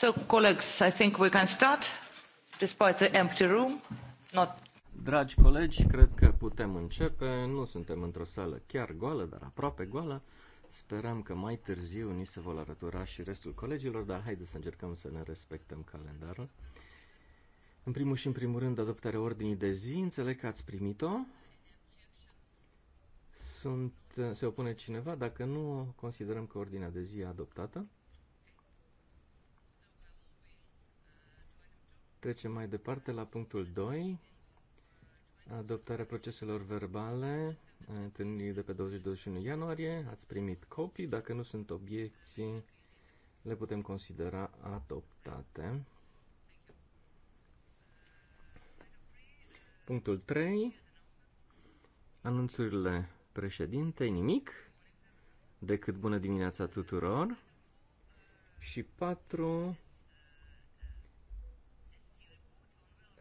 So, colleagues, I think we can start, despite the empty room. Not... Dragi colegi, cred că putem începe. Nu suntem într-o sală chiar goală, dar aproape goală. Sperăm că mai târziu ni se vor arătura și restul colegilor, dar haideți să încercăm să ne respectăm calendarul. În primul și în primul rând, adoptarea ordinii de zi, înțeleg că ați primit-o. Sunt, se opune cineva dacă nu considerăm că ordinea de zi e adoptată. Trecem mai departe la punctul 2. Adoptarea proceselor verbale întâlnirii de pe 20-21 ianuarie. Ați primit copii. Dacă nu sunt obiecții, le putem considera adoptate. Punctul 3. Anunțurile președinte Nimic decât bună dimineața tuturor. Și 4.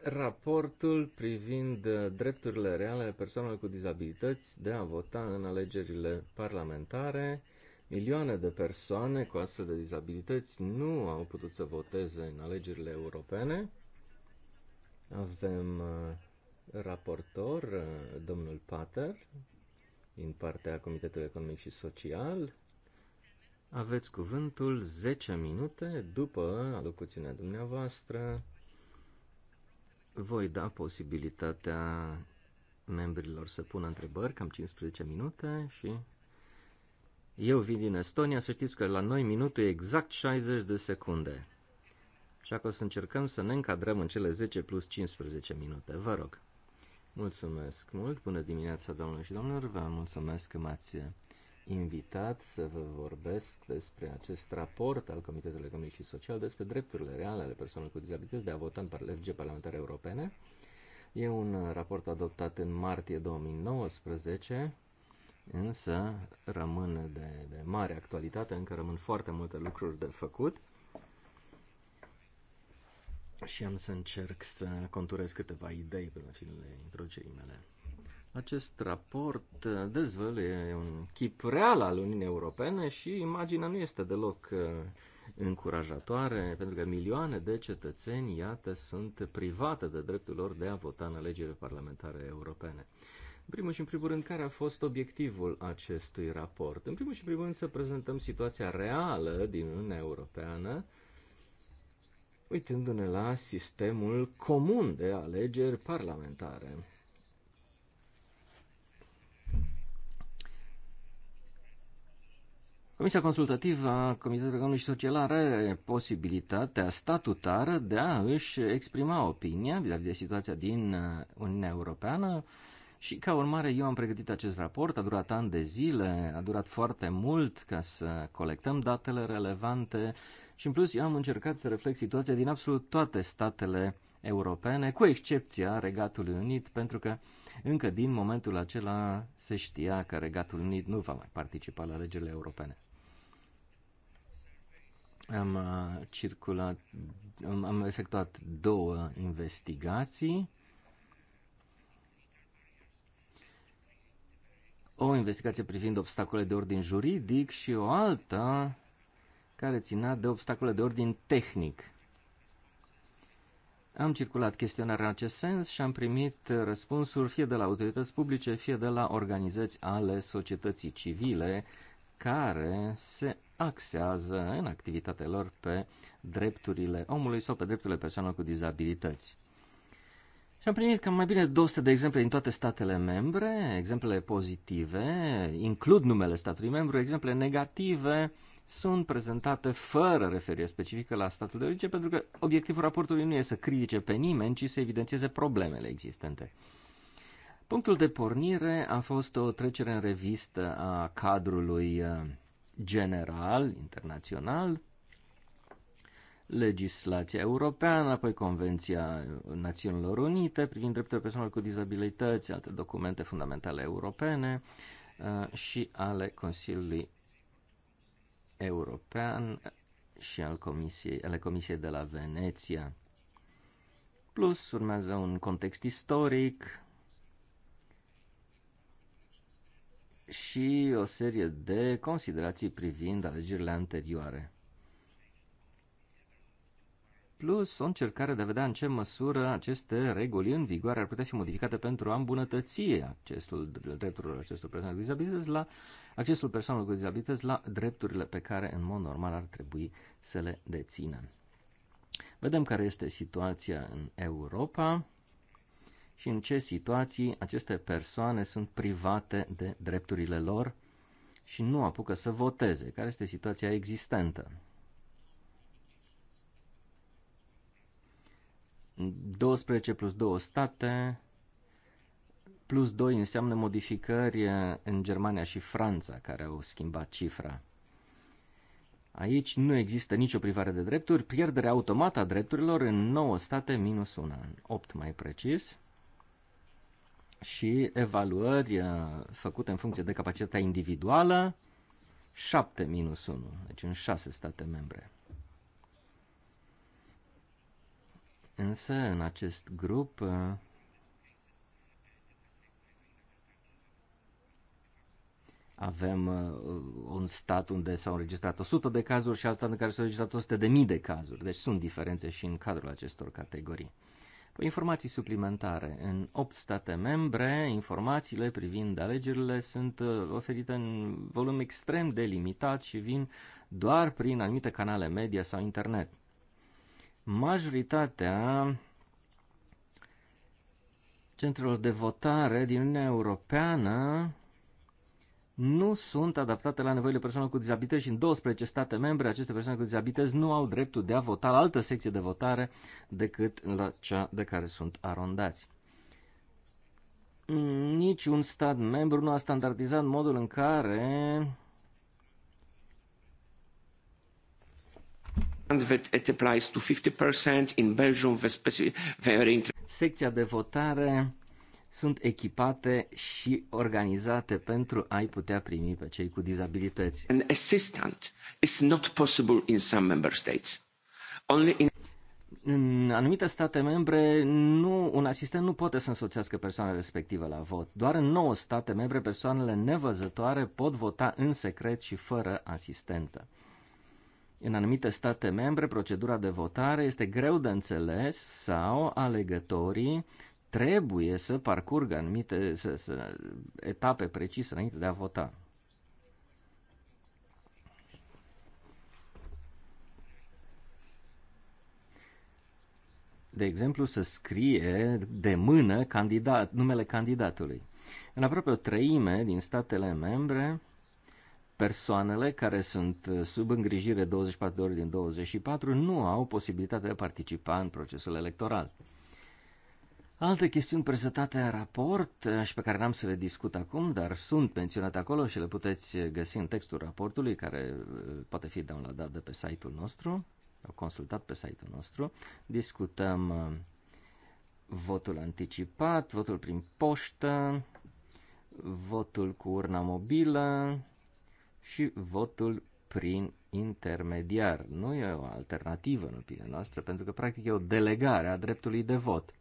raportul privind uh, drepturile reale ale persoanelor cu dizabilități de a vota în alegerile parlamentare. Milioane de persoane cu astfel de dizabilități nu au putut să voteze în alegerile europene. Avem uh, raportor, uh, domnul Pater, din partea Comitetului Economic și Social. Aveți cuvântul 10 minute după alocuțiunea dumneavoastră voi da posibilitatea membrilor să pună întrebări, cam 15 minute și eu vin din Estonia, să știți că la noi minutul e exact 60 de secunde. Așa că o să încercăm să ne încadrăm în cele 10 plus 15 minute. Vă rog. Mulțumesc mult, bună dimineața doamnelor și domnilor, vă mulțumesc că m-ați invitat să vă vorbesc despre acest raport al Comitetului Economic și Social despre drepturile reale ale persoanelor cu dizabilități de a vota în lege parlamentare europene. E un raport adoptat în martie 2019, însă rămâne de, de mare actualitate, încă rămân foarte multe lucruri de făcut. Și am să încerc să conturez câteva idei până la finele introducerii mele. Acest raport uh, dezvăluie un chip real al Uniunii Europene și imaginea nu este deloc uh, încurajatoare, pentru că milioane de cetățeni, iată, sunt private de dreptul lor de a vota în alegerile parlamentare europene. În primul și în primul rând, care a fost obiectivul acestui raport? În primul și în primul rând să prezentăm situația reală din Uniunea Europeană, uitându-ne la sistemul comun de alegeri parlamentare. Comisia consultativă a Comitetului Economic și Social are posibilitatea statutară de a își exprima opinia vis-a-vis de situația din uh, Uniunea Europeană și ca urmare eu am pregătit acest raport, a durat ani de zile, a durat foarte mult ca să colectăm datele relevante și în plus eu am încercat să reflect situația din absolut toate statele europene, cu excepția Regatului Unit, pentru că încă din momentul acela se știa că Regatul Unit nu va mai participa la alegerile europene. Am uh, circulat, am, am efectuat două investigații. O investigație privind obstacole de ordin juridic și o alta care ținea de obstacole de ordin tehnic. Am circulat chestionarea în acest sens și am primit răspunsuri fie de la autorități publice, fie de la organizații ale societății civile care se axează în activitatea lor pe drepturile omului sau pe drepturile persoanelor cu dizabilități. Și am primit cam mai bine 200 de exemple din toate statele membre. exemple pozitive includ numele statului membru, Exemple negative sunt prezentate fără referire specifică la statul de origine, pentru că obiectivul raportului nu e să critique pe nimeni, ci să evidențieze problemele existente. Punctul de pornire a fost o trecere în revistă a cadrului uh, general, internațional, legislația europeană, apoi Convenția Națiunilor Unite privind drepturile persoanelor cu dizabilități, alte documente fundamentale europene uh, și ale Consiliului European și al comisiei, ale Comisiei de la Veneția. Plus, urmează un context istoric, și o serie de considerații privind alegerile anterioare. Plus, o încercare de a vedea în ce măsură aceste reguli în vigoare ar putea fi modificate pentru a îmbunătăți accesul drepturilor acestor persoane cu dizabilități la accesul persoanelor cu dizabilități la drepturile pe care în mod normal ar trebui să le dețină. Vedem care este situația în Europa și în ce situații aceste persoane sunt private de drepturile lor și nu apucă să voteze, care este situația existentă. 12 plus 2 state, plus 2 înseamnă modificări în Germania și Franța, care au schimbat cifra. Aici nu există nicio privare de drepturi, pierdere automată a drepturilor în 9 state minus 1, 8 mai precis și evaluări uh, făcute în funcție de capacitatea individuală, 7 minus 1, deci în 6 state membre. Însă, în acest grup, uh, avem uh, un stat unde s-au înregistrat 100 de cazuri și alt stat în care s-au înregistrat 100 de mii de cazuri. Deci sunt diferențe și în cadrul acestor categorii cu informații suplimentare. În 8 state membre, informațiile privind alegerile sunt uh, oferite în volum extrem de limitat și vin doar prin anumite canale media sau internet. Majoritatea centrelor de votare din Uniunea Europeană nu sunt adaptate la nevoile persoanelor cu dizabilități și în 12 state membre aceste persoane cu dizabilități nu au dreptul de a vota la altă secție de votare decât la cea de care sunt arondați. Niciun stat membru nu a standardizat modul în care that it applies to 50% in Belgium the specific, Secția de votare sunt echipate și organizate pentru a-i putea primi pe cei cu dizabilități. An assistant is not possible in some member states. Only in în anumite state membre, nu, un asistent nu poate să însoțească persoana respectivă la vot. Doar în 9 state membre, persoanele nevăzătoare pot vota în secret și fără asistentă. În anumite state membre, procedura de votare este greu de înțeles sau alegătorii trebuie să parcurgă anumite să, să, etape precise înainte de a vota. De exemplu, să scrie de mână candidat, numele candidatului. În aproape o treime din statele membre, persoanele care sunt sub îngrijire 24 de ori din 24 nu au posibilitatea de a participa în procesul electoral. Alte chestiuni prezentate în raport eh, și pe care n-am să le discut acum, dar sunt menționate acolo și le puteți eh, găsi în textul raportului care eh, poate fi downloadat de pe site-ul nostru, consultat pe site-ul nostru. Discutăm votul anticipat, votul prin poștă, votul cu urna mobilă și votul prin intermediar. Nu e o alternativă, în opinia noastră, pentru că practic e o delegare a dreptului de vot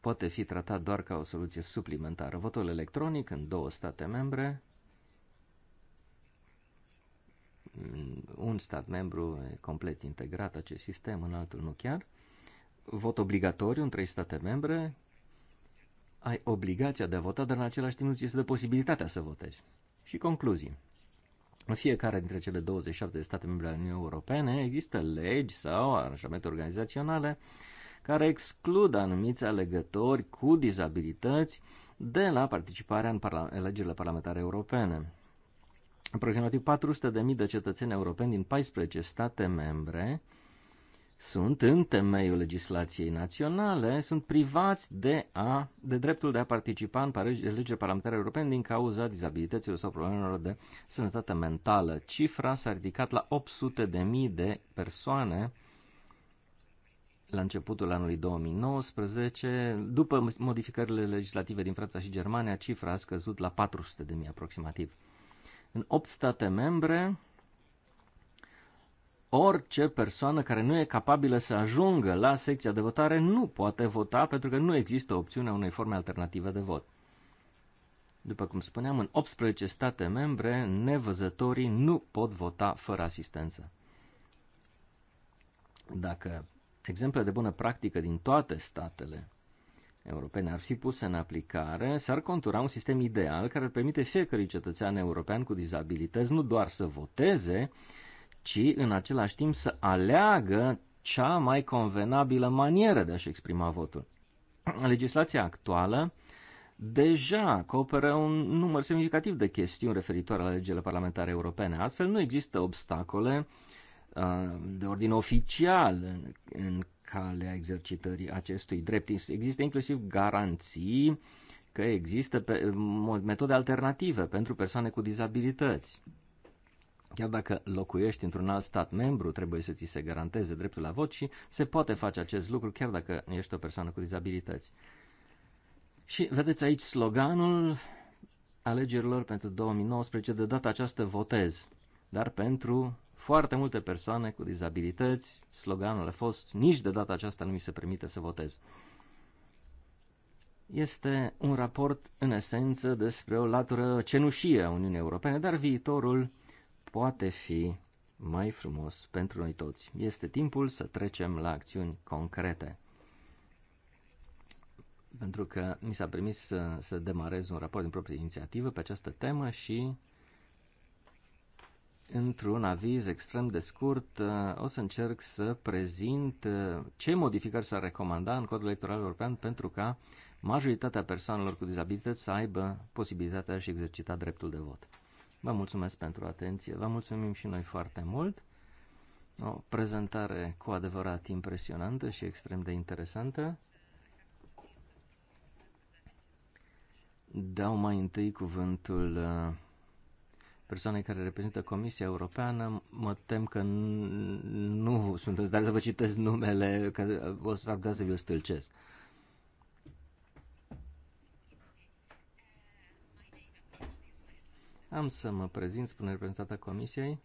poate fi tratat doar ca o soluție suplimentară. Votul electronic în două state membre, un stat membru e complet integrat acest sistem, în altul nu chiar, vot obligatoriu în trei state membre, ai obligația de a vota, dar în același timp nu ți se dă posibilitatea să votezi. Și concluzii. În fiecare dintre cele 27 de state membre ale Uniunii Europene există legi sau aranjamente organizaționale care exclud anumiți alegători cu dizabilități de la participarea în elegerile parlamentare europene. Aproximativ 400.000 de cetățeni europeni din 14 state membre sunt în temeiul legislației naționale, sunt privați de, a, de dreptul de a participa în legile parlamentare europene din cauza dizabilităților sau problemelor de sănătate mentală. Cifra s-a ridicat la 800.000 de persoane la începutul anului 2019. După modificările legislative din Franța și Germania, cifra a scăzut la 400 de mii aproximativ. În 8 state membre, orice persoană care nu e capabilă să ajungă la secția de votare nu poate vota pentru că nu există opțiunea unei forme alternative de vot. După cum spuneam, în 18 state membre, nevăzătorii nu pot vota fără asistență. Dacă exemple de bună practică din toate statele europene ar fi puse în aplicare, s-ar contura un sistem ideal care ar permite fiecărui cetățean european cu dizabilități nu doar să voteze, ci în același timp să aleagă cea mai convenabilă manieră de a-și exprima votul. Legislația actuală deja acoperă un număr semnificativ de chestiuni referitoare la legile parlamentare europene. Astfel, nu există obstacole uh, Uh, de ordin oficial în, în calea exercitării acestui drept. Există inclusiv garanții că există pe, metode alternative pentru persoane cu dizabilități. Chiar dacă locuiești într-un alt stat membru, trebuie să ți se garanteze dreptul la vot și se poate face acest lucru chiar dacă ești o persoană cu dizabilități. Și vedeți aici sloganul alegerilor pentru 2019, de data aceasta votez, dar pentru foarte multe persoane cu dizabilități. Sloganul a fost, nici de data aceasta nu mi se permite să votez. Este un raport, în esență, despre o latură cenușie a Uniunii Europene, dar viitorul poate fi mai frumos pentru noi toți. Este timpul să trecem la acțiuni concrete. Pentru că mi s-a permis să, să demarez un raport din proprie inițiativă pe această temă și într-un aviz extrem de scurt, uh, o să încerc să prezint uh, ce modificări s-ar recomanda în codul electoral european pentru ca majoritatea persoanelor cu dizabilități să aibă posibilitatea și exercita dreptul de vot. Vă mulțumesc pentru atenție, vă mulțumim și noi foarte mult. O prezentare cu adevărat impresionantă și extrem de interesantă. Dau mai întâi cuvântul uh, persoanei care reprezintă Comisia Europeană. Mă tem că nu sunteți, dar să vă citesc numele, că o să ar putea să vi-l stâlcesc. Am să mă prezint, spune reprezentanta Comisiei.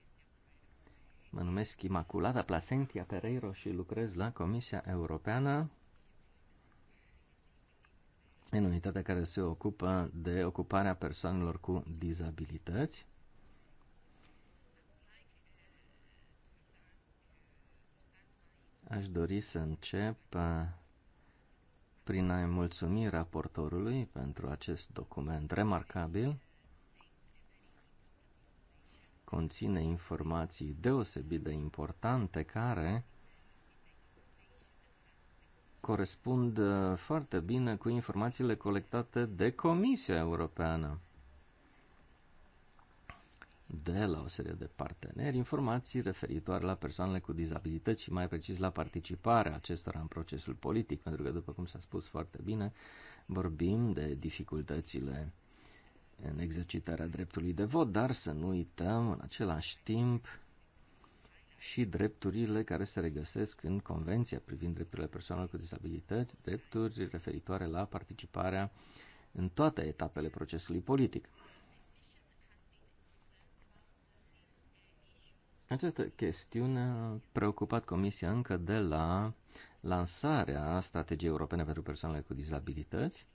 Mă numesc Imaculata Placentia Pereiro și lucrez la Comisia Europeană în unitatea care se ocupă de ocuparea persoanelor cu dizabilități. Aș dori să încep uh, prin a-i mulțumi raportorului pentru acest document remarcabil. Conține informații deosebit de importante care corespund uh, foarte bine cu informațiile colectate de Comisia Europeană de la o serie de parteneri informații referitoare la persoanele cu dizabilități și mai precis la participarea acestora în procesul politic, pentru că, după cum s-a spus foarte bine, vorbim de dificultățile în exercitarea dreptului de vot, dar să nu uităm în același timp și drepturile care se regăsesc în Convenția privind drepturile persoanelor cu dizabilități, drepturi referitoare la participarea în toate etapele procesului politic. Această chestiune a preocupat Comisia încă de la lansarea strategiei europene pentru persoanele cu dizabilități.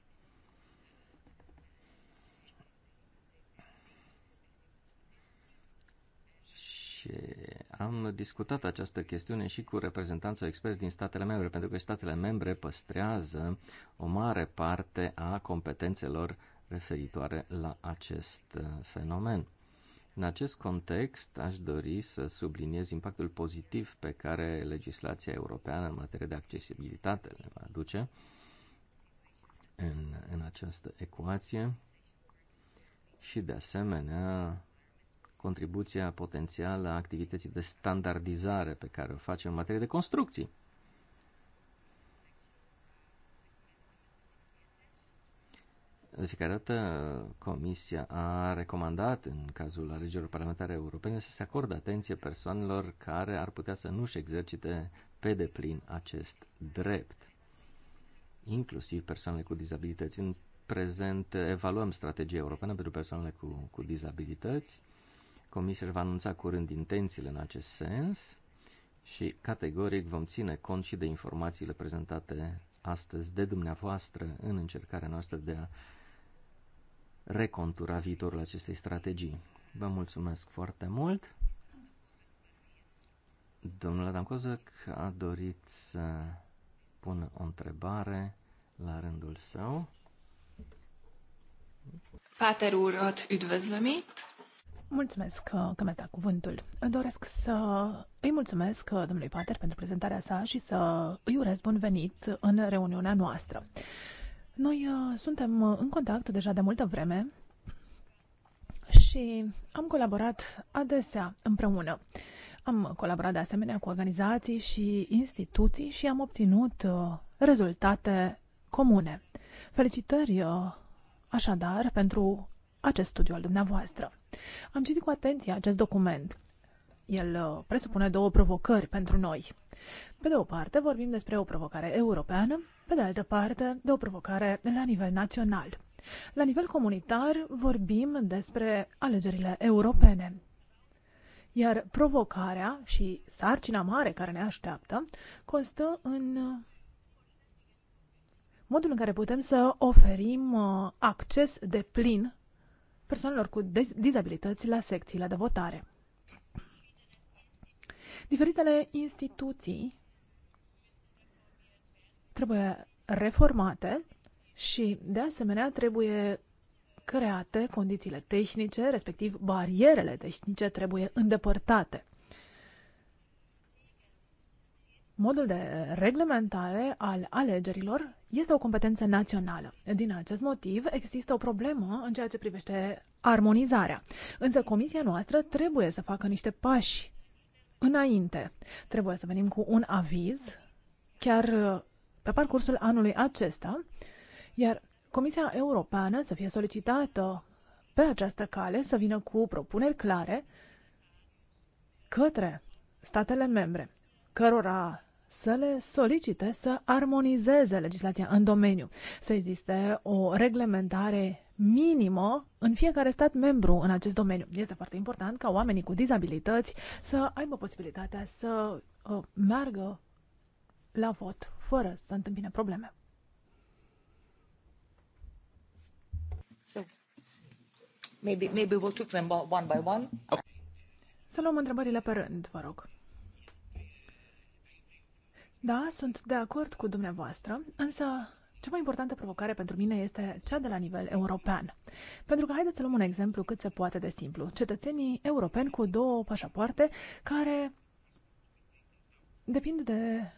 Și am discutat această chestiune și cu reprezentanța experți din statele membre, pentru că statele membre păstrează o mare parte a competențelor referitoare la acest uh, fenomen. În acest context, aș dori să subliniez impactul pozitiv pe care legislația europeană în materie de accesibilitate le va aduce în, în această ecuație și, de asemenea, contribuția potențială a activității de standardizare pe care o facem în materie de construcții. De fiecare dată, Comisia a recomandat, în cazul alegerilor parlamentare europene, să se acorde atenție persoanelor care ar putea să nu-și exercite pe deplin acest drept, inclusiv persoanele cu dizabilități. În prezent evaluăm strategia europeană pentru persoanele cu, cu dizabilități. Comisia va anunța curând intențiile în acest sens și categoric vom ține cont și de informațiile prezentate astăzi de dumneavoastră în încercarea noastră de a recontura viitorul acestei strategii. Vă mulțumesc foarte mult. Domnul Adam Cozăc a dorit să pună o întrebare la rândul său. Pater Urot, üdvözlöm Mulțumesc că, că mi a dat cuvântul. Doresc să îi mulțumesc domnului Pater pentru prezentarea sa și să îi urez bun venit în reuniunea noastră. Noi uh, suntem uh, în contact deja de multă vreme și am colaborat adesea împreună. Am colaborat de asemenea cu organizații și instituții și am obținut uh, rezultate comune. Felicitări uh, așadar pentru acest studiu al dumneavoastră. Am citit cu atenție acest document. El uh, presupune două provocări pentru noi. Pe de o parte, vorbim despre o provocare europeană pe de altă parte, de o provocare la nivel național. La nivel comunitar vorbim despre alegerile europene. Iar provocarea și sarcina mare care ne așteaptă constă în modul în care putem să oferim uh, acces de plin persoanelor cu dizabilități la secțiile de votare. Diferitele instituții trebuie reformate și, de asemenea, trebuie create condițiile tehnice, respectiv barierele tehnice trebuie îndepărtate. Modul de reglementare al alegerilor este o competență națională. Din acest motiv, există o problemă în ceea ce privește armonizarea. Însă comisia noastră trebuie să facă niște pași înainte. Trebuie să venim cu un aviz, chiar pe parcursul anului acesta, iar Comisia Europeană să fie solicitată pe această cale să vină cu propuneri clare către statele membre, cărora să le solicite să armonizeze legislația în domeniu, să existe o reglementare minimă în fiecare stat membru în acest domeniu. Este foarte important ca oamenii cu dizabilități să aibă posibilitatea să uh, meargă la vot, fără să întâmpine probleme. So, maybe, maybe we'll took them one by one. Să luăm întrebările pe rând, vă rog. Da, sunt de acord cu dumneavoastră, însă cea mai importantă provocare pentru mine este cea de la nivel european. Pentru că haideți să luăm un exemplu cât se poate de simplu. Cetățenii europeni cu două pașapoarte care depind de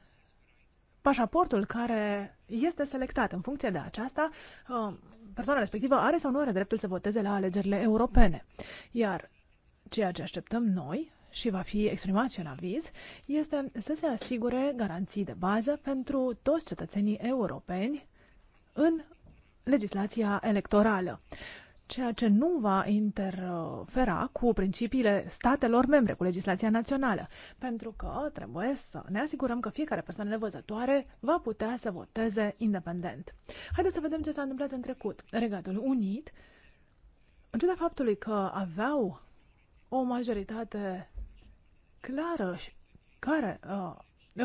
pașaportul care este selectat în funcție de aceasta, uh, persoana respectivă are sau nu are dreptul să voteze la alegerile europene. Iar ceea ce așteptăm noi și va fi exprimat și în aviz, este să se asigure garanții de bază pentru toți cetățenii europeni în legislația electorală ceea ce nu va interfera cu principiile statelor membre, cu legislația națională, pentru că trebuie să ne asigurăm că fiecare persoană nevăzătoare va putea să voteze independent. Haideți să vedem ce s-a întâmplat în trecut. Regatul Unit, în ciuda faptului că aveau o majoritate clară și care uh,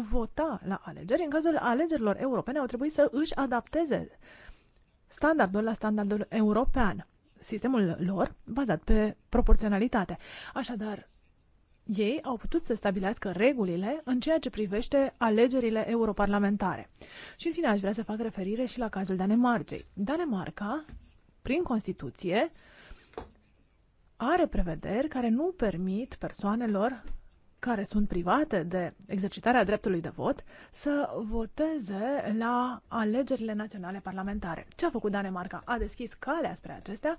vota la alegeri, în cazul alegerilor europene au trebuit să își adapteze standardul la standardul european sistemul lor bazat pe proporționalitate. Așadar, ei au putut să stabilească regulile în ceea ce privește alegerile europarlamentare. Și în fine aș vrea să fac referire și la cazul Danemarcei. Danemarca, prin Constituție, are prevederi care nu permit persoanelor care sunt private de exercitarea dreptului de vot să voteze la alegerile naționale parlamentare. Ce a făcut Danemarca? A deschis calea spre acestea,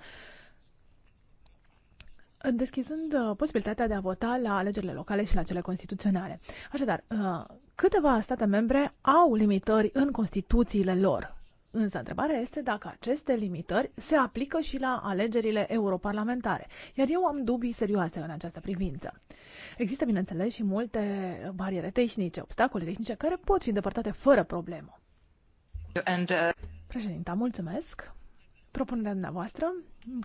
deschizând uh, posibilitatea de a vota la alegerile locale și la cele constituționale. Așadar, uh, câteva state membre au limitări în constituțiile lor Însă întrebarea este dacă aceste limitări se aplică și la alegerile europarlamentare, iar eu am dubii serioase în această privință. Există, bineînțeles, și multe bariere tehnice, obstacole tehnice care pot fi îndepărtate fără problemă. And, uh... Președinta, mulțumesc! Propunerea dumneavoastră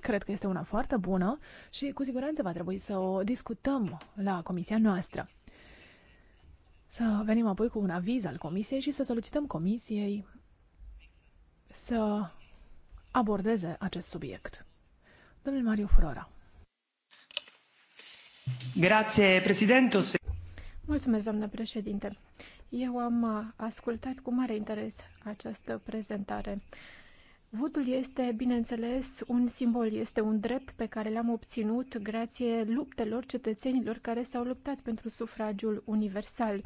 cred că este una foarte bună și cu siguranță va trebui să o discutăm la comisia noastră. Să venim apoi cu un aviz al comisiei și să solicităm comisiei să abordeze acest subiect. Domnul Mariu Frora. Grazie, președinte. Mulțumesc, doamnă președinte. Eu am uh, ascultat cu mare interes această prezentare. Votul este, bineînțeles, un simbol, este un drept pe care l-am obținut grație luptelor cetățenilor care s-au luptat pentru sufragiul universal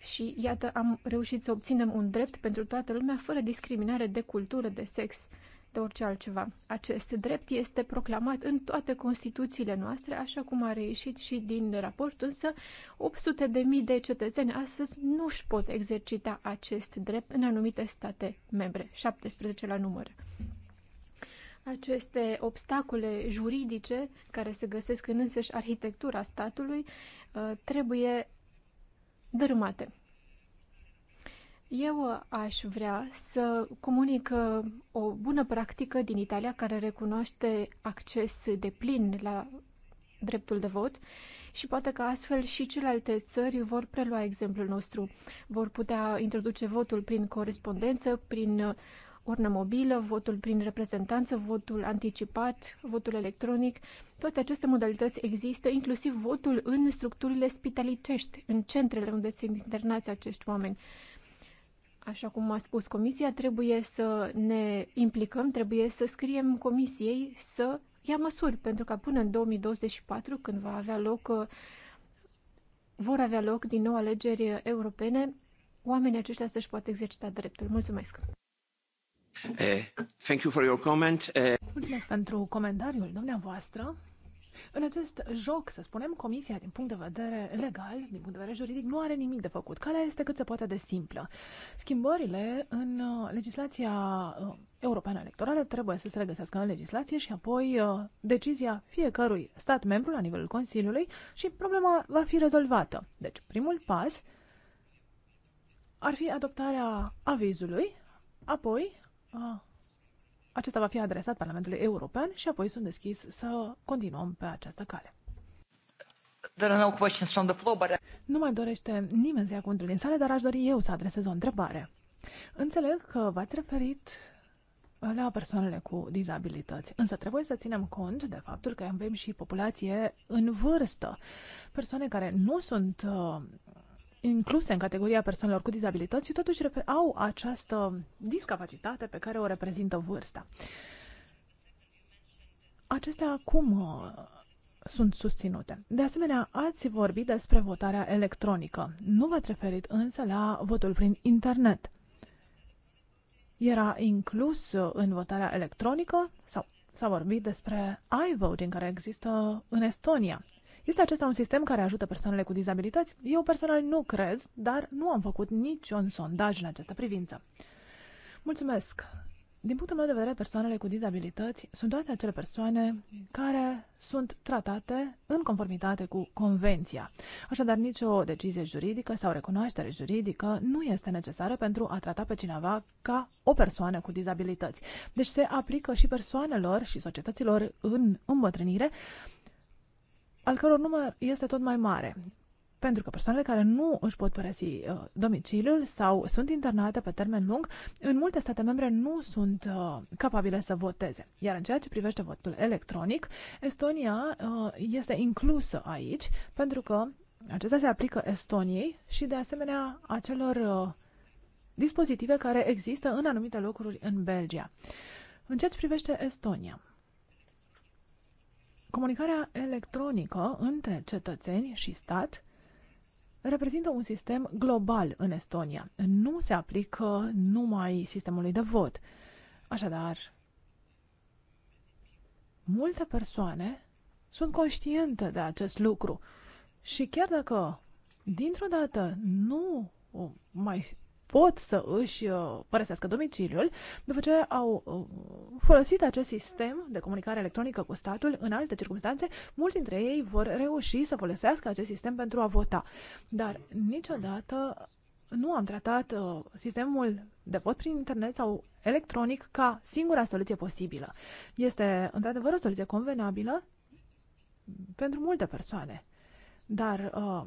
și iată am reușit să obținem un drept pentru toată lumea fără discriminare de cultură, de sex, de orice altceva. Acest drept este proclamat în toate constituțiile noastre, așa cum a reieșit și din raport, însă 800 de mii de cetățeni astăzi nu își pot exercita acest drept în anumite state membre, 17 la număr. Aceste obstacole juridice care se găsesc în însăși arhitectura statului uh, trebuie dărâmate. Eu uh, aș vrea să comunic uh, o bună practică din Italia care recunoaște acces de plin la dreptul de vot și poate că astfel și celelalte țări vor prelua exemplul nostru. Vor putea introduce votul prin corespondență, prin uh, urna mobilă, votul prin reprezentanță, votul anticipat, votul electronic. Toate aceste modalități există, inclusiv votul în structurile spitalicești, în centrele unde sunt internați acești oameni. Așa cum a spus comisia, trebuie să ne implicăm, trebuie să scriem comisiei să ia măsuri, pentru că până în 2024, când va avea loc, vor avea loc din nou alegeri europene, oamenii aceștia să-și poată exercita dreptul. Mulțumesc! Eh, thank you for your comment. Eh, Mulțumesc pentru comentariul dumneavoastră. În acest joc, să spunem, comisia, din punct de vedere legal, din punct de vedere juridic, nu are nimic de făcut. Calea este cât se poate de simplă. Schimbările în uh, legislația uh, europeană electorală trebuie să se regăsească în legislație și apoi uh, decizia fiecărui stat membru la nivelul Consiliului și problema va fi rezolvată. Deci, primul pas ar fi adoptarea avizului, apoi Ah, acesta va fi adresat Parlamentului European și apoi sunt deschis să continuăm pe această cale. There are no questions from the floor, but... Nu mai dorește nimeni să ia cuvântul din sală, dar aș dori eu să adresez o întrebare. Înțeleg că v-ați referit la persoanele cu dizabilități. Însă trebuie să ținem cont de faptul că avem și populație în vârstă. Persoane care nu sunt uh, incluse în categoria persoanelor cu dizabilități și totuși au această discapacitate pe care o reprezintă vârsta. Acestea acum uh, sunt susținute. De asemenea, ați vorbit despre votarea electronică. Nu v-ați referit însă la votul prin internet. Era inclus uh, în votarea electronică sau s-a vorbit despre iVoting care există în Estonia. Este acesta un sistem care ajută persoanele cu dizabilități? Eu personal nu cred, dar nu am făcut niciun sondaj în această privință. Mulțumesc! Din punctul meu de vedere, persoanele cu dizabilități sunt toate acele persoane care sunt tratate în conformitate cu convenția. Așadar, nicio decizie juridică sau recunoaștere juridică nu este necesară pentru a trata pe cineva ca o persoană cu dizabilități. Deci se aplică și persoanelor și societăților în îmbătrânire al căror număr este tot mai mare. Pentru că persoanele care nu își pot părăsi uh, domiciliul sau sunt internate pe termen lung, în multe state membre nu sunt uh, capabile să voteze. Iar în ceea ce privește votul electronic, Estonia uh, este inclusă aici pentru că acesta se aplică Estoniei și de asemenea acelor uh, dispozitive care există în anumite locuri în Belgia. În ceea ce privește Estonia, Comunicarea electronică între cetățeni și stat reprezintă un sistem global în Estonia. Nu se aplică numai sistemului de vot. Așadar, multe persoane sunt conștiente de acest lucru și chiar dacă dintr-o dată nu mai pot să își uh, părăsească domiciliul după ce au uh, folosit acest sistem de comunicare electronică cu statul în alte circunstanțe, mulți dintre ei vor reuși să folosească acest sistem pentru a vota. Dar niciodată nu am tratat uh, sistemul de vot prin internet sau electronic ca singura soluție posibilă. Este într-adevăr o soluție convenabilă pentru multe persoane. Dar uh,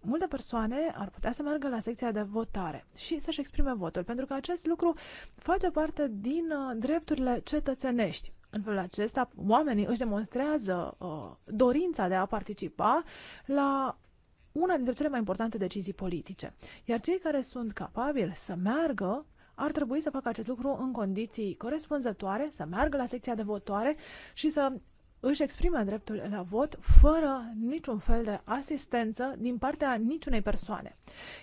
multe persoane ar putea să meargă la secția de votare și să-și exprime votul, pentru că acest lucru face parte din uh, drepturile cetățenești. În felul acesta, oamenii își demonstrează uh, dorința de a participa la una dintre cele mai importante decizii politice. Iar cei care sunt capabili să meargă ar trebui să facă acest lucru în condiții corespunzătoare, să meargă la secția de votare și să își exprime dreptul la vot fără niciun fel de asistență din partea niciunei persoane.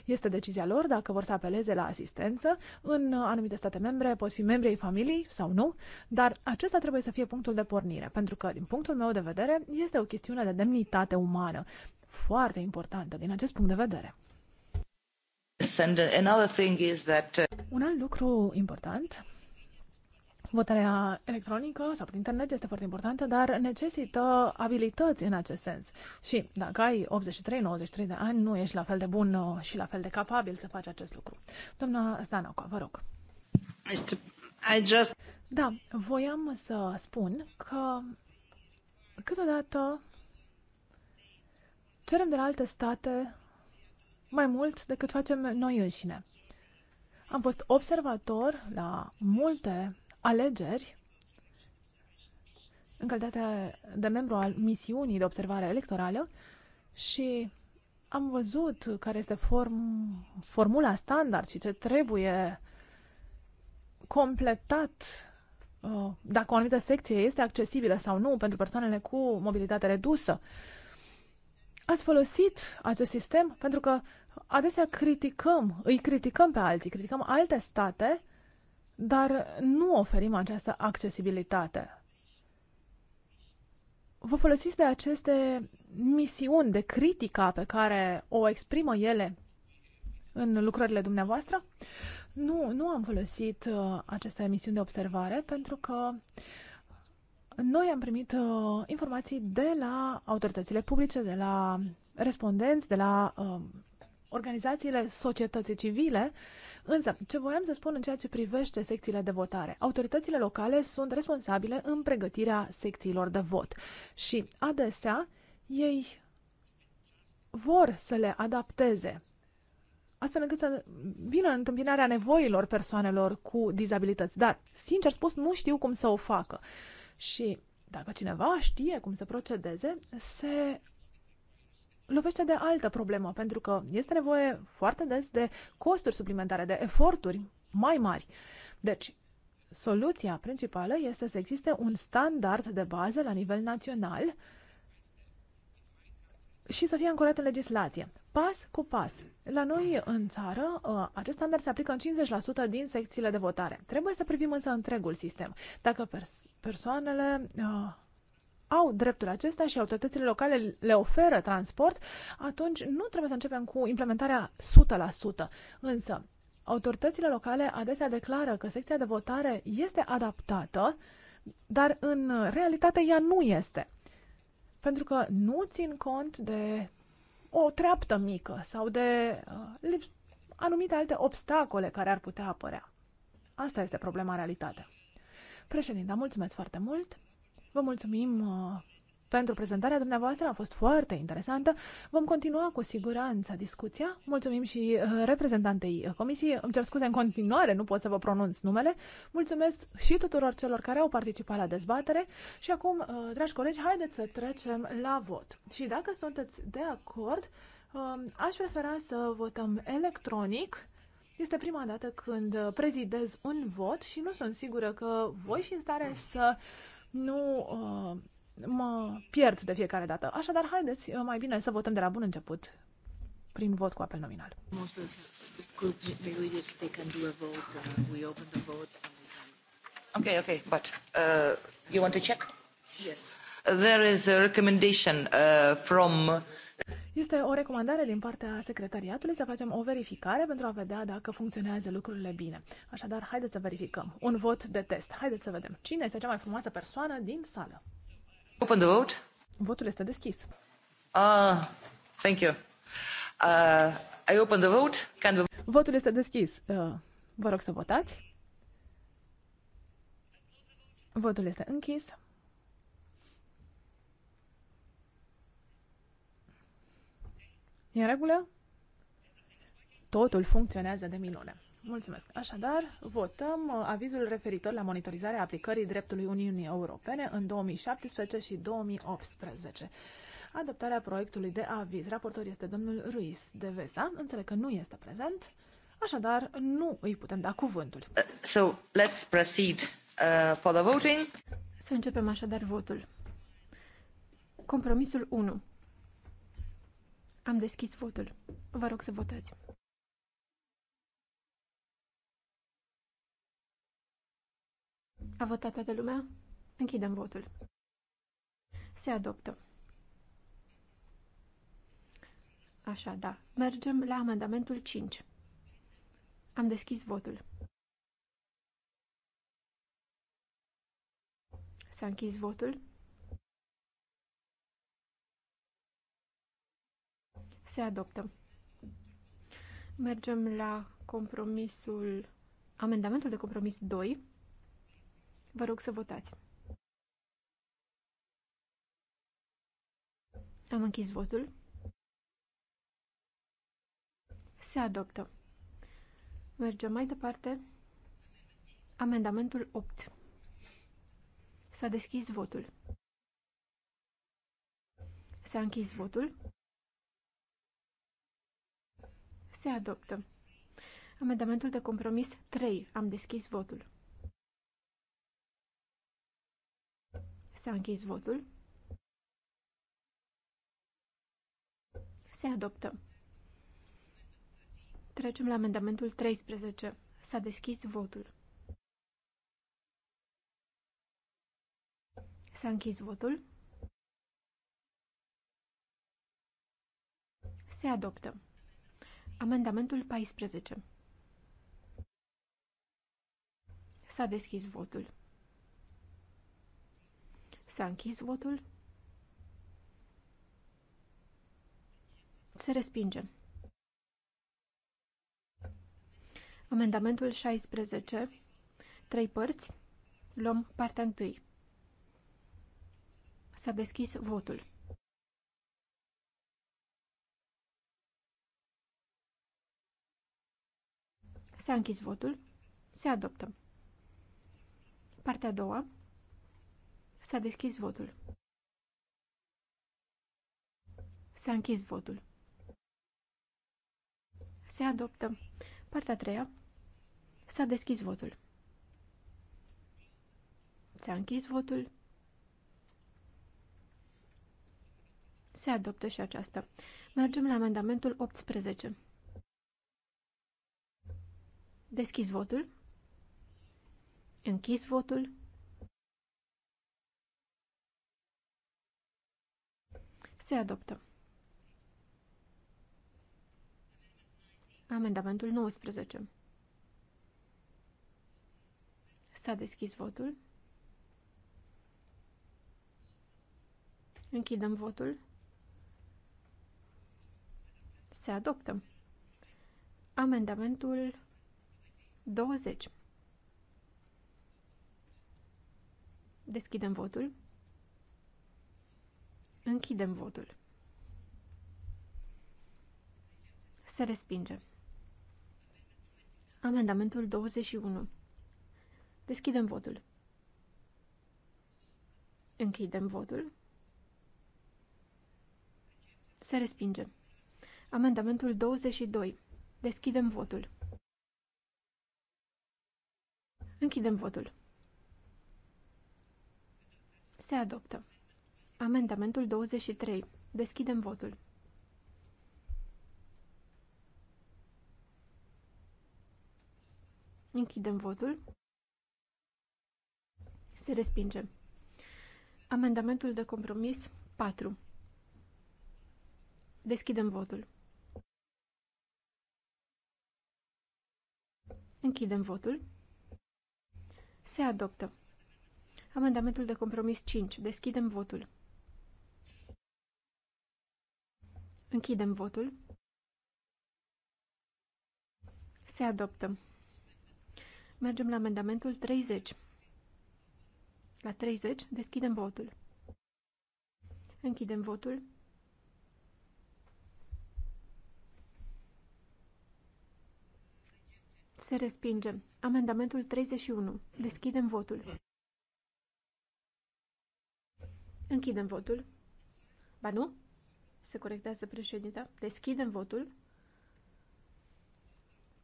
Este decizia lor dacă vor să apeleze la asistență. În anumite state membre pot fi membri ai familiei sau nu, dar acesta trebuie să fie punctul de pornire, pentru că, din punctul meu de vedere, este o chestiune de demnitate umană, foarte importantă din acest punct de vedere. Uh, Un alt lucru important Votarea electronică sau prin internet este foarte importantă, dar necesită abilități în acest sens. Și dacă ai 83-93 de ani, nu ești la fel de bun uh, și la fel de capabil să faci acest lucru. Doamna Stanoca, vă rog. I just... Da, voiam să spun că câteodată cerem de la alte state mai mult decât facem noi înșine. Am fost observator la multe alegeri în calitate de membru al misiunii de observare electorală și am văzut care este form, formula standard și ce trebuie completat uh, dacă o anumită secție este accesibilă sau nu pentru persoanele cu mobilitate redusă. Ați folosit acest sistem pentru că adesea criticăm, îi criticăm pe alții, criticăm alte state dar nu oferim această accesibilitate. Vă folosiți de aceste misiuni de critica pe care o exprimă ele în lucrările dumneavoastră? Nu, nu am folosit uh, aceste misiuni de observare pentru că noi am primit uh, informații de la autoritățile publice, de la respondenți, de la uh, organizațiile societății civile, însă ce voiam să spun în ceea ce privește secțiile de votare, autoritățile locale sunt responsabile în pregătirea secțiilor de vot și adesea ei vor să le adapteze astfel încât să vină în întâmpinarea nevoilor persoanelor cu dizabilități. Dar, sincer spus, nu știu cum să o facă. Și dacă cineva știe cum să procedeze, se lovește de altă problemă, pentru că este nevoie foarte des de costuri suplimentare, de eforturi mai mari. Deci, soluția principală este să existe un standard de bază la nivel național și să fie ancorat în legislație. Pas cu pas. La noi în țară, ă, acest standard se aplică în 50% din secțiile de votare. Trebuie să privim însă întregul sistem. Dacă pers- persoanele ă, au dreptul acesta și autoritățile locale le oferă transport, atunci nu trebuie să începem cu implementarea 100%. Însă, autoritățile locale adesea declară că secția de votare este adaptată, dar în realitate ea nu este. Pentru că nu țin cont de o treaptă mică sau de uh, anumite alte obstacole care ar putea apărea. Asta este problema realitatea. Președinte, mulțumesc foarte mult. Vă mulțumim uh, pentru prezentarea dumneavoastră, a fost foarte interesantă. Vom continua cu siguranță discuția. Mulțumim și uh, reprezentantei comisiei. Îmi cer scuze în continuare, nu pot să vă pronunț numele. Mulțumesc și tuturor celor care au participat la dezbatere. Și acum, uh, dragi colegi, haideți să trecem la vot. Și dacă sunteți de acord, um, aș prefera să votăm electronic. Este prima dată când prezidez un vot și nu sunt sigură că voi și în stare să nu uh, mă pierd de fiecare dată. Așadar, haideți uh, mai bine să votăm de la bun început prin vot cu apel nominal. Ok, ok, but uh, you want to check? Yes. Uh, there is a recommendation uh, from este o recomandare din partea secretariatului să facem o verificare pentru a vedea dacă funcționează lucrurile bine. Așadar, haideți să verificăm. Un vot de test. Haideți să vedem. Cine este cea mai frumoasă persoană din sală? Open the vote. Votul este deschis. Uh, thank you. Uh, I open the vote. Can we... Votul este deschis. Uh, vă rog să votați. Votul este închis. E în regulă? Totul funcționează de minune. Mulțumesc. Așadar, votăm uh, avizul referitor la monitorizarea aplicării dreptului Uniunii Europene în 2017 și 2018. Adoptarea proiectului de aviz. Raportor este domnul Ruiz de Vesa. Înțeleg că nu este prezent, așadar nu îi putem da cuvântul. Uh, so, let's proceed uh, for the voting. Să începem așadar votul. Compromisul 1. Am deschis votul. Vă rog să votați. A votat toată lumea? Închidem votul. Se adoptă. Așa, da. Mergem la amendamentul 5. Am deschis votul. S-a închis votul. Se adoptă. Mergem la compromisul, amendamentul de compromis 2. Vă rog să votați. Am închis votul. Se adoptă. Mergem mai departe. Amendamentul 8. S-a deschis votul. S-a închis votul. Se adoptă. Amendamentul de compromis 3. Am deschis votul. S-a închis votul. Se adoptă. Trecem la amendamentul 13. S-a deschis votul. S-a închis votul. Se adoptă. Amendamentul 14. S-a deschis votul. S-a închis votul. Se respinge. Amendamentul 16. Trei părți. Luăm partea întâi. S-a deschis votul. S-a închis votul. Se adoptă. Partea a doua. S-a deschis votul. S-a închis votul. Se adoptă. Partea a treia. S-a deschis votul. S-a închis votul. Se adoptă și aceasta. Mergem la amendamentul 18. Deschis votul. Închis votul. Se adoptă. Amendamentul 19. S-a deschis votul. Închidem votul. Se adoptă. Amendamentul 20. Deschidem votul. Închidem votul. Se respinge. Amendamentul 21. Deschidem votul. Închidem votul. Se respinge. Amendamentul 22. Deschidem votul. Închidem votul. Se adoptă. Amendamentul 23. Deschidem votul. Închidem votul. Se respinge. Amendamentul de compromis 4. Deschidem votul. Închidem votul. Se adoptă. Amendamentul de compromis 5. Deschidem votul. Închidem votul. Se adoptă. Mergem la amendamentul 30. La 30 deschidem votul. Închidem votul. Se respingem. Amendamentul 31. Deschidem votul. Închidem votul. Ba nu? Se corectează președinta. Deschidem votul.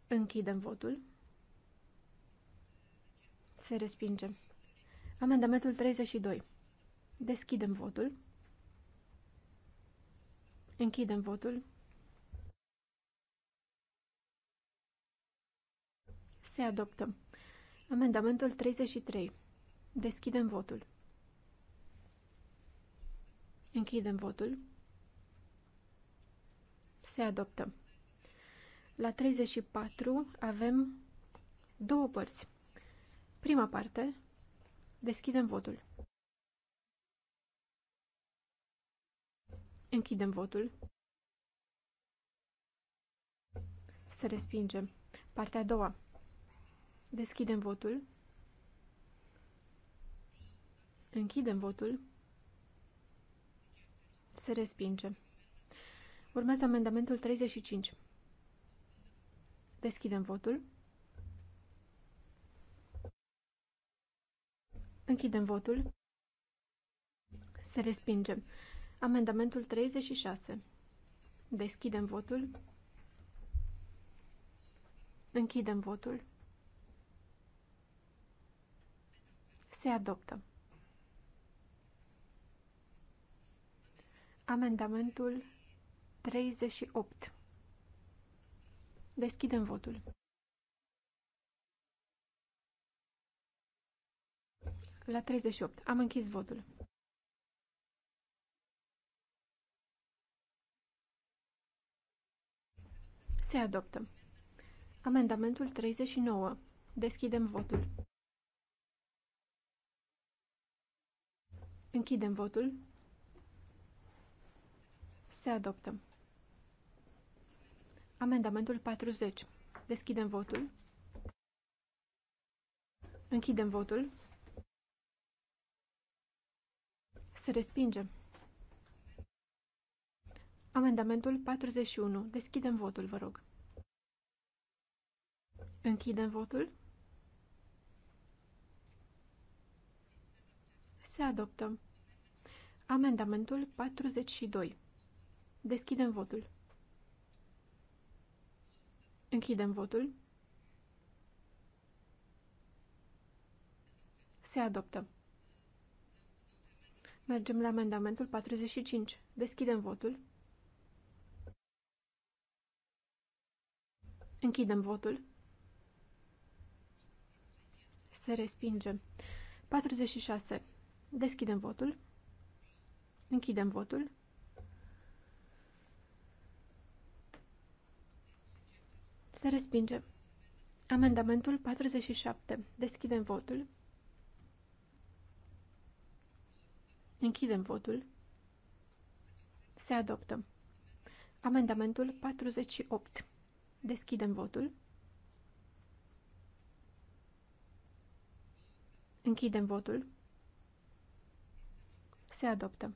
Închidem votul. Se respinge. Amendamentul 32. Deschidem votul. Închidem votul. Se adoptă. Amendamentul 33. Deschidem votul. Închidem votul. Se adoptă. La 34 avem două părți. Prima parte. Deschidem votul. Închidem votul. Se respinge. Partea a doua. Deschidem votul. Închidem votul. Se respinge. Urmează amendamentul 35. Deschidem votul. Închidem votul. Se respinge. Amendamentul 36. Deschidem votul. Închidem votul. se adoptă. Amendamentul 38. Deschidem votul. La 38. Am închis votul. Se adoptă. Amendamentul 39. Deschidem votul. Închidem votul. Se adoptă. Amendamentul 40. Deschidem votul. Închidem votul. Se respinge. Amendamentul 41. Deschidem votul, vă rog. Închidem votul. Se adoptă. Amendamentul 42. Deschidem votul. Închidem votul. Se adoptă. Mergem la amendamentul 45. Deschidem votul. Închidem votul. Se respinge. 46. Deschidem votul. Închidem votul. Se respinge. Amendamentul 47. Deschidem votul. Închidem votul. Se adoptă. Amendamentul 48. Deschidem votul. Închidem votul. Se adoptă.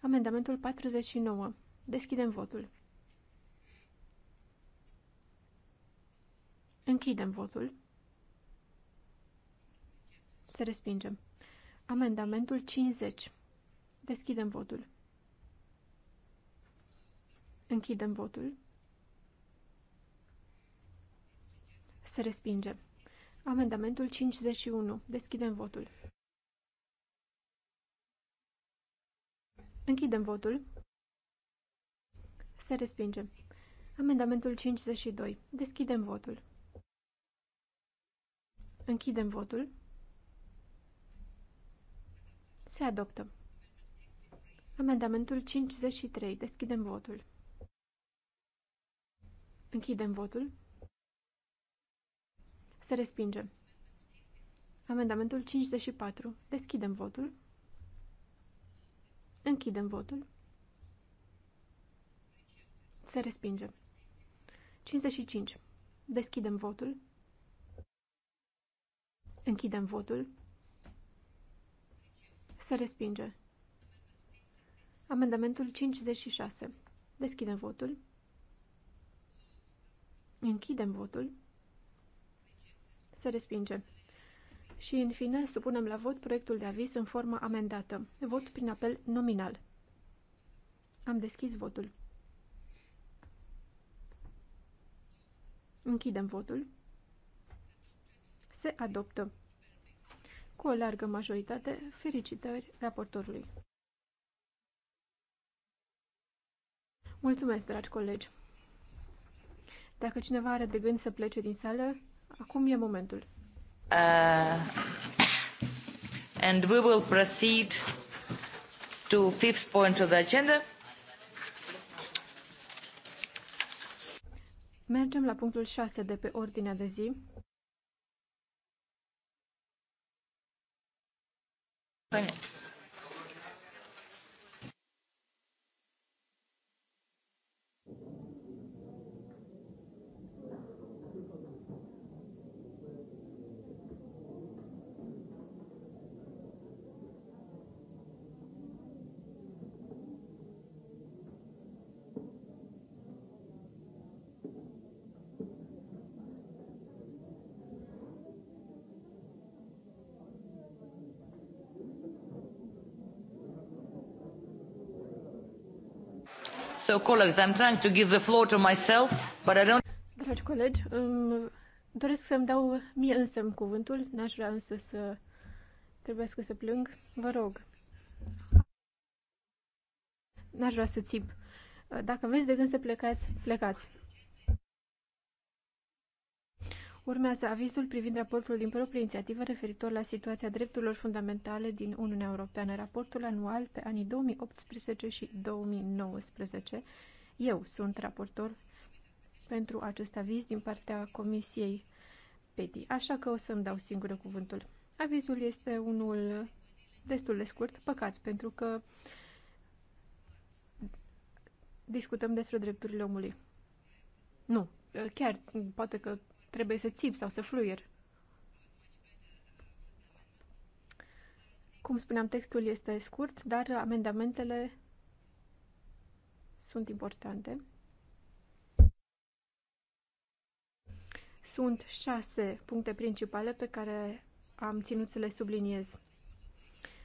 Amendamentul 49. Deschidem votul. Închidem votul. Se respinge. Amendamentul 50. Deschidem votul. Închidem votul. Se respinge. Amendamentul 51. Deschidem votul. Închidem votul. Se respinge. Amendamentul 52. Deschidem votul. Închidem votul. Se adoptă. Amendamentul 53. Deschidem votul. Închidem votul. Se respinge. Amendamentul 54. Deschidem votul. Închidem votul. Se respinge. 55. Deschidem votul. Închidem votul. Se respinge. Amendamentul 56. Deschidem votul. Închidem votul. Se respinge. Și, în fine, supunem la vot proiectul de aviz în forma amendată. Vot prin apel nominal. Am deschis votul. Închidem votul. Se adoptă. Cu o largă majoritate, felicitări raportorului. Mulțumesc, dragi colegi! Dacă cineva are de gând să plece din sală, acum e momentul. Uh, and we will proceed to fifth point of the agenda. Mergem la punctul 6 de pe ordinea de zi. Bine. Păi Dragi colegi, îmi doresc să-mi dau mie însă cuvântul, n-aș vrea însă să trebuie să plâng. Vă rog. N-aș vrea să țip. Dacă aveți de gând să plecați, plecați. Urmează avizul privind raportul din proprie inițiativă referitor la situația drepturilor fundamentale din Uniunea Europeană, raportul anual pe anii 2018 și 2019. Eu sunt raportor pentru acest aviz din partea Comisiei PETI, așa că o să-mi dau singură cuvântul. Avizul este unul destul de scurt, păcat, pentru că discutăm despre drepturile omului. Nu, chiar poate că trebuie să țip sau să fluier. Cum spuneam, textul este scurt, dar amendamentele sunt importante. Sunt șase puncte principale pe care am ținut să le subliniez.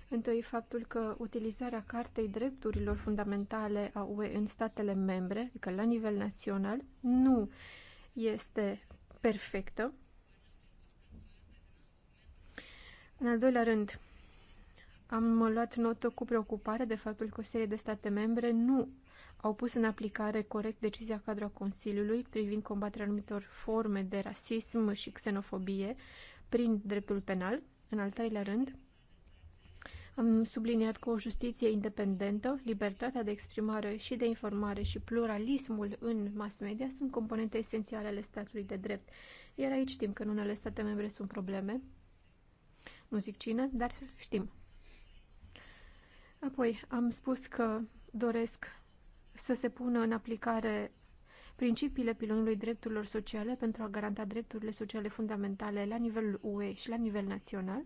Întâi, faptul că utilizarea Cartei Drepturilor Fundamentale a UE în statele membre, adică la nivel național, nu este perfectă. În al doilea rând, am luat notă cu preocupare de faptul că o serie de state membre nu au pus în aplicare corect decizia cadru a Consiliului privind combaterea anumitor forme de rasism și xenofobie prin dreptul penal. În al treilea rând, am subliniat că o justiție independentă, libertatea de exprimare și de informare și pluralismul în mass media sunt componente esențiale ale statului de drept. Iar aici știm că în unele state membre sunt probleme. Nu zic cine, dar știm. Apoi am spus că doresc să se pună în aplicare principiile pilonului drepturilor sociale pentru a garanta drepturile sociale fundamentale la nivelul UE și la nivel național.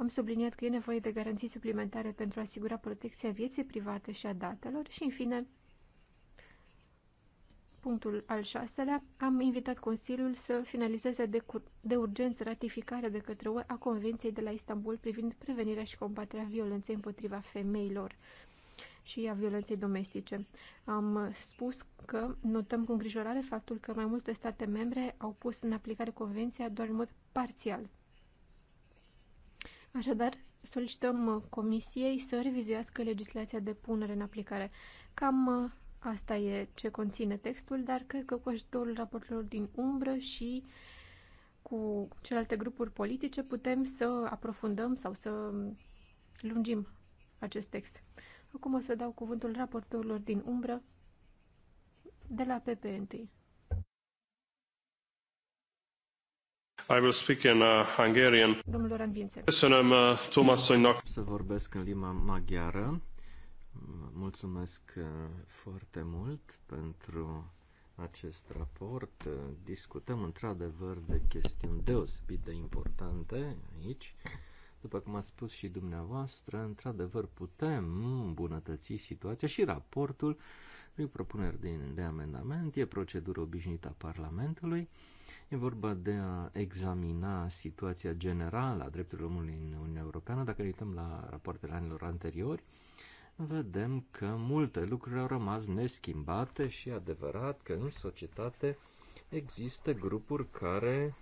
Am subliniat că e nevoie de garanții suplimentare pentru a asigura protecția vieții private și a datelor și, în fine, punctul al șaselea, am invitat Consiliul să finalizeze de, de urgență ratificarea de către UE a Convenției de la Istanbul privind prevenirea și combaterea violenței împotriva femeilor și a violenței domestice. Am spus că notăm cu îngrijorare faptul că mai multe state membre au pus în aplicare convenția doar în mod parțial. Așadar, solicităm uh, Comisiei să revizuiască legislația de punere în aplicare. Cam uh, asta e ce conține textul, dar cred că cu ajutorul raportelor din umbră și cu celelalte grupuri politice putem să aprofundăm sau să lungim acest text. Acum o să dau cuvântul raportorilor din umbră de la PPNT. I will speak in uh, Hungarian. Domnul uh, Să vorbesc în limba maghiară. Mulțumesc uh, foarte mult pentru acest raport. Uh, discutăm într-adevăr de chestiuni deosebit de importante aici. După cum a spus și dumneavoastră, într-adevăr putem îmbunătăți situația și raportul unei propuneri de, de amendament. E procedură obișnuită a Parlamentului. E vorba de a examina situația generală a drepturilor omului în Uniunea Europeană. Dacă ne uităm la rapoartele anilor anteriori, vedem că multe lucruri au rămas neschimbate și adevărat că în societate există grupuri care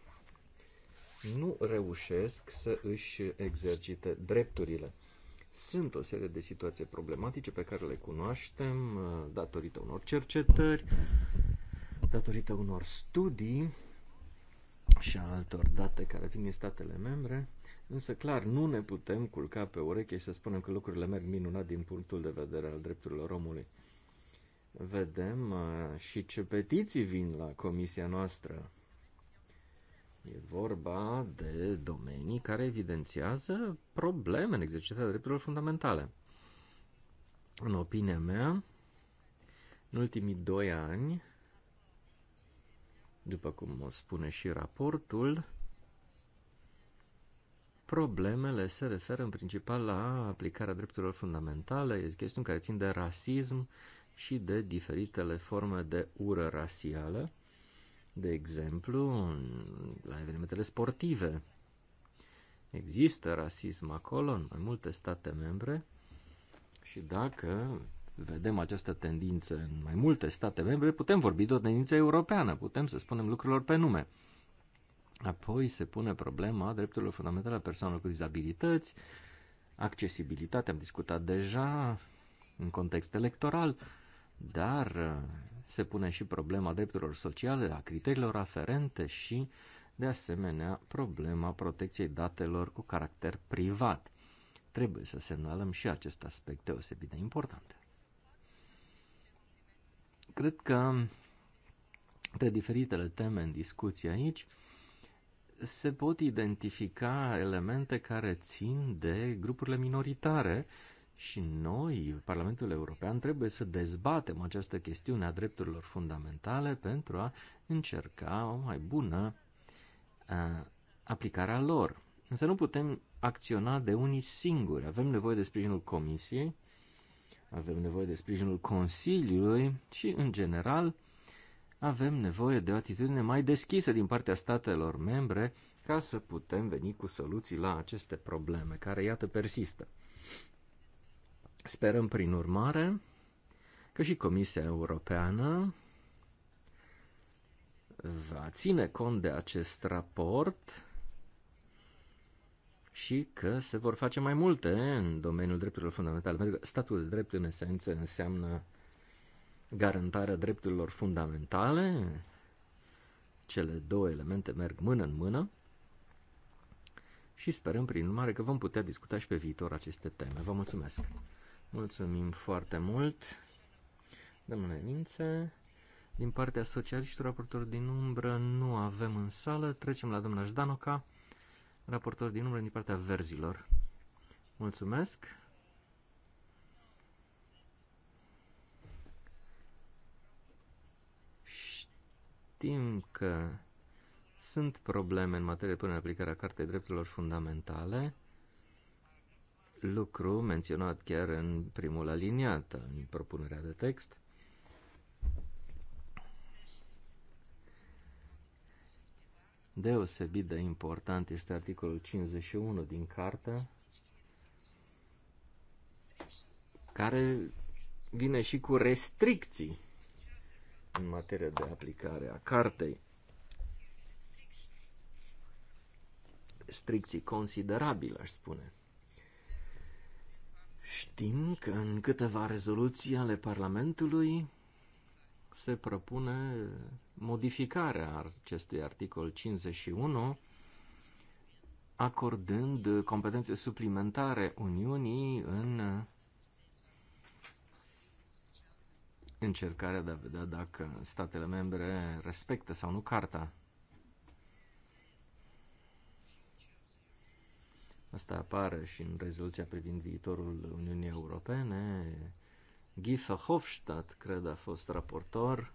nu reușesc să își exercite drepturile. Sunt o serie de situații problematice pe care le cunoaștem uh, datorită unor cercetări, datorită unor studii și a altor date care vin din statele membre, însă clar nu ne putem culca pe ureche și să spunem că lucrurile merg minunat din punctul de vedere al drepturilor omului. Vedem uh, și ce petiții vin la comisia noastră E vorba de domenii care evidențiază probleme în exercitarea drepturilor fundamentale. În opinia mea, în ultimii doi ani, după cum o spune și raportul, problemele se referă în principal la aplicarea drepturilor fundamentale, chestiuni care țin de rasism și de diferitele forme de ură rasială de exemplu, la evenimentele sportive. Există rasism acolo, în mai multe state membre, și dacă vedem această tendință în mai multe state membre, putem vorbi de o tendință europeană, putem să spunem lucrurilor pe nume. Apoi se pune problema drepturilor fundamentale a persoanelor cu dizabilități, accesibilitate, am discutat deja în context electoral, dar se pune și problema drepturilor sociale, a criteriilor aferente și, de asemenea, problema protecției datelor cu caracter privat. Trebuie să semnalăm și acest aspect deosebit de important. Cred că între diferitele teme în discuție aici, se pot identifica elemente care țin de grupurile minoritare și noi, Parlamentul European, trebuie să dezbatem această chestiune a drepturilor fundamentale pentru a încerca o mai bună uh, aplicare a lor. Însă nu putem acționa de unii singuri. Avem nevoie de sprijinul Comisiei, avem nevoie de sprijinul Consiliului și, în general, avem nevoie de o atitudine mai deschisă din partea statelor membre ca să putem veni cu soluții la aceste probleme care, iată, persistă. Sperăm, prin urmare, că și Comisia Europeană va ține cont de acest raport și că se vor face mai multe în domeniul drepturilor fundamentale, pentru că statul de drept în esență înseamnă garantarea drepturilor fundamentale, cele două elemente merg mână în mână și sperăm prin urmare că vom putea discuta și pe viitor aceste teme. Vă mulțumesc! Mulțumim foarte mult, domnule Vințe. Din partea socialiștilor, raportor din umbră, nu avem în sală. Trecem la domnul Jdanoca, raportor din umbră din partea verzilor. Mulțumesc. Știm că sunt probleme în materie de până în aplicarea Cartei Drepturilor Fundamentale, lucru menționat chiar în primul aliniat în propunerea de text. Deosebit de important este articolul 51 din Carte, care vine și cu restricții în materie de aplicare a cartei. Restricții considerabile, aș spune. Știm că în câteva rezoluții ale Parlamentului se propune modificarea acestui articol 51, acordând competențe suplimentare Uniunii în încercarea de a vedea dacă statele membre respectă sau nu carta. Asta apare și în rezoluția privind viitorul Uniunii Europene. Guy Hofstadt cred, a fost raportor.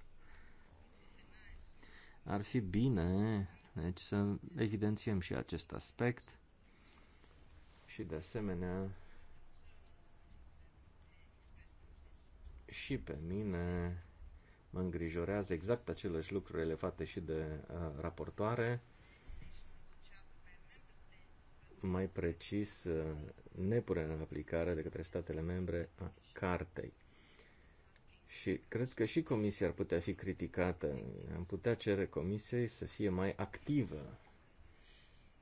Ar fi bine deci, să evidențiem și acest aspect și, de asemenea, și pe mine mă îngrijorează exact aceleași lucruri elevate și de uh, raportoare mai precis uh, nepunerea în aplicare de către statele membre a cartei. Și cred că și Comisia ar putea fi criticată. Am putea cere Comisiei să fie mai activă,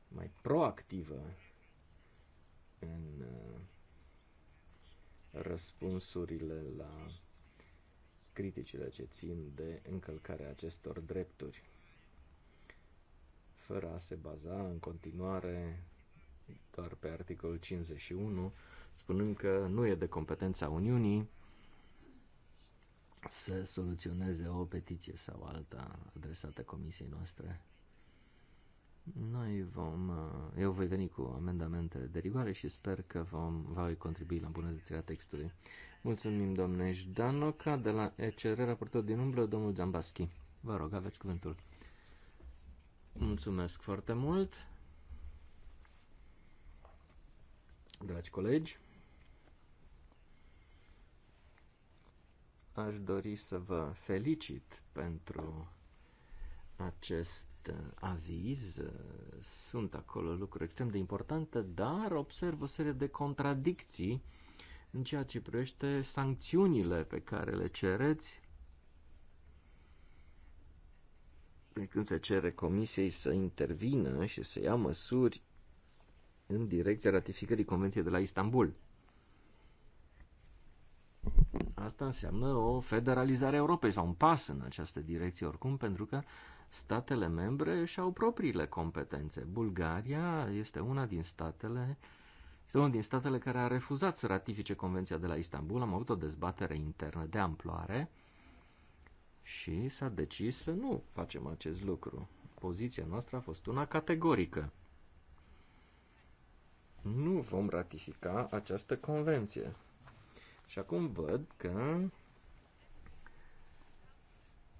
mai proactivă în uh, răspunsurile la criticile ce țin de încălcarea acestor drepturi, fără a se baza în continuare doar pe articolul 51, spunând că nu e de competența Uniunii să soluționeze o petiție sau alta adresată comisiei noastre. Noi vom, eu voi veni cu amendamente de rigoare și sper că vom, va contribui la îmbunătățirea textului. Mulțumim, domnule Jdanoca, de la ECR, raportor din umbră, domnul Zambaschi. Vă rog, aveți cuvântul. Mulțumesc foarte mult. Dragi colegi, aș dori să vă felicit pentru acest uh, aviz. Sunt acolo lucruri extrem de importante, dar observ o serie de contradicții în ceea ce privește sancțiunile pe care le cereți când se cere comisiei să intervină și să ia măsuri în direcția ratificării Convenției de la Istanbul. Asta înseamnă o federalizare a Europei sau un pas în această direcție oricum, pentru că statele membre și-au propriile competențe. Bulgaria este una din statele este unul din statele care a refuzat să ratifice Convenția de la Istanbul. Am avut o dezbatere internă de amploare și s-a decis să nu facem acest lucru. Poziția noastră a fost una categorică nu vom ratifica această convenție. Și acum văd că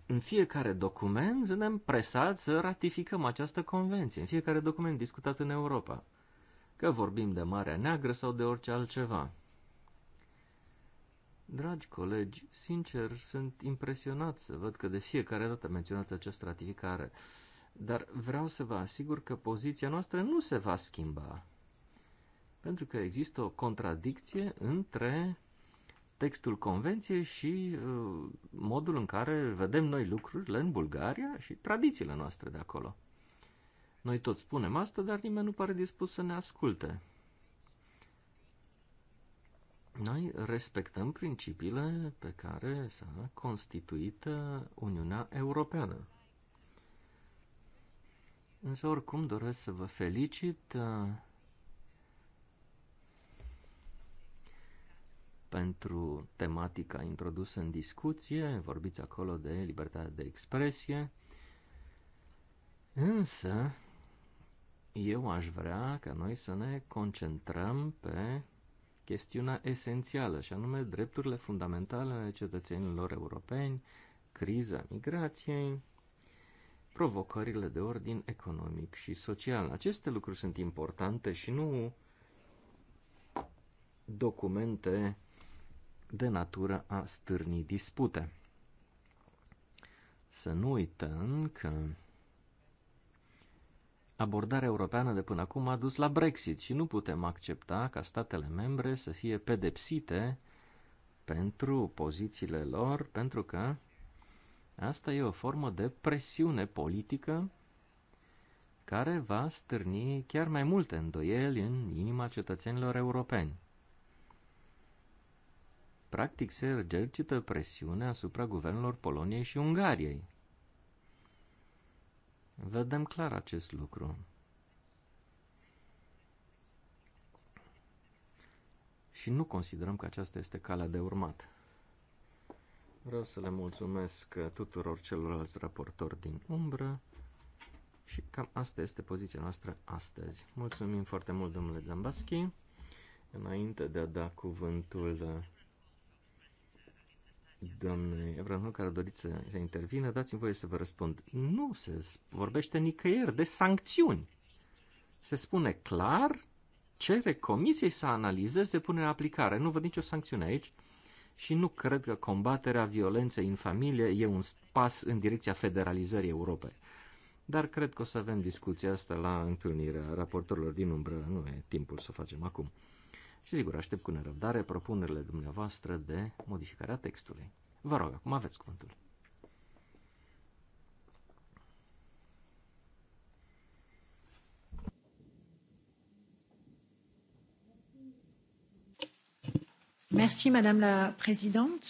în fiecare document suntem presați să ratificăm această convenție, în fiecare document discutat în Europa. Că vorbim de Marea Neagră sau de orice altceva. Dragi colegi, sincer, sunt impresionat să văd că de fiecare dată menționați această ratificare, dar vreau să vă asigur că poziția noastră nu se va schimba pentru că există o contradicție între textul convenției și uh, modul în care vedem noi lucrurile în Bulgaria și tradițiile noastre de acolo. Noi tot spunem asta, dar nimeni nu pare dispus să ne asculte. Noi respectăm principiile pe care s-a constituit uh, Uniunea Europeană. Însă oricum doresc să vă felicit uh, pentru tematica introdusă în discuție, vorbiți acolo de libertatea de expresie, însă eu aș vrea ca noi să ne concentrăm pe chestiunea esențială, și anume drepturile fundamentale ale cetățenilor europeni, criza migrației, provocările de ordin economic și social. Aceste lucruri sunt importante și nu documente de natură a stârni dispute. Să nu uităm că abordarea europeană de până acum a dus la Brexit și nu putem accepta ca statele membre să fie pedepsite pentru pozițiile lor, pentru că asta e o formă de presiune politică care va stârni chiar mai multe îndoieli în inima cetățenilor europeni practic se exercită presiune asupra guvernelor Poloniei și Ungariei. Vedem clar acest lucru. Și nu considerăm că aceasta este calea de urmat. Vreau să le mulțumesc tuturor celorlalți raportori din umbră și cam asta este poziția noastră astăzi. Mulțumim foarte mult, domnule Zambaschi. Înainte de a da cuvântul doamnei Evrenhol, care doriți să, să intervină, dați-mi voie să vă răspund. Nu se vorbește nicăieri de sancțiuni. Se spune clar, cere comisiei să analizeze punerea în aplicare. Nu văd nicio sancțiune aici și nu cred că combaterea violenței în familie e un pas în direcția federalizării Europei. Dar cred că o să avem discuția asta la întâlnirea raportorilor din umbră. Nu e timpul să o facem acum. Și sigur, aștept cu nerăbdare propunerile dumneavoastră de modificarea textului. Vă rog, acum aveți cuvântul. Merci, Madame la Présidente.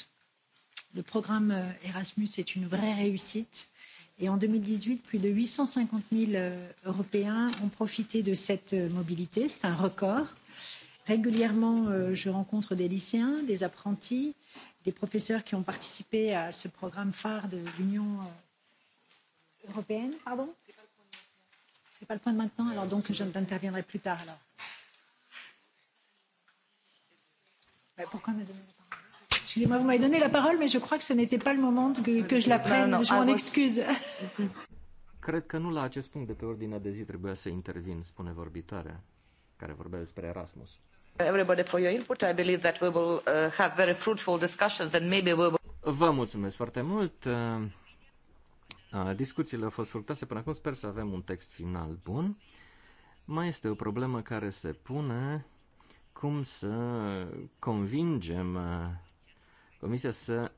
Le programme euh, Erasmus est une vraie réussite. Et en 2018, plus de 850 000 euh, Européens ont profité de cette euh, mobilité. C'est un record Régulièrement, euh, je rencontre des lycéens, des apprentis, des professeurs qui ont participé à ce programme phare de l'Union euh, européenne. Pardon Ce n'est pas le point de maintenant, alors donc je n'interviendrai plus tard. Alors. Bah, pourquoi me donner la parole Excusez-moi, vous m'avez donné la parole, mais je crois que ce n'était pas le moment que, que je la prenne. No, no, je m'en excuse. Cred că nu la acest punct de pe ordinea de zi trebuia să intervin, spune vorbitoarea, care vorbea despre Erasmus. Everybody for your input. I believe that we will uh, have very fruitful discussions and maybe we will... Vă mulțumesc foarte mult. Uh, uh, discuțiile au fost fructoase până acum. Sper să avem un text final bun. Mai este o problemă care se pune cum să convingem Comisia să,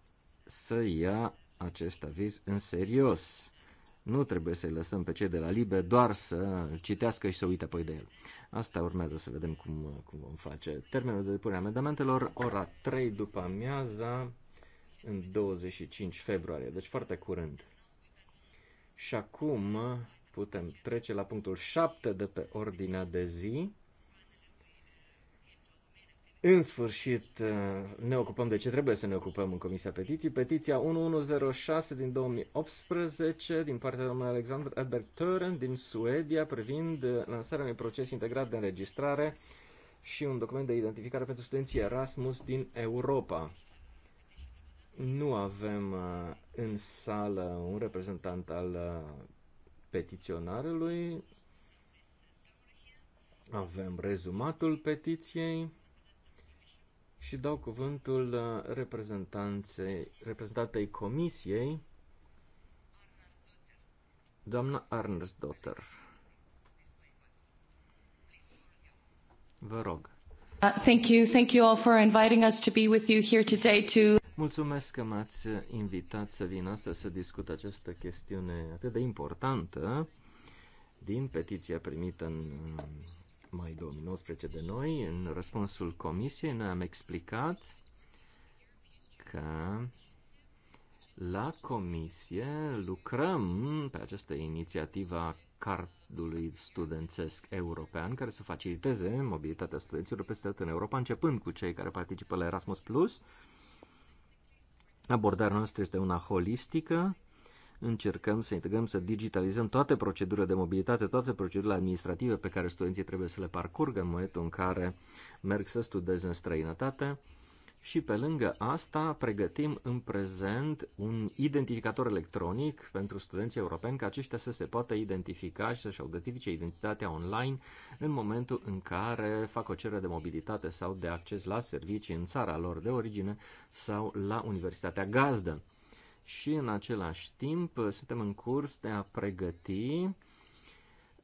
să ia acest aviz în serios. Nu trebuie să-i lăsăm pe cei de la Libe doar să citească și să uite apoi de el. Asta urmează să vedem cum, cum vom face. Termenul de depunere amendamentelor, ora 3 după amiaza, în 25 februarie, deci foarte curând. Și acum putem trece la punctul 7 de pe ordinea de zi în sfârșit, uh, ne ocupăm de ce trebuie să ne ocupăm în Comisia Petiții. Petiția 1106 din 2018 din partea domnului Alexander Edberg Tören din Suedia privind uh, lansarea unui proces integrat de înregistrare și un document de identificare pentru studenții Erasmus din Europa. Nu avem uh, în sală un reprezentant al petiționarului. Avem rezumatul petiției și dau cuvântul uh, reprezentanței, reprezentantei comisiei, doamna Arnsdotter. Vă rog. Uh, thank you, thank you all for inviting us to be with you here today to Mulțumesc că m-ați invitat să vin astăzi să discut această chestiune atât de importantă din petiția primită în mai 2019 de noi, în răspunsul comisiei, noi am explicat că la comisie lucrăm pe această inițiativă a cardului studențesc european care să faciliteze mobilitatea studenților peste tot în Europa, începând cu cei care participă la Erasmus+. Abordarea noastră este una holistică, încercăm să integrăm, să digitalizăm toate procedurile de mobilitate, toate procedurile administrative pe care studenții trebuie să le parcurgă în momentul în care merg să studieze în străinătate. Și pe lângă asta pregătim în prezent un identificator electronic pentru studenții europeni ca aceștia să se poată identifica și să-și autentifice identitatea online în momentul în care fac o cerere de mobilitate sau de acces la servicii în țara lor de origine sau la universitatea gazdă și în același timp uh, suntem în curs de a pregăti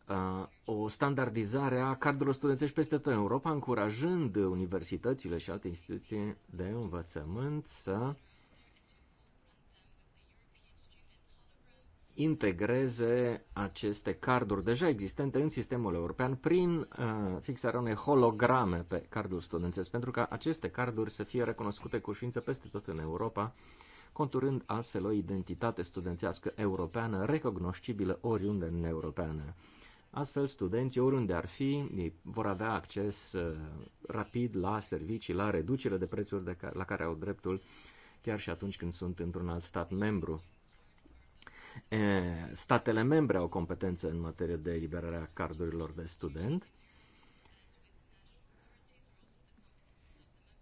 uh, o standardizare a cadrelor studențești peste tot în Europa, încurajând universitățile și alte instituții de învățământ să integreze aceste carduri deja existente în sistemul european prin uh, fixarea unei holograme pe cardul studențesc, pentru ca aceste carduri să fie recunoscute cu ușurință peste tot în Europa conturând astfel o identitate studențească europeană recognoscibilă oriunde în europeană. Astfel, studenții, oriunde ar fi, ei vor avea acces uh, rapid la servicii, la reducere de prețuri de care, la care au dreptul chiar și atunci când sunt într-un alt stat membru. E, statele membre au competență în materie de eliberarea cardurilor de student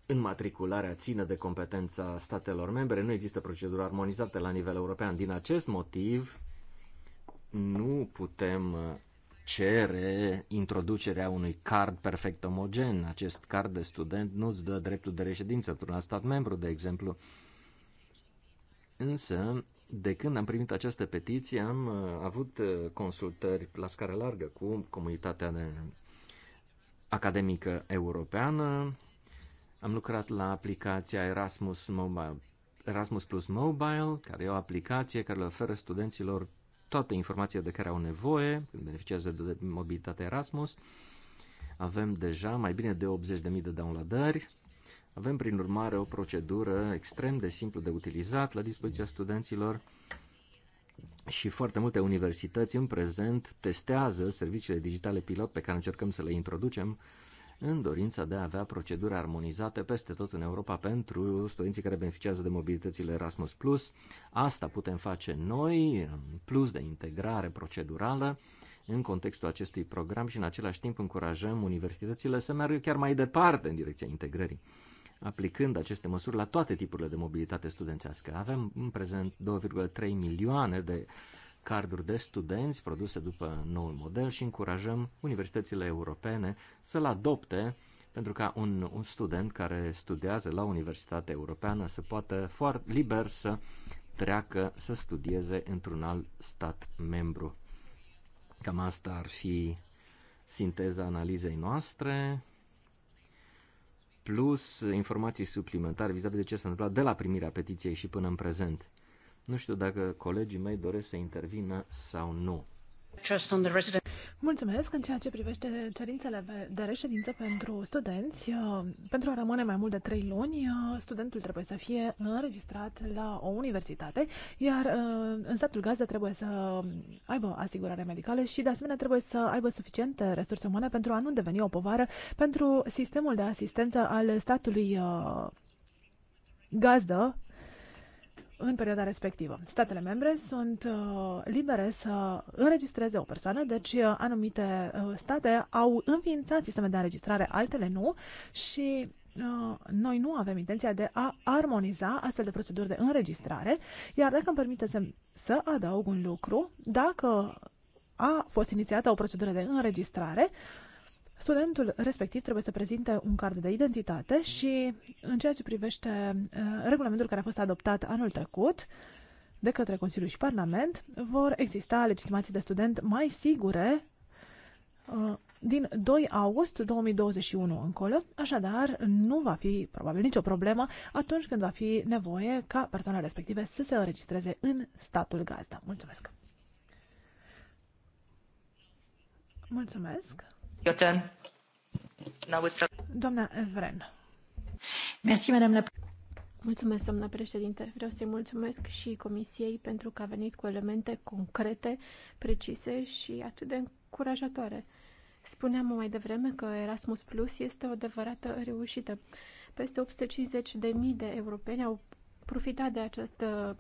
înmatricularea ține de competența statelor membre, nu există procedură armonizată la nivel european. Din acest motiv, nu putem uh, cere introducerea unui card perfect omogen. Acest card de student nu îți dă dreptul de reședință într-un stat membru, de exemplu. Însă, de când am primit această petiție, am uh, avut uh, consultări la scară largă cu comunitatea de academică europeană, am lucrat la aplicația Erasmus Mobile. Erasmus Plus Mobile, care e o aplicație care le oferă studenților toată informația de care au nevoie când beneficiază de mobilitatea Erasmus. Avem deja mai bine de 80.000 de downloadări. Avem, prin urmare, o procedură extrem de simplu de utilizat la dispoziția studenților și foarte multe universități în prezent testează serviciile digitale pilot pe care încercăm să le introducem în dorința de a avea proceduri armonizate peste tot în Europa pentru studenții care beneficiază de mobilitățile Erasmus+. Asta putem face noi, plus de integrare procedurală, în contextul acestui program și în același timp încurajăm universitățile să meargă chiar mai departe în direcția integrării aplicând aceste măsuri la toate tipurile de mobilitate studențească. Avem în prezent 2,3 milioane de carduri de studenți produse după noul model și încurajăm universitățile europene să-l adopte pentru ca un, un student care studiază la Universitatea Europeană să poată foarte liber să treacă să studieze într-un alt stat membru. Cam asta ar fi sinteza analizei noastre, plus informații suplimentare vis-a-vis de ce s-a întâmplat de la primirea petiției și până în prezent. Nu știu dacă colegii mei doresc să intervină sau nu. Mulțumesc în ceea ce privește cerințele de reședință pentru studenți. Uh, pentru a rămâne mai mult de trei luni, uh, studentul trebuie să fie înregistrat la o universitate, iar uh, în statul gazdă trebuie să aibă asigurare medicală și, de asemenea, trebuie să aibă suficiente resurse umane pentru a nu deveni o povară pentru sistemul de asistență al statului gazdă în perioada respectivă. Statele membre sunt uh, libere să înregistreze o persoană, deci uh, anumite uh, state au înființat sisteme de înregistrare, altele nu și noi nu avem intenția de a armoniza astfel de proceduri de înregistrare, iar dacă îmi permiteți să, să adaug un lucru, dacă a fost inițiată o procedură de înregistrare, uh, Studentul respectiv trebuie să prezinte un card de identitate și în ceea ce privește uh, regulamentul care a fost adoptat anul trecut de către Consiliu și Parlament, vor exista legitimații de student mai sigure uh, din 2 august 2021 încolo, așadar nu va fi probabil nicio problemă atunci când va fi nevoie ca persoana respective să se înregistreze în statul gazda. Mulțumesc! Mulțumesc! doamnă Evren. Mulțumesc, președinte. Vreau să-i mulțumesc și Comisiei pentru că a venit cu elemente concrete, precise și atât de încurajatoare. Spuneam mai devreme că Erasmus Plus este o adevărată reușită. Peste 850.000 de europeni au profitat de această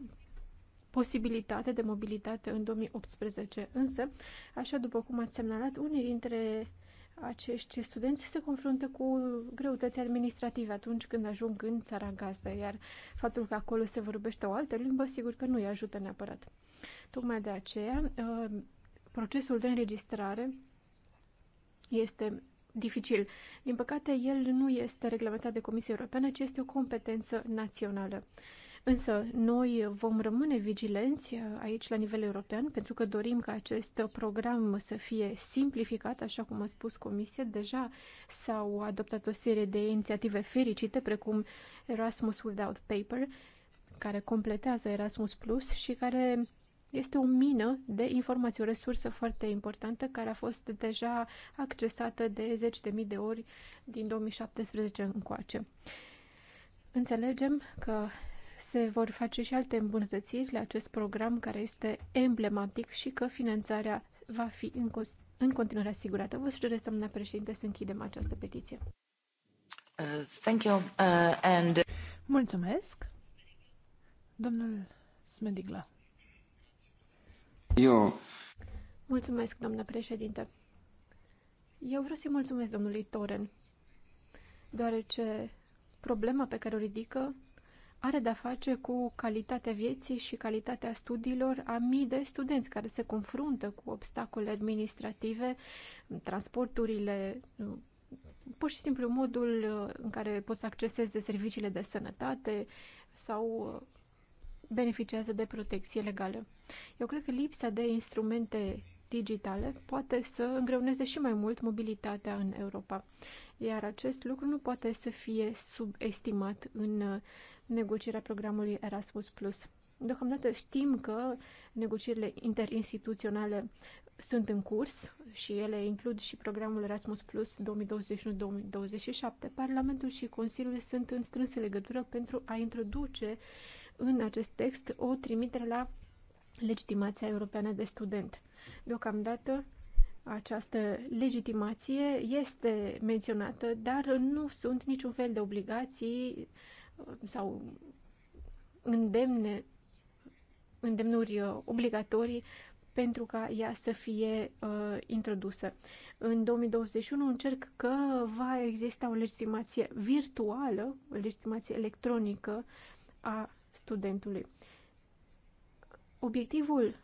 posibilitate de mobilitate în 2018, însă, așa după cum ați semnalat, unii dintre acești studenți se confruntă cu greutăți administrative atunci când ajung în țara gazdă, iar faptul că acolo se vorbește o altă limbă, sigur că nu îi ajută neapărat. Tocmai de aceea, uh, procesul de înregistrare este dificil. Din păcate, el nu este reglementat de Comisia Europeană, ci este o competență națională. Însă noi vom rămâne vigilenți uh, aici la nivel european pentru că dorim ca acest program să fie simplificat, așa cum a spus Comisia. Deja s-au adoptat o serie de inițiative fericite, precum Erasmus Without Paper, care completează Erasmus Plus și care este o mină de informații, o resursă foarte importantă care a fost deja accesată de zeci de mii de ori din 2017 încoace. Înțelegem că se vor face și alte îmbunătățiri la acest program care este emblematic și că finanțarea va fi în, co- în continuare asigurată. Vă sugerez, doamna președinte, să închidem această petiție. Uh, thank you. Uh, and... Mulțumesc. Domnul Smedigla. Eu. Mulțumesc, doamna președinte. Eu vreau să-i mulțumesc domnului Toren, deoarece problema pe care o ridică are de-a face cu calitatea vieții și calitatea studiilor a mii de studenți care se confruntă cu obstacole administrative, transporturile, pur și simplu modul uh, în care pot să acceseze serviciile de sănătate sau uh, beneficiază de protecție legală. Eu cred că lipsa de instrumente digitale poate să îngreuneze și mai mult mobilitatea în Europa. Iar acest lucru nu poate să fie subestimat în uh, negocierea programului Erasmus+. Deocamdată știm că negocierile interinstituționale sunt în curs și ele includ și programul Erasmus Plus 2021-2027. Parlamentul și Consiliul sunt în strânsă legătură pentru a introduce în acest text o trimitere la legitimația europeană de student. Deocamdată această legitimație este menționată, dar nu sunt niciun fel de obligații sau îndemne, îndemnuri uh, obligatorii pentru ca ea să fie uh, introdusă. În 2021 încerc că va exista o legitimație virtuală, o legitimație electronică a studentului. Obiectivul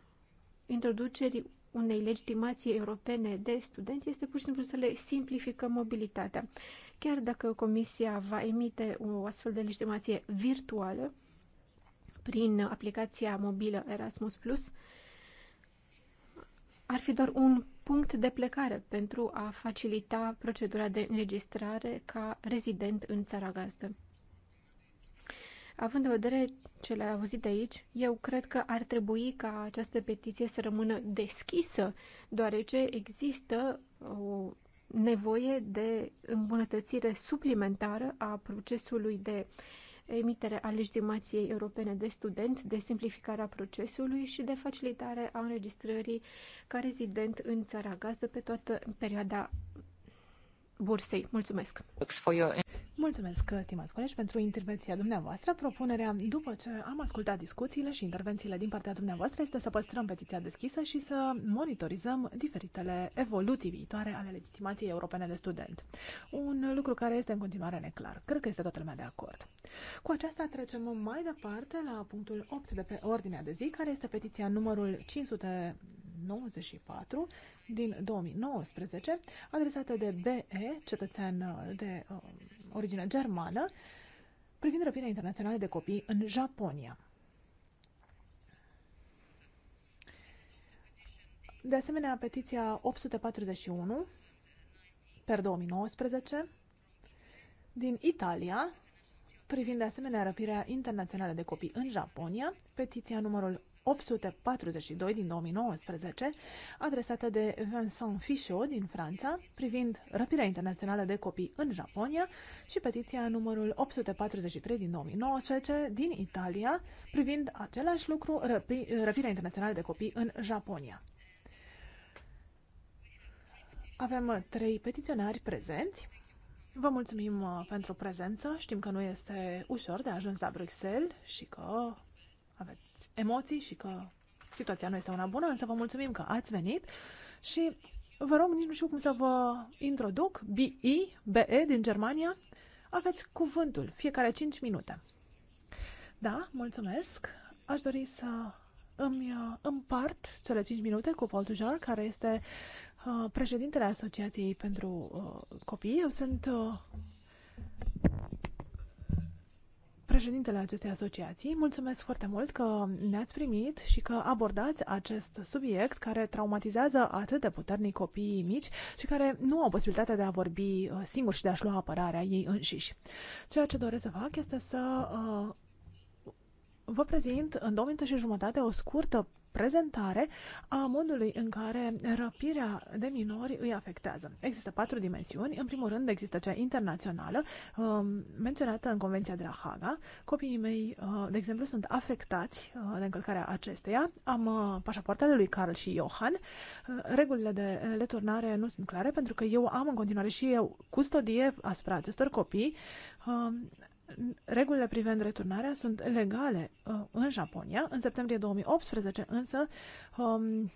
introducerii unei legitimații europene de student este pur și simplu să le simplificăm mobilitatea chiar dacă Comisia va emite o astfel de legitimație virtuală prin aplicația mobilă Erasmus+, ar fi doar un punct de plecare pentru a facilita procedura de înregistrare ca rezident în țara gazdă. Având în vedere ce le-a auzit de aici, eu cred că ar trebui ca această petiție să rămână deschisă, deoarece există o nevoie de îmbunătățire suplimentară a procesului de emitere a legitimației europene de student, de simplificarea procesului și de facilitare a înregistrării ca rezident în țara gazdă pe toată perioada bursei. Mulțumesc! Mulțumesc, stimați colegi, pentru intervenția dumneavoastră. Propunerea, după ce am ascultat discuțiile și intervențiile din partea dumneavoastră, este să păstrăm petiția deschisă și să monitorizăm diferitele evoluții viitoare ale legitimației europene de student. Un lucru care este în continuare neclar. Cred că este toată lumea de acord. Cu aceasta trecem mai departe la punctul 8 de pe ordinea de zi, care este petiția numărul 500 94 din 2019, adresată de BE, cetățean de uh, origine germană privind răpirea internațională de copii în Japonia. De asemenea, petiția 841 per 2019 din Italia privind de asemenea răpirea internațională de copii în Japonia, petiția numărul 842 din 2019, adresată de Vincent Fichot din Franța, privind răpirea internațională de copii în Japonia și petiția numărul 843 din 2019 din Italia, privind același lucru, răpi, răpirea internațională de copii în Japonia. Avem trei petiționari prezenți. Vă mulțumim uh, pentru prezență. Știm că nu este ușor de ajuns la Bruxelles și că aveți emoții și că situația nu este una bună, însă vă mulțumim că ați venit și vă rog, nici nu știu cum să vă introduc, BI, BE din Germania, aveți cuvântul, fiecare 5 minute. Da, mulțumesc. Aș dori să îmi uh, împart cele 5 minute cu Paul Dujar, care este uh, președintele Asociației pentru uh, Copii. Eu sunt uh, președintele acestei asociații. Mulțumesc foarte mult că ne-ați primit și că abordați acest subiect care traumatizează atât de puternic copiii mici și care nu au posibilitatea de a vorbi uh, singuri și de a-și lua apărarea ei înșiși. Ceea ce doresc să fac este să uh, Vă prezint în două minute și jumătate o scurtă prezentare a modului în care răpirea de minori îi afectează. Există patru dimensiuni. În primul rând există cea internațională, um, menționată în Convenția de la Haga. Copiii mei, uh, de exemplu, sunt afectați uh, de încălcarea acesteia. Am uh, pașapoartele lui Carl și Johan. Regulile de returnare nu sunt clare pentru că eu am în continuare și eu custodie asupra acestor copii. Um, Regulile privind returnarea sunt legale uh, în Japonia. În septembrie 2018 însă um,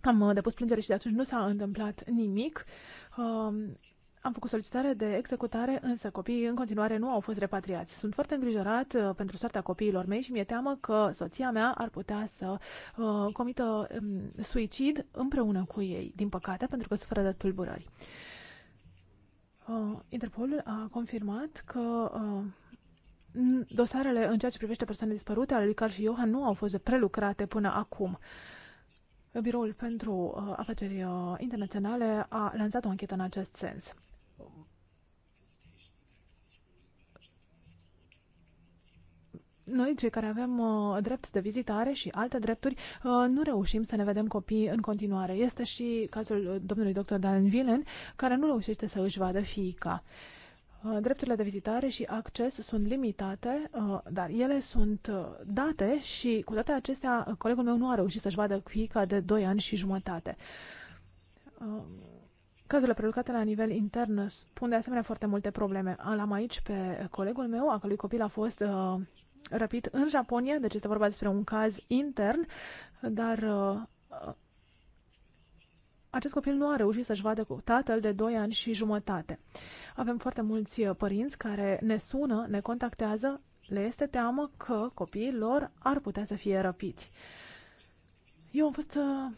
am uh, depus plângere și de atunci nu s-a întâmplat nimic. Um, am făcut solicitare de executare, însă copiii în continuare nu au fost repatriați. Sunt foarte îngrijorat uh, pentru soarta copiilor mei și mi-e teamă că soția mea ar putea să uh, comită um, suicid împreună cu ei, din păcate, pentru că suferă de tulburări. Uh, Uh, Interpol a confirmat că uh, dosarele în ceea ce privește persoane dispărute ale lui Carl și Johan nu au fost prelucrate până acum. Biroul pentru uh, afaceri uh, internaționale a lansat o anchetă în acest sens. noi, cei care avem uh, drept de vizitare și alte drepturi, uh, nu reușim să ne vedem copii în continuare. Este și cazul uh, domnului dr. Dan Villen, care nu reușește să își vadă fiica. Uh, drepturile de vizitare și acces sunt limitate, uh, dar ele sunt date și cu toate acestea colegul meu nu a reușit să-și vadă fiica de 2 ani și jumătate. Cazurile prelucrate la nivel intern pun de asemenea foarte multe probleme. L-am aici pe colegul meu, a cărui copil a fost răpit în Japonia, deci este vorba despre un caz intern, dar uh, uh acest copil nu a reușit să-și vadă cu tatăl de 2 ani și jumătate. Avem foarte mulți uh, părinți care ne sună, ne contactează, le este teamă că copiii lor ar putea să fie răpiți. Eu am fost uh,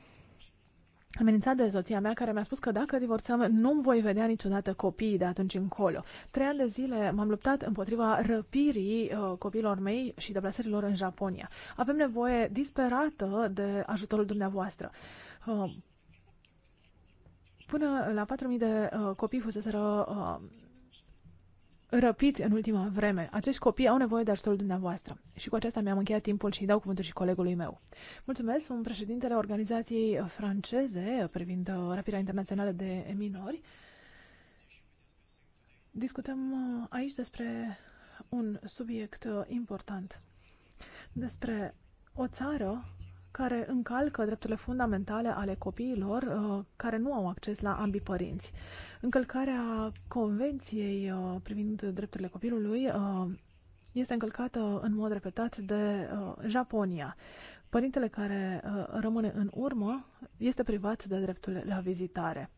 amenințat de soția mea care mi-a spus că dacă divorțăm nu voi vedea niciodată copiii de atunci încolo. Trei ani de zile m-am luptat împotriva răpirii uh, copiilor mei și deplasărilor în Japonia. Avem nevoie disperată de ajutorul dumneavoastră. Uh, până la 4.000 de uh, copii fuseseră uh, răpiți în ultima vreme. Acești copii au nevoie de ajutorul dumneavoastră. Și cu aceasta mi-am încheiat timpul și îi dau cuvântul și colegului meu. Mulțumesc, sunt președintele organizației franceze privind uh, răpirea internațională de minori. Discutăm uh, aici despre un subiect uh, important, despre o țară care încalcă drepturile fundamentale ale copiilor uh, care nu au acces la ambii părinți. Încălcarea Convenției uh, privind drepturile copilului uh, este încălcată în mod repetat de uh, Japonia. Părintele care uh, rămâne în urmă este privat de dreptul la vizitare.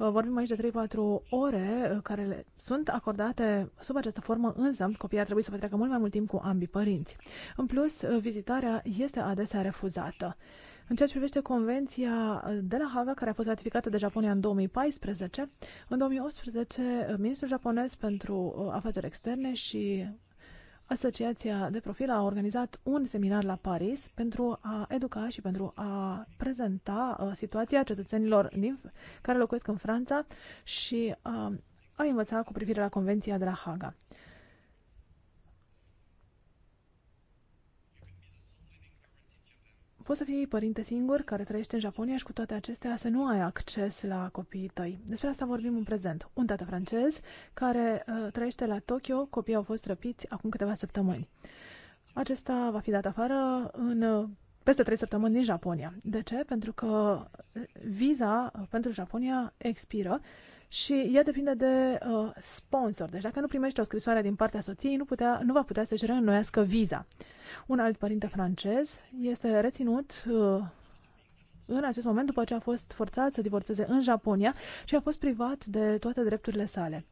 Uh, vorbim aici de 3-4 ore uh, care le sunt acordate sub această formă, însă copiii ar trebui să petreacă mult mai mult timp cu ambii părinți. În plus, uh, vizitarea este adesea refuzată. În ceea ce privește convenția de la Haga, care a fost ratificată de Japonia în 2014, în 2018 ministrul japonez pentru afaceri externe și Asociația de Profil a organizat un seminar la Paris pentru a educa și pentru a prezenta uh, situația cetățenilor din, care locuiesc în Franța și uh, a, a învăța cu privire la Convenția de la Haga. Poți să fii părinte singur care trăiește în Japonia și cu toate acestea să nu ai acces la copiii tăi. Despre asta vorbim în prezent. Un tată francez care uh, trăiește la Tokyo, copiii au fost răpiți acum câteva săptămâni. Acesta va fi dat afară în uh, peste trei săptămâni din Japonia. De ce? Pentru că uh, viza uh, pentru Japonia expiră și ea depinde de uh, sponsor. Deci dacă nu primește o scrisoare din partea soției, nu, putea, nu va putea să-și reînnoiască viza. Un alt părinte francez este reținut uh, în acest moment după ce a fost forțat să divorțeze în Japonia și a fost privat de toate drepturile sale.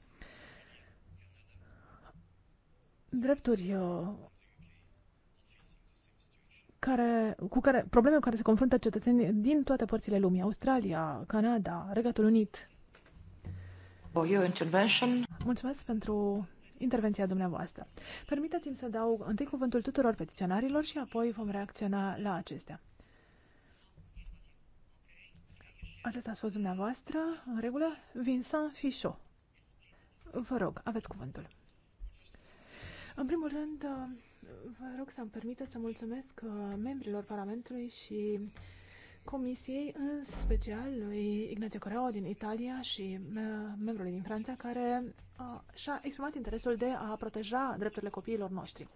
Drepturi uh, care, cu care, probleme cu care se confruntă cetățenii din toate părțile lumii, Australia, Canada, Regatul Unit, for your intervention. Mulțumesc pentru intervenția dumneavoastră. Permiteți-mi să dau întâi cuvântul tuturor petiționarilor și apoi vom reacționa la acestea. Acesta a fost dumneavoastră, în regulă, Vincent Fichot. Vă rog, aveți cuvântul. În primul rând, vă rog să-mi permiteți să mulțumesc uh, membrilor Parlamentului și Comisiei, în special lui Ignazio Corao din Italia și uh, membrului din Franța, care uh, și-a exprimat interesul de a proteja drepturile copiilor noștri.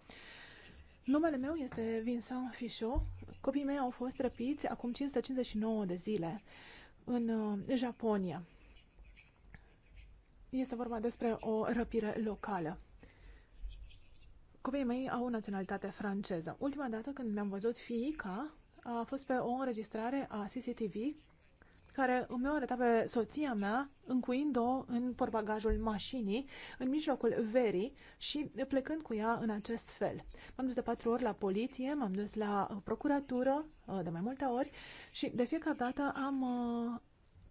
Numele meu este Vincent Fichot. Copiii mei au fost răpiți acum 559 de zile în uh, Japonia. Este vorba despre o răpire locală. Copiii mei au naționalitate franceză. Ultima dată când mi-am văzut fiica, a fost pe o înregistrare a CCTV care îmi arăta pe soția mea încuind-o în porbagajul mașinii, în mijlocul verii și plecând cu ea în acest fel. M-am dus de patru ori la poliție, m-am dus la procuratură uh, de mai multe ori și de fiecare dată am uh,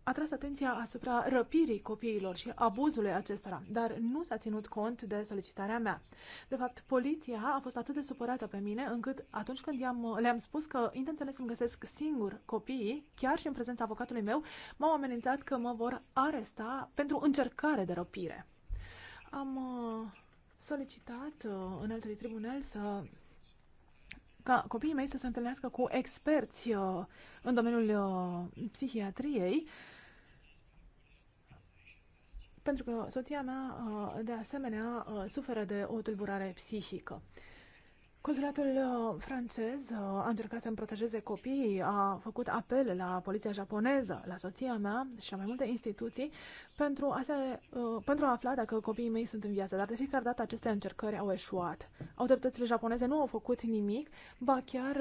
atras atenția asupra răpirii copiilor și abuzului acestora, dar nu s-a ținut cont de solicitarea mea. De fapt, poliția a fost atât de supărată pe mine încât atunci când i-am, le-am spus că intenționez să-mi găsesc singur copiii, chiar și în prezența avocatului meu, m-au amenințat că mă vor aresta pentru încercare de răpire. Am uh, solicitat uh, în altului tribunal să ca copiii mei să se întâlnească cu experți uh, în domeniul uh, psihiatriei, pentru că soția mea, uh, de asemenea, suferă de o tulburare psihică. Consulatul uh, francez uh, a încercat să-mi protejeze copiii, a făcut apel la poliția japoneză, la soția mea și la mai multe instituții pentru a, se, uh, pentru a afla dacă copiii mei sunt în viață. Dar de fiecare dată aceste încercări au eșuat. Autoritățile japoneze nu au făcut nimic, ba chiar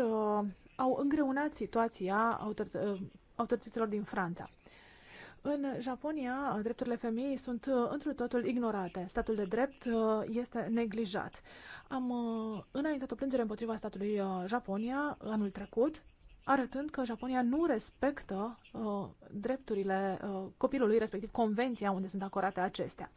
au îngreunat situația autorităților din Franța. În Japonia, drepturile femeii sunt uh, întru totul ignorate. Statul de drept uh, este neglijat. Am uh, înaintat o plângere împotriva statului Japonia anul trecut, arătând că Japonia nu respectă uh, drepturile uh, copilului, respectiv convenția unde sunt acordate acestea.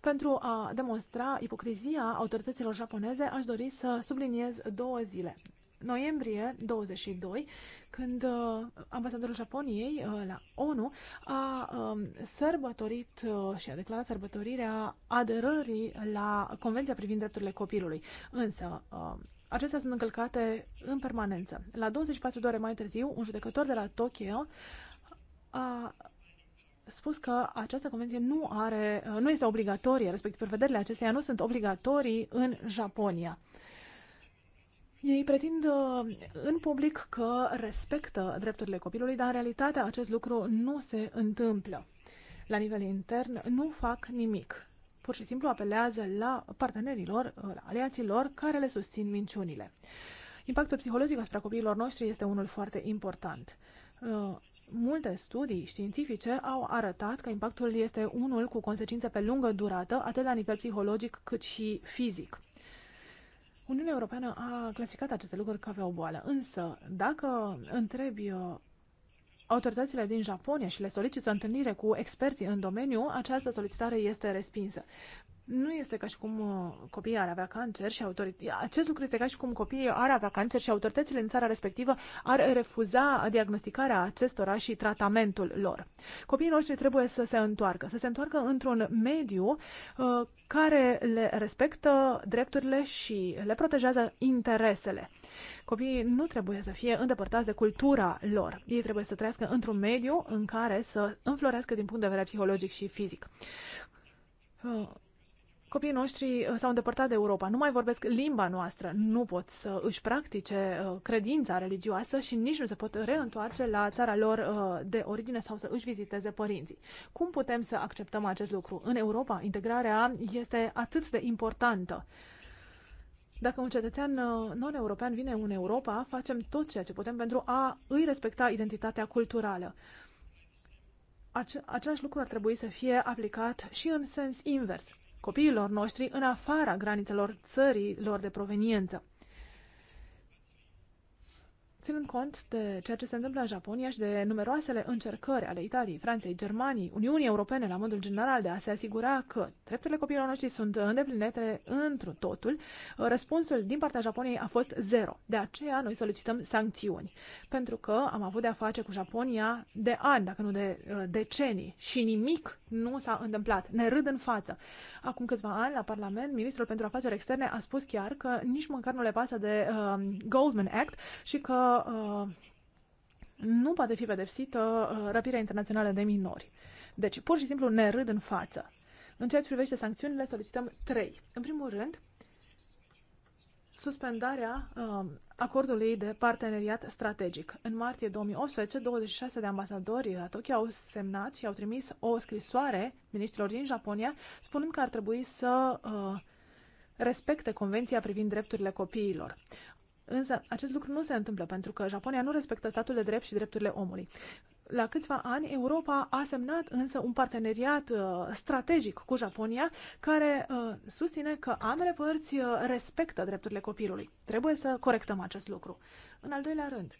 Pentru a demonstra ipocrizia autorităților japoneze, aș dori să subliniez două zile noiembrie 22, când uh, ambasadorul Japoniei uh, la ONU a um, sărbătorit uh, și a declarat sărbătorirea aderării la Convenția privind drepturile copilului. Însă, um, Acestea sunt încălcate în permanență. La 24 de ore mai târziu, un judecător de la Tokyo a spus că această convenție nu, are, nu este obligatorie, respectiv prevederile acesteia nu sunt obligatorii în Japonia. Ei pretind uh, în public că respectă drepturile copilului, dar în realitate acest lucru nu se întâmplă. La nivel intern nu fac nimic. Pur și simplu apelează la partenerilor, uh, la aliaților care le susțin minciunile. Impactul psihologic asupra copiilor noștri este unul foarte important. Uh, multe studii științifice au arătat că impactul este unul cu consecințe pe lungă durată, atât la nivel psihologic cât și fizic. Uniunea Europeană a clasificat aceste lucruri ca pe o boală, însă dacă întrebi uh, autoritățile din Japonia și le solicită întâlnire cu experții în domeniu, această solicitare este respinsă nu este ca și cum uh, copiii ar avea cancer și autorit- acest lucru este ca și cum copiii ar avea cancer și autoritățile în țara respectivă ar refuza diagnosticarea acestora și tratamentul lor. Copiii noștri trebuie să se întoarcă, să se întoarcă într-un mediu uh, care le respectă drepturile și le protejează interesele. Copiii nu trebuie să fie îndepărtați de cultura lor. Ei trebuie să trăiască într-un mediu în care să înflorească din punct de vedere psihologic și fizic. Uh, copiii noștri uh, s-au îndepărtat de Europa, nu mai vorbesc limba noastră, nu pot să își practice uh, credința religioasă și nici nu se pot reîntoarce la țara lor uh, de origine sau să își viziteze părinții. Cum putem să acceptăm acest lucru? În Europa, integrarea este atât de importantă. Dacă un cetățean non-european vine în Europa, facem tot ceea ce putem pentru a îi respecta identitatea culturală. Ace- același lucru ar trebui să fie aplicat și în sens invers copiilor noștri în afara granițelor țărilor de proveniență. Ținând cont de ceea ce se întâmplă în Japonia și de numeroasele încercări ale Italiei, Franței, Germaniei, Uniunii Europene la modul general de a se asigura că drepturile copiilor noștri sunt îndeplinite întru totul, răspunsul din partea Japoniei a fost zero. De aceea noi solicităm sancțiuni, pentru că am avut de-a face cu Japonia de ani, dacă nu de uh, decenii, și nimic nu s-a întâmplat. Ne râd în față. Acum câțiva ani, la Parlament, ministrul pentru afaceri externe a spus chiar că nici măcar nu le pasă de uh, Goldman Act și că uh, nu poate fi pedepsită uh, răpirea internațională de minori. Deci, pur și simplu ne râd în față. În ceea ce privește sancțiunile, solicităm trei. În primul rând, suspendarea uh, acordului de parteneriat strategic. În martie 2018, 26 de ambasadori la Tokyo au semnat și au trimis o scrisoare ministrilor din Japonia spunând că ar trebui să uh, respecte Convenția privind drepturile copiilor. Însă acest lucru nu se întâmplă pentru că Japonia nu respectă statul de drept și drepturile omului. La câțiva ani, Europa a semnat însă un parteneriat uh, strategic cu Japonia care uh, susține că ambele părți uh, respectă drepturile copilului. Trebuie să corectăm acest lucru. În al doilea rând,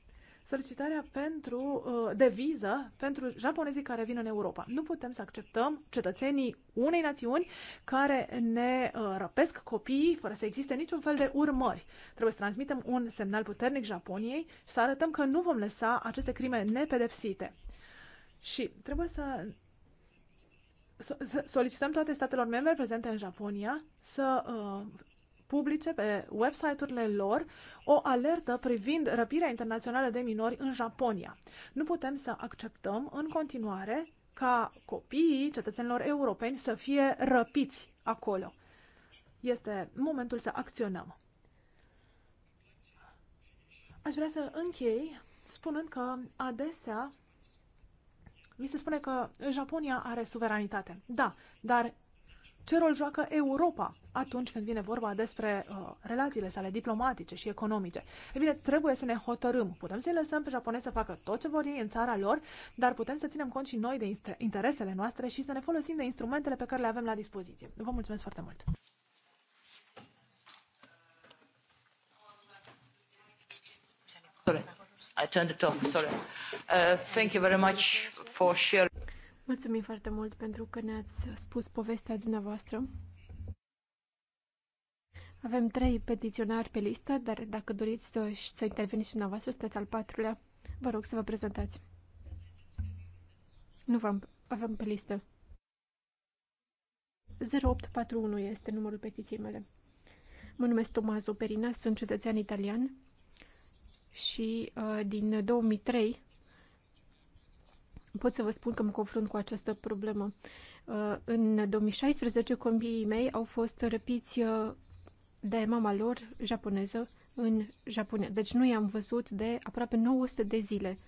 solicitarea pentru, uh, de viză pentru japonezii care vin în Europa. Nu putem să acceptăm cetățenii unei națiuni care ne uh, răpesc copiii fără să existe niciun fel de urmări. Trebuie să transmitem un semnal puternic Japoniei și să arătăm că nu vom lăsa aceste crime nepedepsite. Și trebuie să solicităm toate statelor membre prezente în Japonia să uh, publice pe website-urile lor o alertă privind răpirea internațională de minori în Japonia. Nu putem să acceptăm în continuare ca copiii cetățenilor europeni să fie răpiți acolo. Este momentul să acționăm. Aș vrea să închei spunând că adesea mi se spune că Japonia are suveranitate. Da, dar ce rol joacă Europa atunci când vine vorba despre uh, relațiile sale diplomatice și economice. E bine, trebuie să ne hotărâm. Putem să-i lăsăm pe japonezi să facă tot ce vor ei în țara lor, dar putem să ținem cont și noi de interesele noastre și să ne folosim de instrumentele pe care le avem la dispoziție. Vă mulțumesc foarte mult! I turned it off, sorry. Uh, thank you very much for sharing. Mulțumim foarte mult pentru că ne-ați spus povestea dumneavoastră. Avem trei petiționari pe listă, dar dacă doriți să, să interveniți dumneavoastră, sunteți al patrulea. Vă rog să vă prezentați. Nu vă am avem pe listă. 0841 este numărul petiției mele. Mă numesc Tomazo Perina, sunt cetățean italian și uh, din 2003 pot să vă spun că mă confrunt cu această problemă. Uh, în 2016, combiii mei au fost răpiți uh, de mama lor japoneză în Japonia. Deci nu i-am văzut de aproape 900 de zile.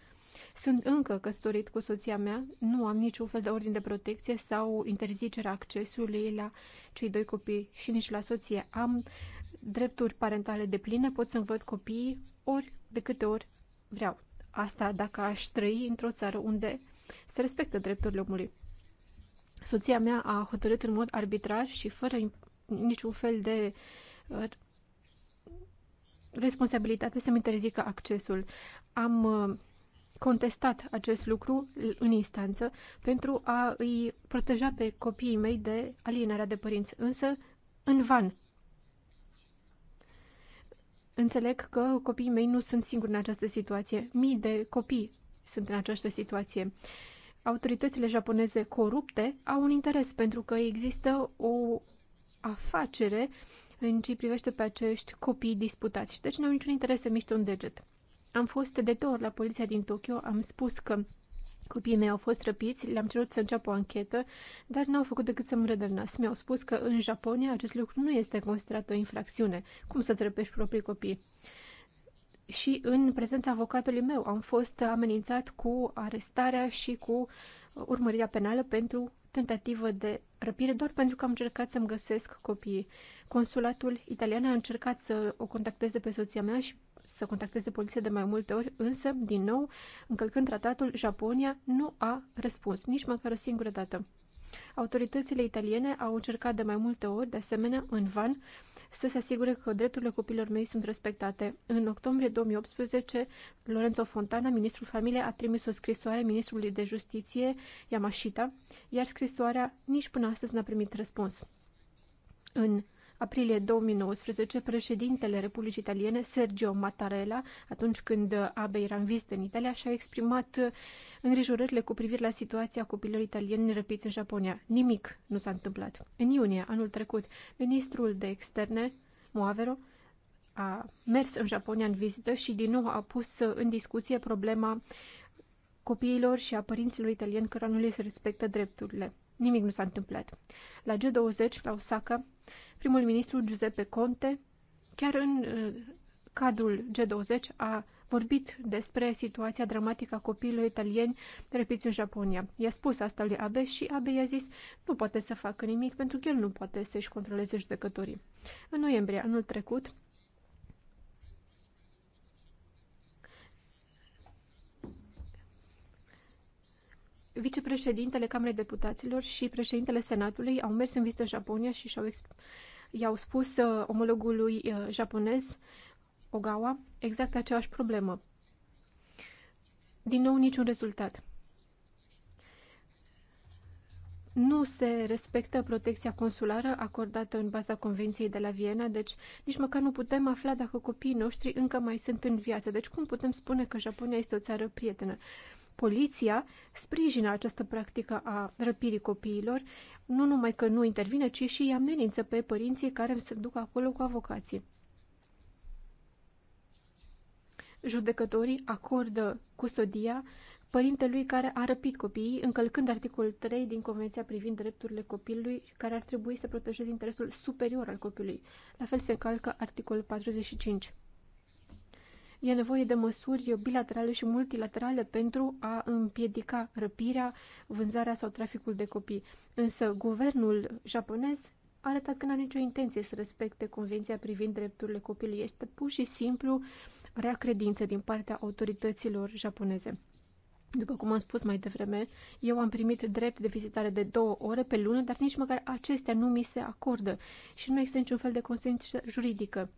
Sunt încă căsătorit cu soția mea, nu am niciun fel de ordin de protecție sau interzicerea accesului la cei doi copii și nici la soție. Am drepturi parentale de pline, pot să-mi văd copiii ori de câte ori vreau. Asta dacă aș trăi într-o țară unde se respectă drepturile omului. Soția mea a hotărât în mod arbitrar și fără niciun fel de uh, responsabilitate să-mi interzică accesul. Am uh, contestat acest lucru în instanță pentru a îi proteja pe copiii mei de alienarea de părinți, însă în van. Înțeleg că copiii mei nu sunt singuri în această situație. Mii de copii sunt în această situație. Autoritățile japoneze corupte au un interes pentru că există o afacere în ce privește pe acești copii disputați și deci nu au niciun interes să miște un deget. Am fost de două ori la poliția din Tokyo, am spus că copiii mei au fost răpiți, le-am cerut să înceapă o anchetă, dar n-au făcut decât să mă rădălnăs. Mi-au spus că în Japonia acest lucru nu este considerat o infracțiune. Cum să-ți răpești proprii copii? și în prezența avocatului meu am fost amenințat cu arestarea și cu urmărirea penală pentru tentativă de răpire doar pentru că am încercat să-mi găsesc copiii. Consulatul italian a încercat să o contacteze pe soția mea și să contacteze poliția de mai multe ori, însă, din nou, încălcând tratatul, Japonia nu a răspuns, nici măcar o singură dată. Autoritățile italiene au încercat de mai multe ori, de asemenea, în van, să se asigure că drepturile copiilor mei sunt respectate. În octombrie 2018, Lorenzo Fontana, ministrul familiei, a trimis o scrisoare ministrului de justiție, Yamashita, iar scrisoarea nici până astăzi n-a primit răspuns. În aprilie 2019, președintele Republicii Italiene, Sergio Mattarella, atunci când Abe era în vizită în Italia, și-a exprimat îngrijorările cu privire la situația copilor italieni răpiți în Japonia. Nimic nu s-a întâmplat. În iunie anul trecut, ministrul de externe, Moavero, a mers în Japonia în vizită și din nou a pus în discuție problema copiilor și a părinților italieni cărora nu le se respectă drepturile. Nimic nu s-a întâmplat. La G20, la Osaka, primul ministru Giuseppe Conte, chiar în uh, cadrul G20, a vorbit despre situația dramatică a copiilor italieni repiți în Japonia. I-a spus asta lui Abe și Abe i-a zis nu poate să facă nimic pentru că el nu poate să-și controleze judecătorii. În noiembrie anul trecut, vicepreședintele Camerei Deputaților și președintele Senatului au mers în vizită în Japonia și și-au i-au spus uh, omologului uh, japonez, Ogawa, exact aceeași problemă. Din nou, niciun rezultat. Nu se respectă protecția consulară acordată în baza Convenției de la Viena, deci nici măcar nu putem afla dacă copiii noștri încă mai sunt în viață. Deci cum putem spune că Japonia este o țară prietenă? Uh, poliția sprijină această practică a răpirii copiilor, nu numai că nu intervine, ci și îi amenință pe părinții care se duc acolo cu avocații. Judecătorii acordă custodia părintelui care a răpit copiii, încălcând articolul 3 din Convenția privind drepturile copilului, care ar trebui să protejeze interesul superior al copilului. La fel se încalcă articolul 45. E nevoie de măsuri bilaterale și multilaterale pentru a împiedica răpirea, vânzarea sau traficul de copii. Însă guvernul japonez a arătat că nu are nicio intenție să respecte Convenția privind drepturile copilului. Este pur și simplu rea credință din partea autorităților japoneze. După cum am spus mai devreme, eu am primit drept de vizitare de două ore pe lună, dar nici măcar acestea nu mi se acordă și nu există niciun fel de consență juridică.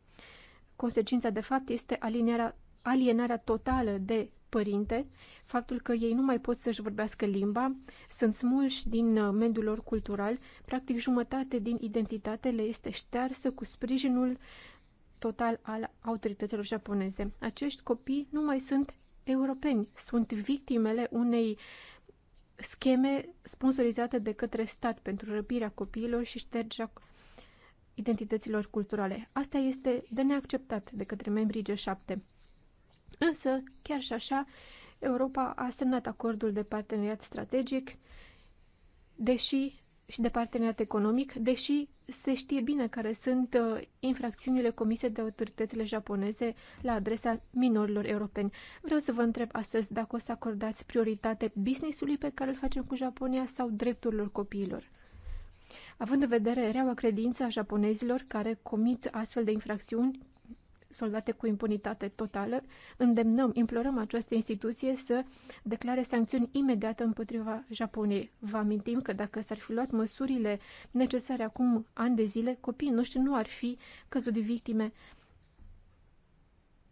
Consecința, de fapt, este alienarea, alienarea totală de părinte, faptul că ei nu mai pot să-și vorbească limba, sunt smulși din uh, mediul lor cultural, practic jumătate din identitate le este ștearsă cu sprijinul total al autorităților japoneze. Acești copii nu mai sunt europeni, sunt victimele unei scheme sponsorizate de către stat pentru răpirea copiilor și ștergerea identităților culturale. Asta este de neacceptat de către membrii G7. Însă, chiar și așa, Europa a semnat acordul de parteneriat strategic deși și de parteneriat economic, deși se știe bine care sunt uh, infracțiunile comise de autoritățile japoneze la adresa minorilor europeni. Vreau să vă întreb astăzi dacă o să acordați prioritate businessului pe care îl facem cu Japonia sau drepturilor copiilor. Având în vedere reaua credință a japonezilor care comit astfel de infracțiuni soldate cu impunitate totală, îndemnăm, implorăm această instituție să declare sancțiuni imediate împotriva Japoniei. Vă amintim că dacă s-ar fi luat măsurile necesare acum ani de zile, copiii noștri nu ar fi căzut victime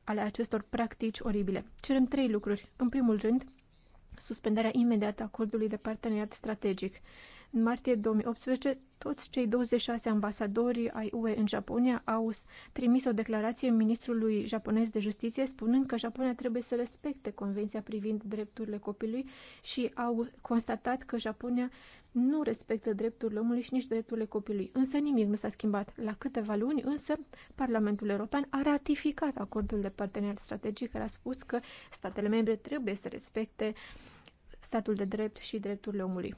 ale acestor practici oribile. Cerem trei lucruri. În primul rând, suspendarea imediată a acordului de parteneriat strategic. În martie 2018, toți cei 26 ambasadori ai UE în Japonia au trimis o declarație ministrului japonez de justiție spunând că Japonia trebuie să respecte convenția privind drepturile copilului și au constatat că Japonia nu respectă drepturile omului și nici drepturile copilului. Însă nimic nu s-a schimbat. La câteva luni, însă, Parlamentul European a ratificat acordul de parteneriat strategic care a spus că statele membre trebuie să respecte statul de drept și drepturile omului.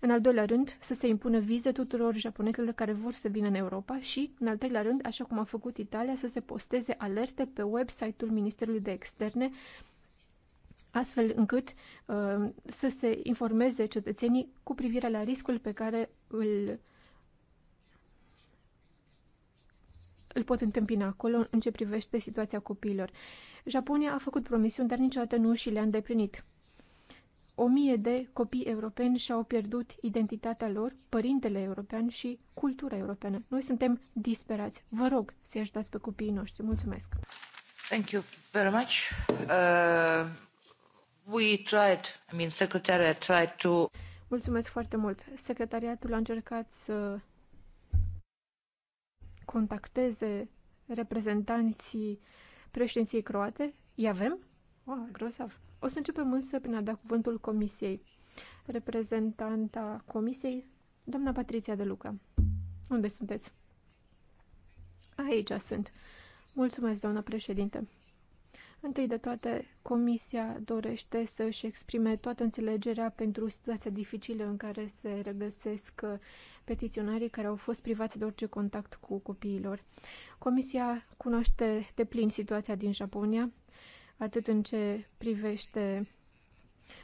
În al doilea rând, să se impună vize tuturor japonezilor care vor să vină în Europa și, în al treilea rând, așa cum a făcut Italia, să se posteze alerte pe website-ul Ministerului de Externe, astfel încât uh, să se informeze cetățenii cu privire la riscul pe care îl, îl pot întâmpina acolo în ce privește situația copiilor. Japonia a făcut promisiuni, dar niciodată nu și le-a îndeplinit o mie de copii europeni și-au pierdut identitatea lor, părintele european și cultura europeană. Noi suntem disperați. Vă rog să-i ajutați pe copiii noștri. Mulțumesc! Thank you very much. Uh, we tried, I mean, secretariat tried to... Mulțumesc foarte mult. Secretariatul a încercat să contacteze reprezentanții președinției croate. I avem? Wow, grozav. O să începem însă prin a da cuvântul Comisiei. Reprezentanta Comisiei, doamna Patriția de Luca. Unde sunteți? Aici sunt. Mulțumesc, doamna președinte. Întâi de toate, Comisia dorește să-și exprime toată înțelegerea pentru situația dificilă în care se regăsesc uh, petiționarii care au fost privați de orice contact cu copiilor. Comisia cunoaște de plin situația din Japonia atât în ce privește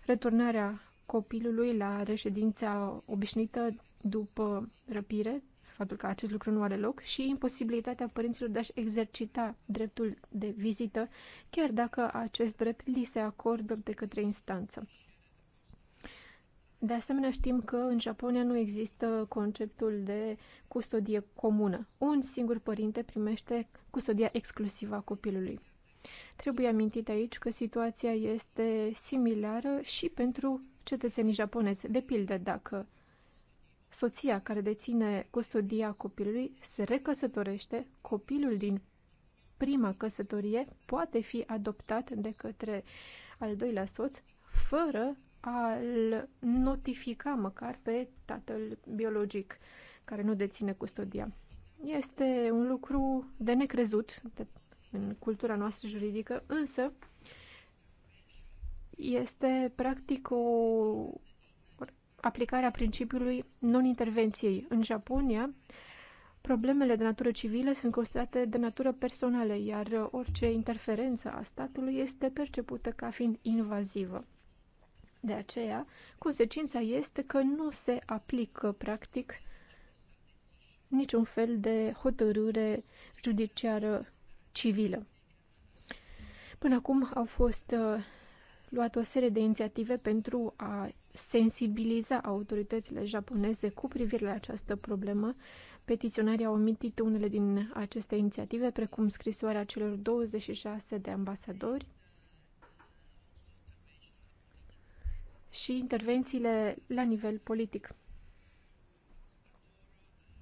returnarea copilului la reședința obișnuită după răpire, faptul că acest lucru nu are loc, și imposibilitatea părinților de a-și exercita dreptul de vizită, chiar dacă acest drept li se acordă de către instanță. De asemenea, știm că în Japonia nu există conceptul de custodie comună. Un singur părinte primește custodia exclusivă a copilului. Trebuie amintit aici că situația este similară și pentru cetățenii japonezi. De pildă, dacă soția care deține custodia copilului se recăsătorește, copilul din prima căsătorie poate fi adoptat de către al doilea soț fără a-l notifica măcar pe tatăl biologic care nu deține custodia. Este un lucru de necrezut, de în cultura noastră juridică, însă este practic o aplicare a principiului non-intervenției. În Japonia, problemele de natură civilă sunt considerate de natură personală, iar orice interferență a statului este percepută ca fiind invazivă. De aceea, consecința este că nu se aplică, practic, niciun fel de hotărâre judiciară civilă. Până acum au fost uh, luate o serie de inițiative pentru a sensibiliza autoritățile japoneze cu privire la această problemă. Petiționarii au omitit unele din aceste inițiative, precum scrisoarea celor 26 de ambasadori și intervențiile la nivel politic.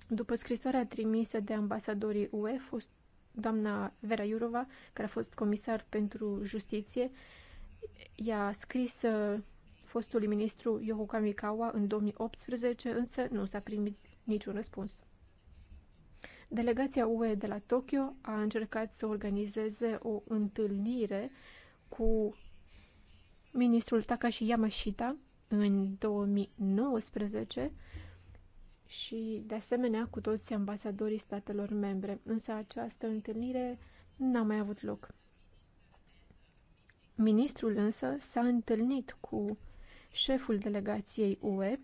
După scrisoarea trimisă de ambasadorii UE, doamna Vera Iurova, care a fost comisar pentru justiție, i-a scris uh, fostului ministru Yoko Kamikawa în 2018, însă nu s-a primit niciun răspuns. Delegația UE de la Tokyo a încercat să organizeze o întâlnire cu ministrul Takashi Yamashita în 2019, și, de asemenea, cu toți ambasadorii statelor membre, însă această întâlnire n-a mai avut loc. Ministrul însă s-a întâlnit cu șeful delegației UE,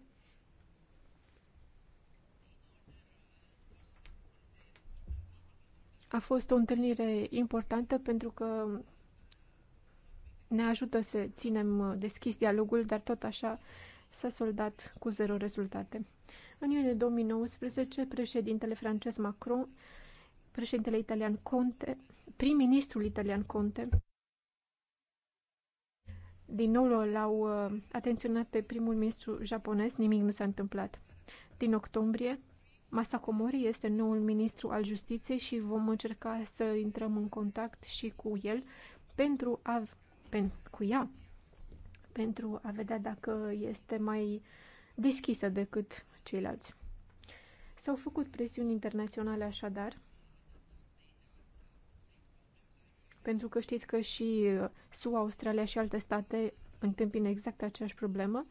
A fost o întâlnire importantă pentru că ne ajută să ținem deschis dialogul, dar tot așa s-a soldat cu zero rezultate. În iunie 2019, președintele francez Macron, președintele italian Conte, prim-ministrul italian Conte, din nou l-au uh, atenționat pe primul ministru japonez, nimic nu s-a întâmplat. Din octombrie, Masakomori este noul ministru al justiției și vom încerca să intrăm în contact și cu el pentru a, pen, cu ea, pentru a vedea dacă este mai deschisă decât ceilalți. S-au făcut presiuni internaționale așadar, pentru că știți că și SUA, Australia și alte state întâmpină exact aceeași problemă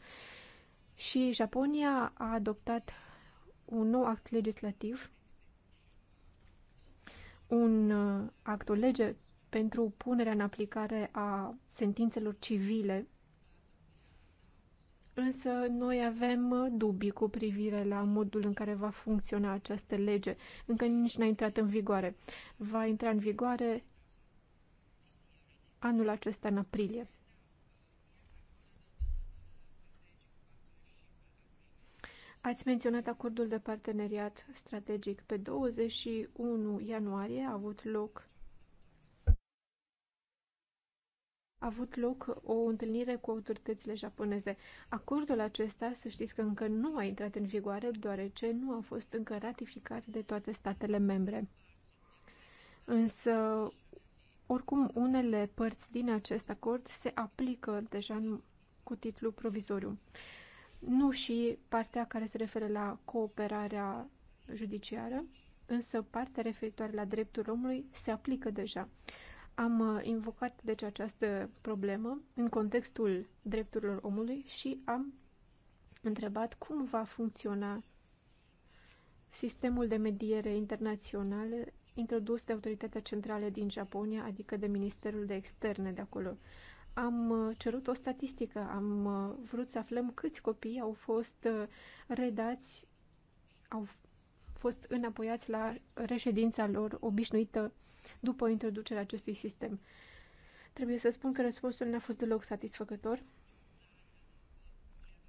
și Japonia a adoptat un nou act legislativ, un uh, act, o lege pentru punerea în aplicare a sentințelor civile Însă noi avem dubii cu privire la modul în care va funcționa această lege. Încă nici n-a intrat în vigoare. Va intra în vigoare anul acesta, în aprilie. Ați menționat acordul de parteneriat strategic. Pe 21 ianuarie a avut loc a avut loc o întâlnire cu autoritățile japoneze. Acordul acesta, să știți că încă nu a intrat în vigoare, deoarece nu a fost încă ratificat de toate statele membre. Însă, oricum, unele părți din acest acord se aplică deja cu titlu provizoriu. Nu și partea care se referă la cooperarea judiciară, însă partea referitoare la dreptul omului se aplică deja. Am uh, invocat deci această problemă în contextul drepturilor omului și am întrebat cum va funcționa sistemul de mediere internaționale introdus de autoritatea centrală din Japonia, adică de Ministerul de Externe de acolo. Am uh, cerut o statistică, am uh, vrut să aflăm câți copii au fost redați, au fost înapoiați la reședința lor obișnuită după introducerea acestui sistem. Trebuie să spun că răspunsul n-a fost deloc satisfăcător,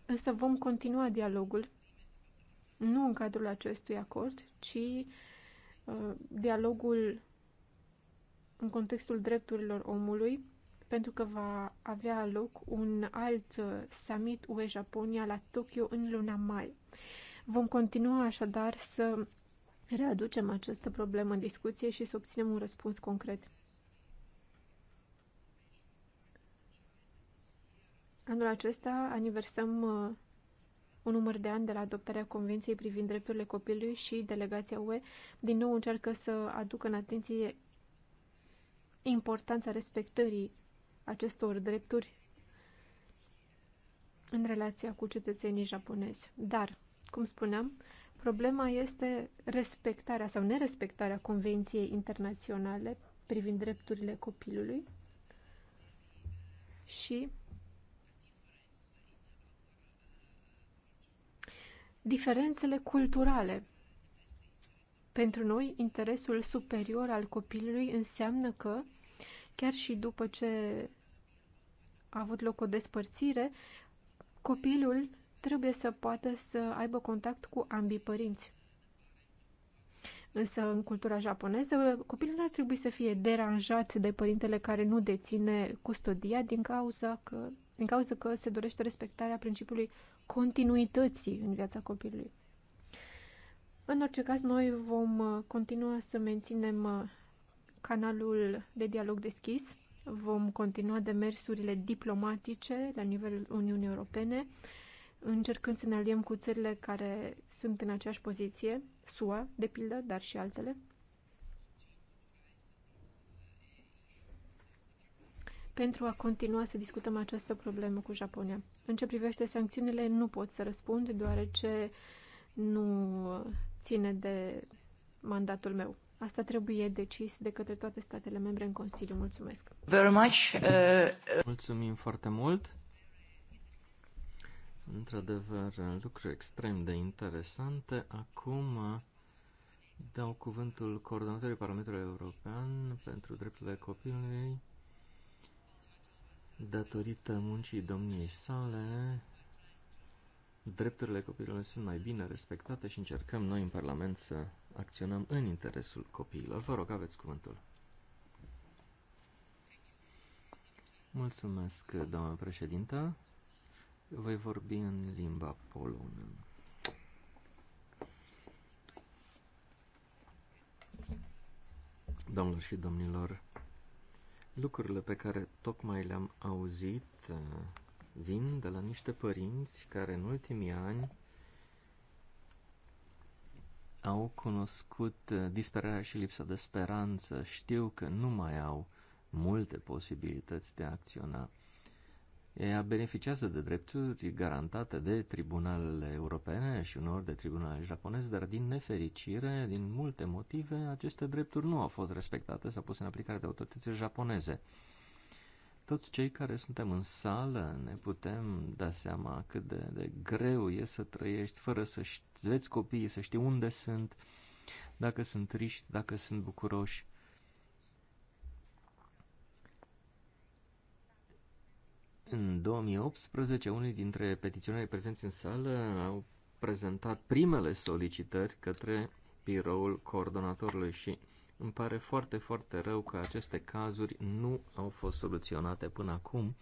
însă vom continua dialogul, nu în cadrul acestui acord, ci uh, dialogul în contextul drepturilor omului, pentru că va avea loc un alt uh, summit UE-Japonia la Tokyo în luna mai. Vom continua așadar să readucem această problemă în discuție și să obținem un răspuns concret. Anul acesta aniversăm uh, un număr de ani de la adoptarea Convenției privind drepturile copilului și delegația UE din nou încearcă să aducă în atenție importanța respectării acestor drepturi în relația cu cetățenii japonezi. Dar, cum spuneam, Problema este respectarea sau nerespectarea Convenției Internaționale privind drepturile copilului și diferențele culturale. Pentru noi, interesul superior al copilului înseamnă că, chiar și după ce a avut loc o despărțire, copilul trebuie să poată să aibă contact cu ambii părinți. Însă, în cultura japoneză, copilul nu ar trebui să fie deranjat de părintele care nu deține custodia din cauza că, din cauza că se dorește respectarea principiului continuității în viața copilului. În orice caz, noi vom uh, continua să menținem uh, canalul de dialog deschis, vom continua demersurile diplomatice la nivelul Uniunii Europene, încercând să ne aliem cu țările care sunt în aceeași poziție, SUA, de pildă, dar și altele. pentru a continua să discutăm această problemă cu Japonia. În ce privește sancțiunile, nu pot să răspund, deoarece nu ține de mandatul meu. Asta trebuie decis de către toate statele membre în Consiliu. Mulțumesc! Very much, uh... uh Mulțumim foarte mult! Într-adevăr, lucruri extrem de interesante. Acum uh, dau cuvântul coordonatorului Parlamentului European pentru drepturile copilului. Datorită muncii domniei sale, drepturile copiilor sunt mai bine respectate și încercăm noi în Parlament să acționăm în interesul copiilor. Vă rog, aveți cuvântul. Mulțumesc, doamnă președintă. Eu voi vorbi în limba polonă. Domnilor și domnilor, lucrurile pe care tocmai le-am auzit uh, vin de la niște părinți care în ultimii ani au cunoscut uh, disperarea și lipsa de speranță, știu că nu mai au multe posibilități de a acționa. Ea beneficiază de drepturi garantate de tribunalele europene și uneori de tribunalele japoneze, dar din nefericire, din multe motive, aceste drepturi nu au fost respectate sau puse în aplicare de autoritățile japoneze. Toți cei care suntem în sală ne putem da seama cât de, de greu e să trăiești fără să vezi copiii, să știi unde sunt, dacă sunt triști, dacă sunt bucuroși. În 2018, unii dintre petiționarii prezenți în sală au prezentat primele solicitări către biroul coordonatorului și îmi pare foarte, foarte rău că aceste cazuri nu au fost soluționate până acum,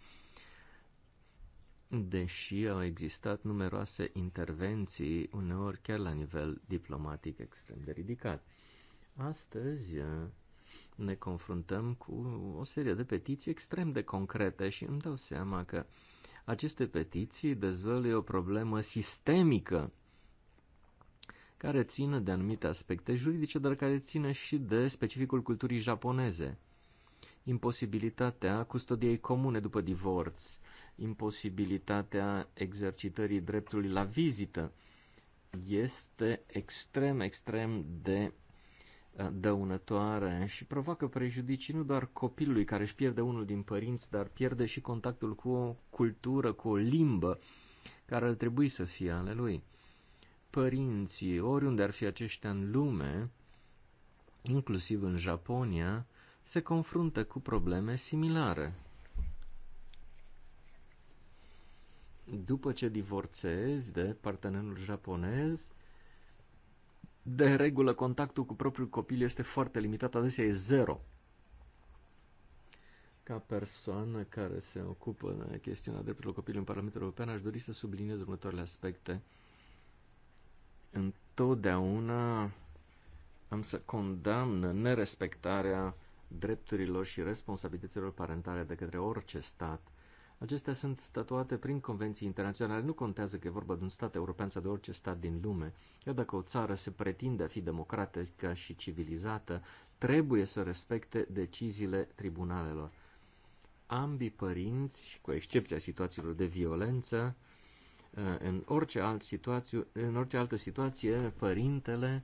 deși au existat numeroase intervenții, uneori chiar la nivel diplomatic extrem de ridicat. Astăzi ne confruntăm cu o serie de petiții extrem de concrete și îmi dau seama că aceste petiții dezvăluie o problemă sistemică care ține de anumite aspecte juridice, dar care ține și de specificul culturii japoneze. Imposibilitatea custodiei comune după divorț, imposibilitatea exercitării dreptului la vizită, este extrem, extrem de dăunătoare și provoacă prejudicii nu doar copilului care își pierde unul din părinți, dar pierde și contactul cu o cultură, cu o limbă care ar trebui să fie ale lui. Părinții, oriunde ar fi aceștia în lume, inclusiv în Japonia, se confruntă cu probleme similare. După ce divorțezi de partenerul japonez, de regulă, contactul cu propriul copil este foarte limitat, adesea e zero. Ca persoană care se ocupă de chestiunea drepturilor copilului în Parlamentul European, aș dori să subliniez următoarele aspecte. Întotdeauna am să condamn nerespectarea drepturilor și responsabilităților parentale de către orice stat Acestea sunt statuate prin convenții internaționale. Nu contează că e vorba de un stat european sau de orice stat din lume. Iar dacă o țară se pretinde a fi democratică și civilizată, trebuie să respecte deciziile tribunalelor. Ambii părinți, cu excepția situațiilor de violență, în orice, alt situație, în orice altă situație, părintele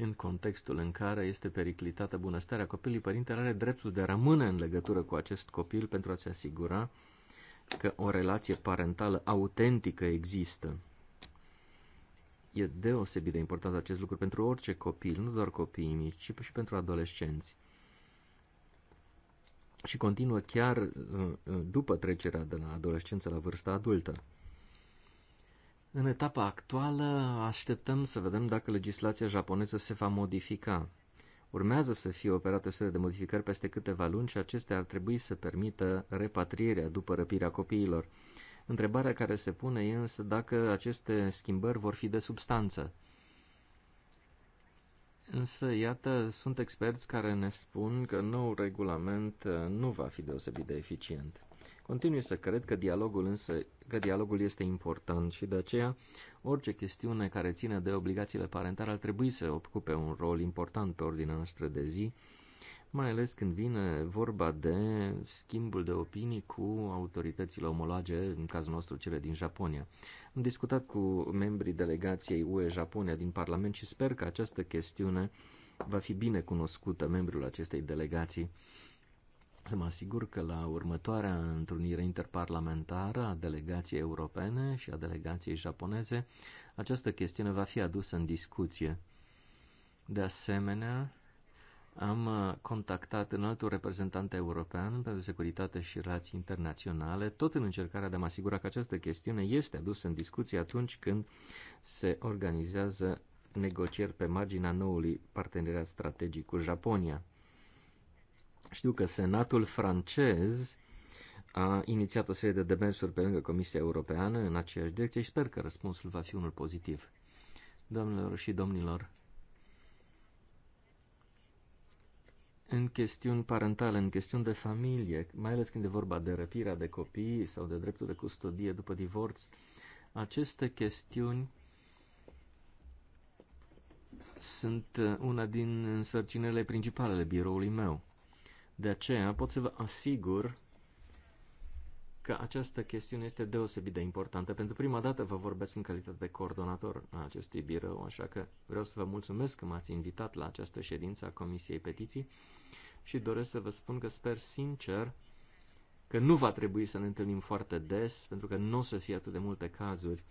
în contextul în care este periclitată bunăstarea copilului, părintele are dreptul de a rămâne în legătură cu acest copil pentru a se asigura că o relație parentală autentică există. E deosebit de important acest lucru pentru orice copil, nu doar copiii mici, ci și pentru adolescenți. Și continuă chiar uh, uh, după trecerea de la adolescență la vârsta adultă. În etapa actuală așteptăm să vedem dacă legislația japoneză se va modifica. Urmează să fie operată o serie de modificări peste câteva luni și acestea ar trebui să permită repatrierea după răpirea copiilor. Întrebarea care se pune e însă dacă aceste schimbări vor fi de substanță. Însă, iată, sunt experți care ne spun că nou regulament uh, nu va fi deosebit de eficient. Continui să cred că dialogul, însă, că dialogul este important și de aceea orice chestiune care ține de obligațiile parentale ar trebui să ocupe un rol important pe ordinea noastră de zi, mai ales când vine vorba de schimbul de opinii cu autoritățile omologe, în cazul nostru cele din Japonia. Am discutat cu membrii delegației UE-Japonia din Parlament și sper că această chestiune va fi bine cunoscută membrilor acestei delegații să mă asigur că la următoarea întrunire interparlamentară a delegației europene și a delegației japoneze, această chestiune va fi adusă în discuție. De asemenea, am uh, contactat în altul reprezentant european pentru securitate și relații internaționale, tot în încercarea de a mă asigura că această chestiune este adusă în discuție atunci când se organizează negocieri pe marginea noului parteneriat strategic cu Japonia. Știu că Senatul francez a inițiat o serie de demersuri pe lângă Comisia Europeană în aceeași direcție și sper că răspunsul va fi unul pozitiv. Doamnelor și domnilor, în chestiuni parentale, în chestiuni de familie, mai ales când e vorba de răpirea de copii sau de dreptul de custodie după divorț, aceste chestiuni sunt una din însărcinele principale ale biroului meu. De aceea pot să vă asigur că această chestiune este deosebit de importantă. Pentru prima dată vă vorbesc în calitate de coordonator a acestui birou, așa că vreau să vă mulțumesc că m-ați invitat la această ședință a Comisiei Petiții și doresc să vă spun că sper sincer că nu va trebui să ne întâlnim foarte des, pentru că nu o să fie atât de multe cazuri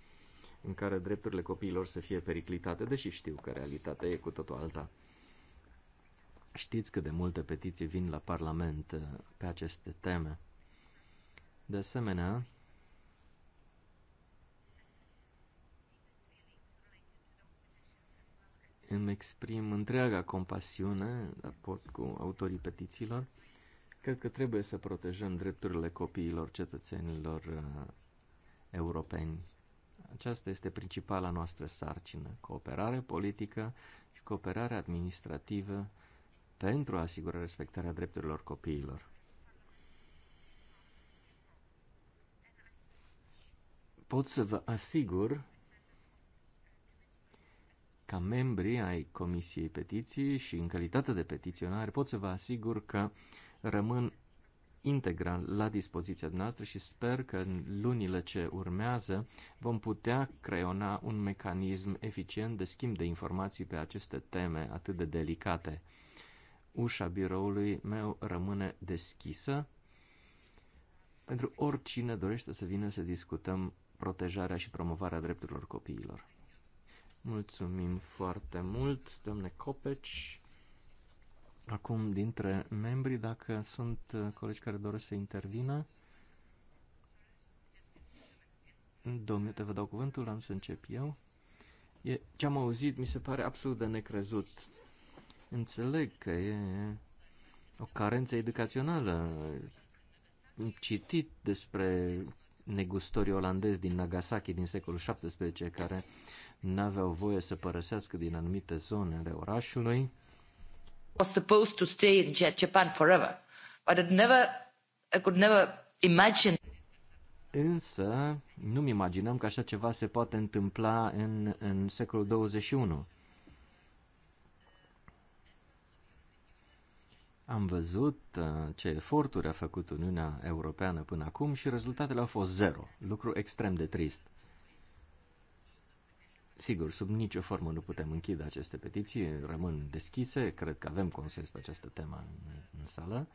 în care drepturile copiilor să fie periclitate, deși știu că realitatea e cu totul alta. Știți că de multe petiții vin la Parlament uh, pe aceste teme. De asemenea, îmi exprim întreaga compasiune pot cu autorii petițiilor. Cred că trebuie să protejăm drepturile copiilor, cetățenilor uh, europeni. Aceasta este principala noastră sarcină, cooperare politică și cooperare administrativă pentru a asigura respectarea drepturilor copiilor. Pot să vă asigur ca membri ai Comisiei Petiții și în calitate de petiționari pot să vă asigur că rămân integral la dispoziția noastră și sper că în lunile ce urmează vom putea creiona un mecanism eficient de schimb de informații pe aceste teme atât de delicate ușa biroului meu rămâne deschisă pentru oricine dorește să vină să discutăm protejarea și promovarea drepturilor copiilor. Mulțumim foarte mult, domne Copeci. Acum, dintre membri, dacă sunt uh, colegi care doresc să intervină, domnule, te vă dau cuvântul, am să încep eu. ce am auzit mi se pare absolut de necrezut. Înțeleg că e o carență educațională. Am citit despre negustorii olandezi din Nagasaki din secolul XVII care n-aveau voie să părăsească din anumite zone ale orașului. Was supposed to stay in Japan forever, but it never, I could never imagine. Însă, nu-mi imaginam că așa ceva se poate întâmpla în, în secolul 21. Am văzut uh, ce eforturi a făcut Uniunea Europeană până acum și rezultatele au fost zero. Lucru extrem de trist. Sigur, sub nicio formă nu putem închide aceste petiții, rămân deschise, cred că avem consens pe această temă în, în sală.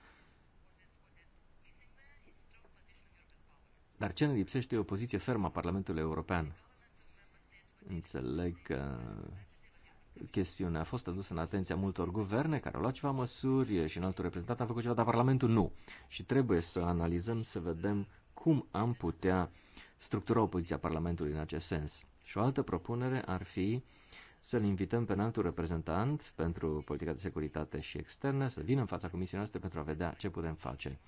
Dar ce ne lipsește e o poziție fermă a Parlamentului European. Înțeleg că chestiune a fost adusă în atenția multor guverne care au luat ceva măsuri și în altul reprezentant a făcut ceva, dar Parlamentul nu. Și trebuie să analizăm, să vedem cum am putea structura opoziția Parlamentului în acest sens. Și o altă propunere ar fi să-l invităm pe înaltul reprezentant pentru politica de securitate și externă să vină în fața comisiei noastre pentru a vedea ce putem face.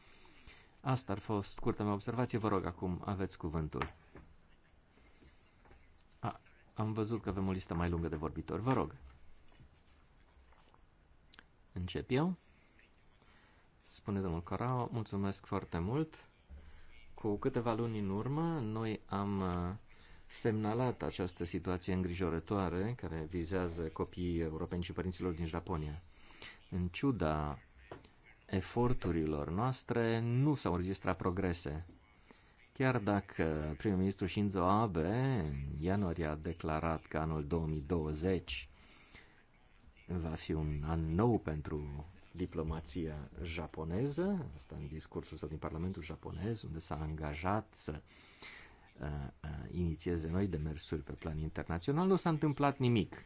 Asta ar fost scurtă mea observație. Vă rog, acum aveți cuvântul. Am văzut că avem o listă mai lungă de vorbitori. Vă rog. Încep eu. Spune domnul Carao, mulțumesc foarte mult. Cu câteva luni în urmă, noi am uh, semnalat această situație îngrijorătoare care vizează copiii europeni și părinților din Japonia. În ciuda eforturilor noastre, nu s-au înregistrat progrese. Chiar dacă primul ministru Shinzo Abe în ianuarie a declarat că anul 2020 va fi un an nou pentru diplomația japoneză, asta în discursul său din Parlamentul japonez, unde s-a angajat să uh, uh inițieze noi demersuri pe plan internațional, nu s-a întâmplat nimic.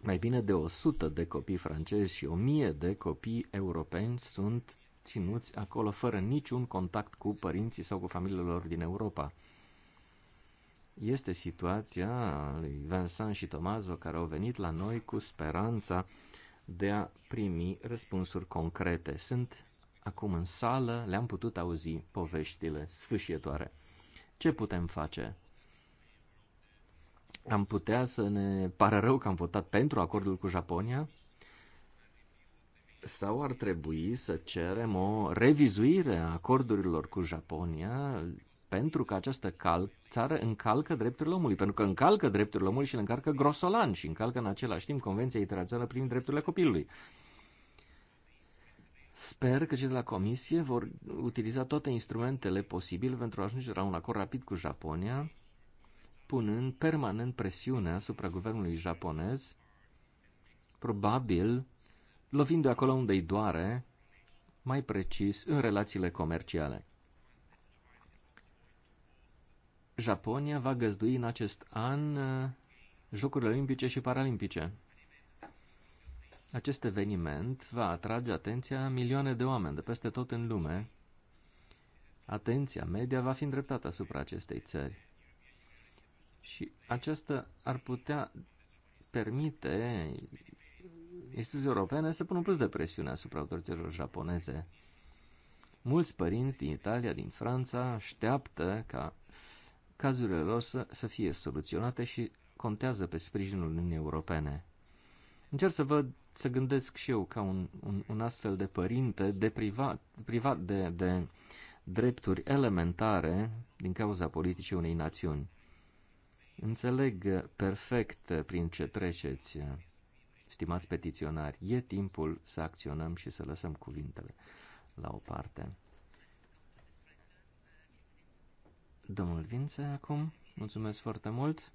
Mai bine de 100 de copii francezi și 1000 de copii europeni sunt ținuți acolo fără niciun contact cu părinții sau cu familiile lor din Europa. Este situația lui Vincent și Tomazo care au venit la noi cu speranța de a primi răspunsuri concrete. Sunt acum în sală, le-am putut auzi poveștile sfâșietoare. Ce putem face? Am putea să ne pară rău că am votat pentru acordul cu Japonia, sau ar trebui să cerem o revizuire a acordurilor cu Japonia pentru că această cal- țară încalcă drepturile omului, pentru că încalcă drepturile omului și le încalcă grosolan și încalcă în același timp Convenția Internațională privind drepturile copilului. Sper că cei de la Comisie vor utiliza toate instrumentele posibile pentru a ajunge la un acord rapid cu Japonia, punând permanent presiune asupra guvernului japonez, probabil lovindu acolo unde îi doare, mai precis în relațiile comerciale. Japonia va găzdui în acest an uh, Jocurile Olimpice și Paralimpice. Acest eveniment va atrage atenția milioane de oameni de peste tot în lume. Atenția media va fi îndreptată asupra acestei țări. Și aceasta ar putea permite instituții europene să pună plus de presiune asupra autorităților japoneze. Mulți părinți din Italia, din Franța, așteaptă ca cazurile lor să, să fie soluționate și contează pe sprijinul Uniunii Europene. Încerc să văd, să gândesc și eu ca un, un, un astfel de părinte de privat, privat de, de drepturi elementare din cauza politicii unei națiuni. Înțeleg perfect prin ce treceți, stimați petiționari, e timpul să acționăm și să lăsăm cuvintele la o parte. Domnul Vințe, acum, mulțumesc foarte mult.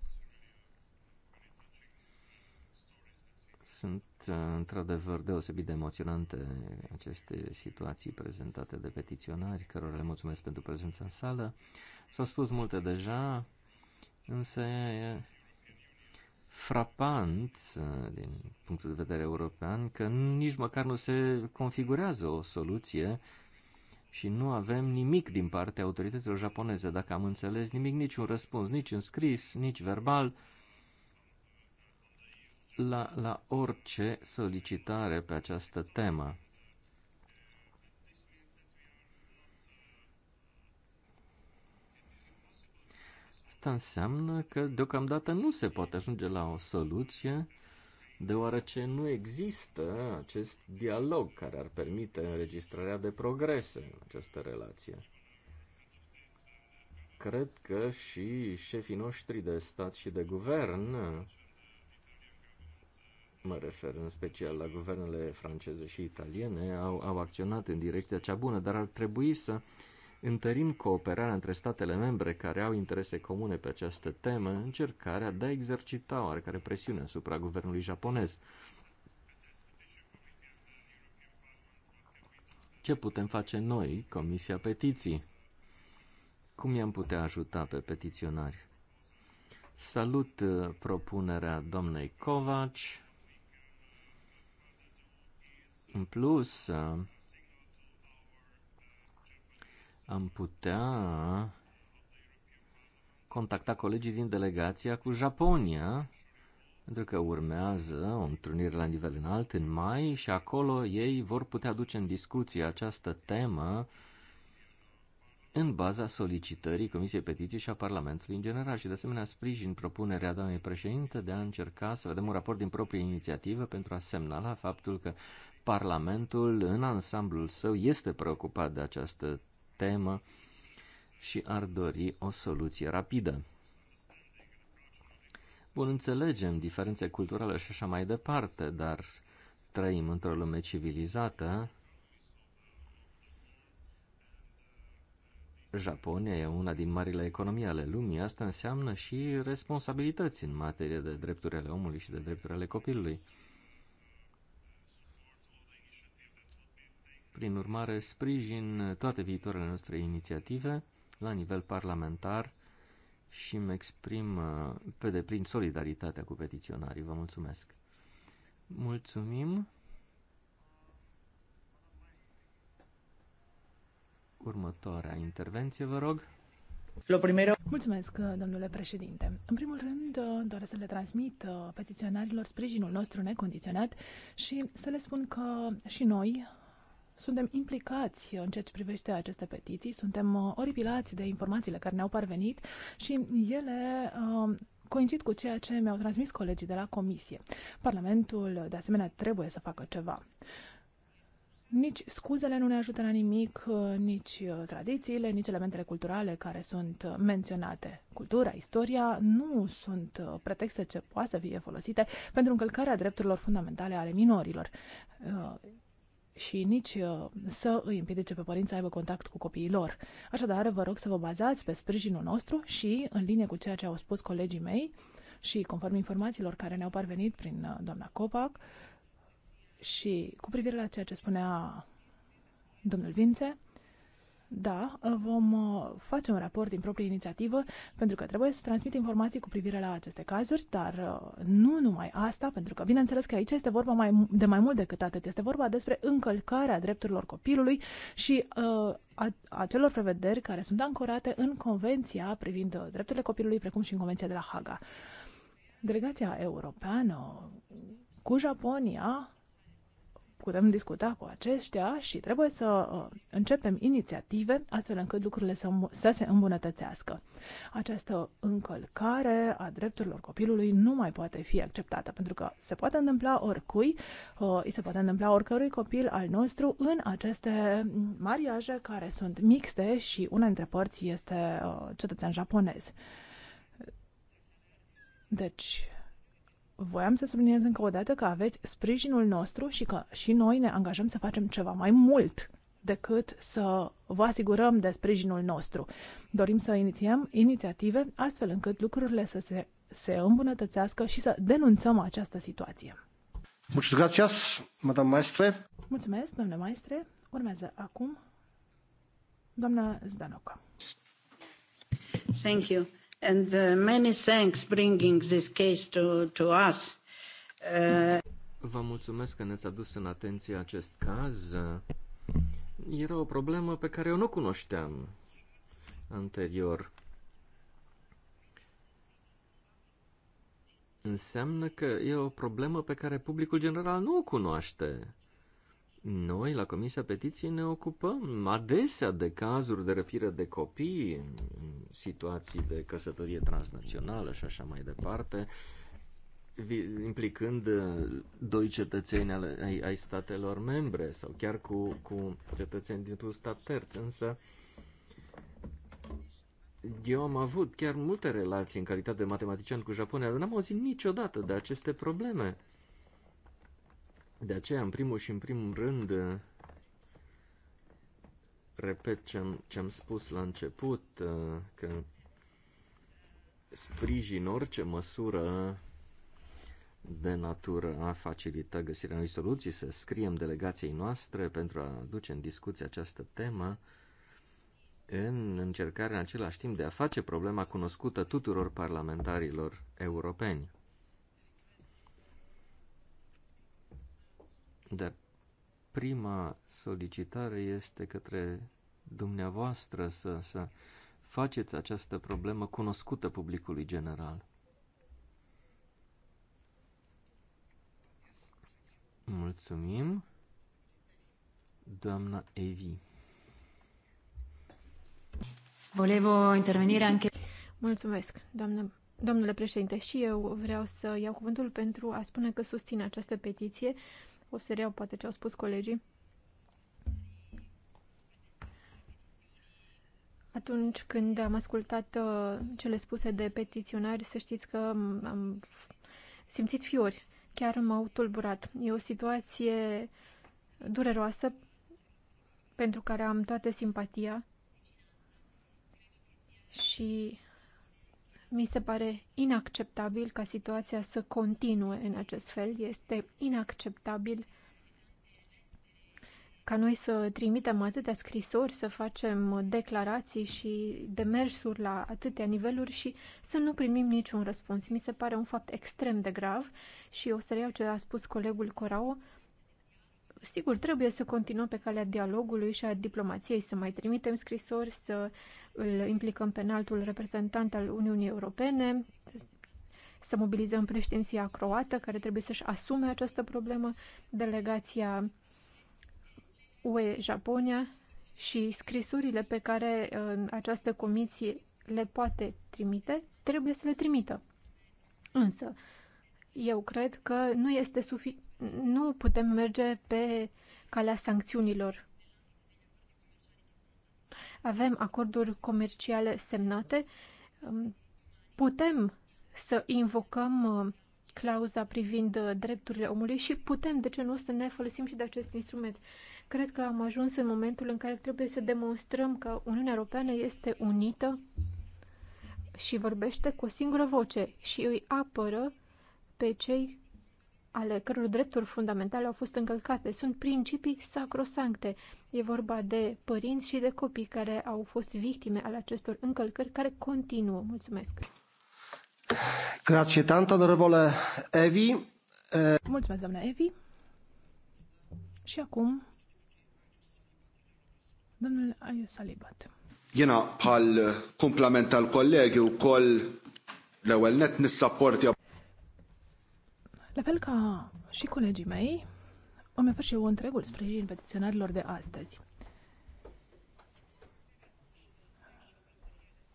Sunt uh, într-adevăr deosebit de emoționante aceste situații prezentate de petiționari, cărora le mulțumesc pentru prezența în sală. S-au spus multe deja, însă frapant, uh, din punctul de vedere european, că nici măcar nu se configurează o soluție și nu avem nimic din partea autorităților japoneze, dacă am înțeles nimic, nici un răspuns, nici în scris, nici verbal, la, la orice solicitare pe această temă. Asta înseamnă că deocamdată nu se poate ajunge la o soluție, deoarece nu există acest dialog care ar permite înregistrarea de progrese în această relație. Cred că și șefii noștri de stat și de guvern, mă refer în special la guvernele franceze și italiene, au, au acționat în direcția cea bună, dar ar trebui să uh, întărim cooperarea între statele membre care au interese comune pe această temă, încercarea de a exercita oarecare presiune asupra guvernului japonez. Ce putem face noi, Comisia Petiții? Cum i-am putea ajuta pe petiționari? Salut uh, propunerea domnei Covaci. În plus, uh, am putea contacta colegii din delegația cu Japonia, pentru că urmează o întrunire la nivel înalt în mai și acolo ei vor putea duce în discuție această temă în baza solicitării Comisiei Petiții și a Parlamentului în general și de asemenea sprijin propunerea doamnei președinte de a încerca să vedem un raport din proprie inițiativă pentru a semnala faptul că Parlamentul în ansamblul său este preocupat de această temă și ar dori o soluție rapidă. Bun, înțelegem diferențe culturale și așa mai departe, dar trăim într-o lume civilizată. Japonia e una din marile economii ale lumii, asta înseamnă și responsabilități în materie de drepturile omului și de drepturile copilului. Prin urmare, sprijin toate viitoarele noastre inițiative la nivel parlamentar și îmi exprim uh, pe deplin solidaritatea cu petiționarii. Vă mulțumesc! Mulțumim! Următoarea intervenție, vă rog. Lo primero. Mulțumesc, uh, domnule președinte. În primul rând, uh, doresc să le transmit petiționarilor sprijinul nostru necondiționat și să le spun că și noi suntem implicați în ceea ce privește aceste petiții, suntem uh, oripilați de informațiile care ne-au parvenit și ele uh, coincid cu ceea ce mi-au transmis colegii de la comisie. Parlamentul, de asemenea, trebuie să facă ceva. Nici scuzele nu ne ajută la nimic, uh, nici uh, tradițiile, nici elementele culturale care sunt menționate. Cultura, istoria nu sunt pretexte ce poate să fie folosite pentru încălcarea drepturilor fundamentale ale minorilor și nici uh, să îi împiedice pe părinți să aibă contact cu copiii lor. Așadar, vă rog să vă bazați pe sprijinul nostru și, în linie cu ceea ce au spus colegii mei și conform informațiilor care ne-au parvenit prin uh, doamna Copac și cu privire la ceea ce spunea domnul Vințe, da, vom uh, face un raport din proprie inițiativă pentru că trebuie să transmit informații cu privire la aceste cazuri, dar uh, nu numai asta, pentru că bineînțeles că aici este vorba mai, de mai mult decât atât. Este vorba despre încălcarea drepturilor copilului și uh, a, a celor prevederi care sunt ancorate în Convenția privind uh, drepturile copilului, precum și în Convenția de la Haga. Delegația europeană cu Japonia putem discuta cu aceștia și trebuie să uh, începem inițiative astfel încât lucrurile să, să se îmbunătățească. Această încălcare a drepturilor copilului nu mai poate fi acceptată, pentru că se poate întâmpla oricui, uh, îi se poate întâmpla oricărui copil al nostru în aceste mariaje care sunt mixte și una dintre părți este uh, cetățean japonez. Deci, voiam să subliniez încă o dată că aveți sprijinul nostru și că și noi ne angajăm să facem ceva mai mult decât să vă asigurăm de sprijinul nostru. Dorim să inițiem inițiative astfel încât lucrurile să se, se îmbunătățească și să denunțăm această situație. Mulțumesc, madame maestre. Mulțumesc, domnule maestre. Urmează acum doamna Zdanoca. Thank you and uh, many thanks bringing this case to, to us. Uh, Vă mulțumesc că ne-ați adus în atenție acest caz. Era o problemă pe care eu nu cunoșteam anterior. Înseamnă că e o problemă pe care publicul general nu o cunoaște. Noi, la Comisia Petiției, ne ocupăm adesea de cazuri de răpire de copii, în situații de căsătorie transnațională și așa mai departe, implicând uh, doi cetățeni ai, ai statelor membre sau chiar cu, cu cetățeni dintr-un stat terț. Însă, eu am avut chiar multe relații în calitate de matematician cu Japonia, dar n-am auzit niciodată de aceste probleme. De aceea, în primul și în primul rând, repet ce am, ce am spus la început, că sprijin orice măsură de natură a facilita găsirea unei soluții, să scriem delegației noastre pentru a duce în discuție această temă, în încercarea în același timp de a face problema cunoscută tuturor parlamentarilor europeni. Dar prima solicitare este către dumneavoastră să, să faceți această problemă cunoscută publicului general. Mulțumim. Doamna Evi. Volevo intervenire anche... Mulțumesc, doamnă, domnule președinte. Și eu vreau să iau cuvântul pentru a spune că susțin această petiție o să reau poate ce au spus colegii. Atunci când am ascultat uh, cele spuse de petiționari, să știți că am simțit fiori. Chiar m-au tulburat. E o situație dureroasă pentru care am toată simpatia și mi se pare inacceptabil ca situația să continue în acest fel. Este inacceptabil ca noi să trimitem atâtea scrisori, să facem declarații și demersuri la atâtea niveluri și să nu primim niciun răspuns. Mi se pare un fapt extrem de grav și o să reiau ce a spus colegul Corao. Sigur, trebuie să continuăm pe calea dialogului și a diplomației, să mai trimitem scrisori, să îl implicăm pe înaltul reprezentant al Uniunii Europene, să mobilizăm președinția croată, care trebuie să-și asume această problemă, delegația UE-Japonia și scrisurile pe care uh, această comisie le poate trimite, trebuie să le trimită. Însă, eu cred că nu este suficient nu putem merge pe calea sancțiunilor. Avem acorduri comerciale semnate, um, putem să invocăm uh, clauza privind uh, drepturile omului și putem, de ce nu, să ne folosim și de acest instrument. Cred că am ajuns în momentul în care trebuie să demonstrăm că Uniunea Europeană este unită și vorbește cu o singură voce și îi apără pe cei ale căror drepturi fundamentale au fost încălcate. Sunt principii sacrosancte. E vorba de părinți și de copii care au fost victime ale acestor încălcări care continuă. Mulțumesc! Grazie tanto, onorevole Evi. Eh, Mulțumesc, doamna Evi. Și acum, domnul Aiu Salibat. Jena bħal komplement tal-kollegi u ne l-ewel net nissapporti la fel ca și colegii mei, îmi ofer și eu întregul sprijin petiționarilor de astăzi.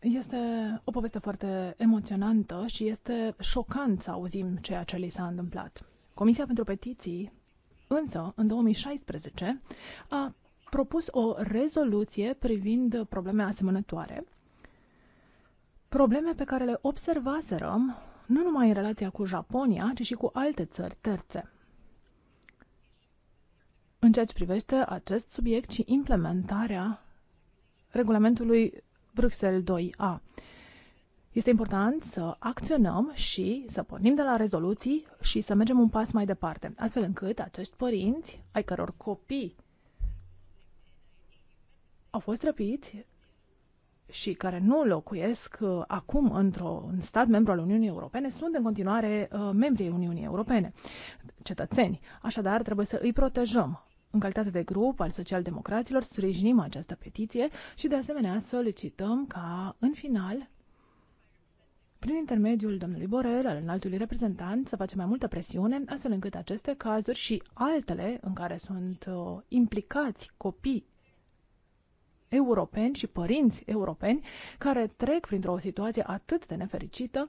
Este o poveste foarte emoționantă și este șocant să auzim ceea ce li s-a întâmplat. Comisia pentru Petiții, însă, în 2016, a propus o rezoluție privind probleme asemănătoare, probleme pe care le observaserăm nu numai în relația cu Japonia, ci și cu alte țări terțe. În ceea ce privește acest subiect și implementarea regulamentului Bruxelles 2A. Este important să acționăm și să pornim de la rezoluții și să mergem un pas mai departe, astfel încât acești părinți, ai căror copii au fost răpiți, și care nu locuiesc uh, acum într-un stat membru al Uniunii Europene sunt în continuare uh, membrii Uniunii Europene, cetățeni. Așadar, trebuie să îi protejăm. În calitate de grup al socialdemocraților, sprijinim această petiție și, de asemenea, solicităm ca, în final, prin intermediul domnului Borel, al înaltului reprezentant, să facem mai multă presiune, astfel încât aceste cazuri și altele în care sunt uh, implicați copii europeni și părinți europeni care trec printr-o situație atât de nefericită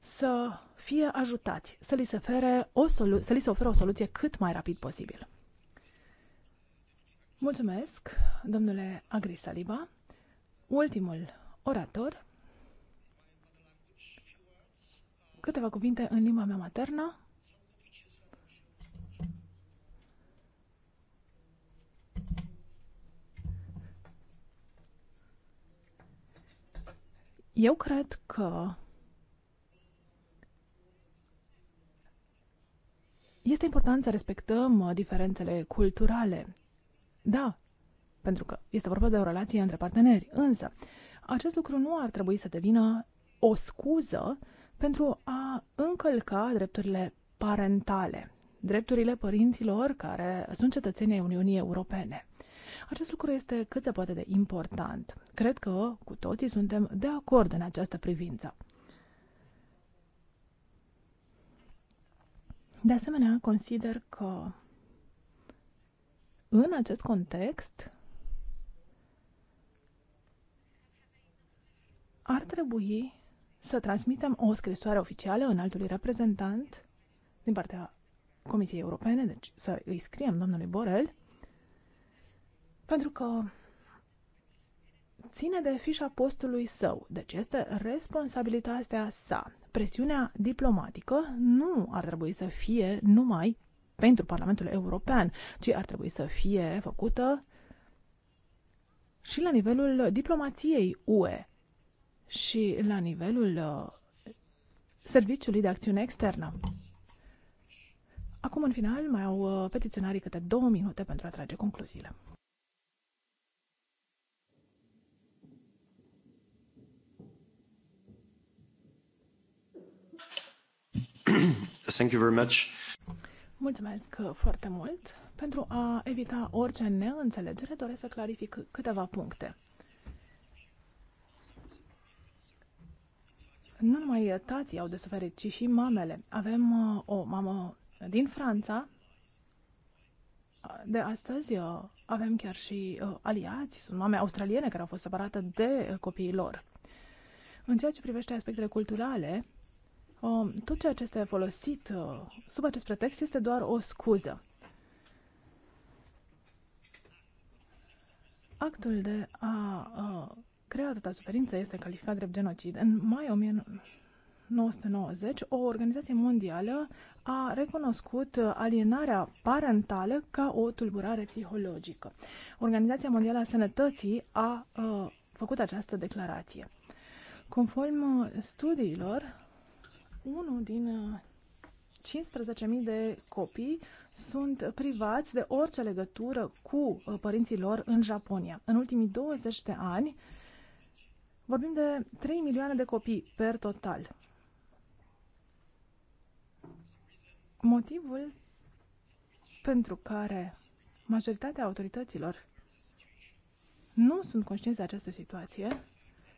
să fie ajutați, să li se, fere o solu- să li se ofere o soluție cât mai rapid posibil. Mulțumesc, domnule Agri Saliba. Ultimul orator. Câteva cuvinte în limba mea maternă. Eu cred că este important să respectăm uh, diferențele culturale. Da, pentru că este vorba de o relație între parteneri, însă acest lucru nu ar trebui să devină o scuză pentru a încălca drepturile parentale, drepturile părinților care sunt cetățenii Uniunii Europene. Acest lucru este cât se poate de important. Cred că cu toții suntem de acord în această privință. De asemenea, consider că în acest context ar trebui să transmitem o scrisoare oficială înaltului reprezentant din partea Comisiei Europene, deci să îi scriem domnului Borel pentru că ține de fișa postului său, deci este responsabilitatea sa. Presiunea diplomatică nu ar trebui să fie numai pentru Parlamentul European, ci ar trebui să fie făcută și la nivelul diplomației UE și la nivelul uh, Serviciului de Acțiune Externă. Acum, în final, mai au uh, petiționarii câte două minute pentru a trage concluziile. Thank you very much. Mulțumesc foarte mult. Pentru a evita orice neînțelegere, doresc să clarific câteva puncte. Nu numai tații au de suferit, ci și mamele. Avem uh, o mamă din Franța, de astăzi uh, avem chiar și uh, aliați, sunt mame australiene care au fost separate de copiii lor. În ceea ce privește aspectele culturale, Um, tot ceea ce este folosit uh, sub acest pretext este doar o scuză. Actul de a, uh, crea atâta suferință este calificat drept genocid. În mai 1990, o organizație mondială a recunoscut uh, alienarea parentală ca o tulburare psihologică. Organizația Mondială a Sănătății a, a făcut această declarație. Conform studiilor, unul din 15.000 uh, de copii sunt privați de orice legătură cu uh, părinții lor în Japonia. În ultimii 20 de ani vorbim de 3 milioane de copii per total. Motivul pentru care majoritatea autorităților nu sunt conștienți de această situație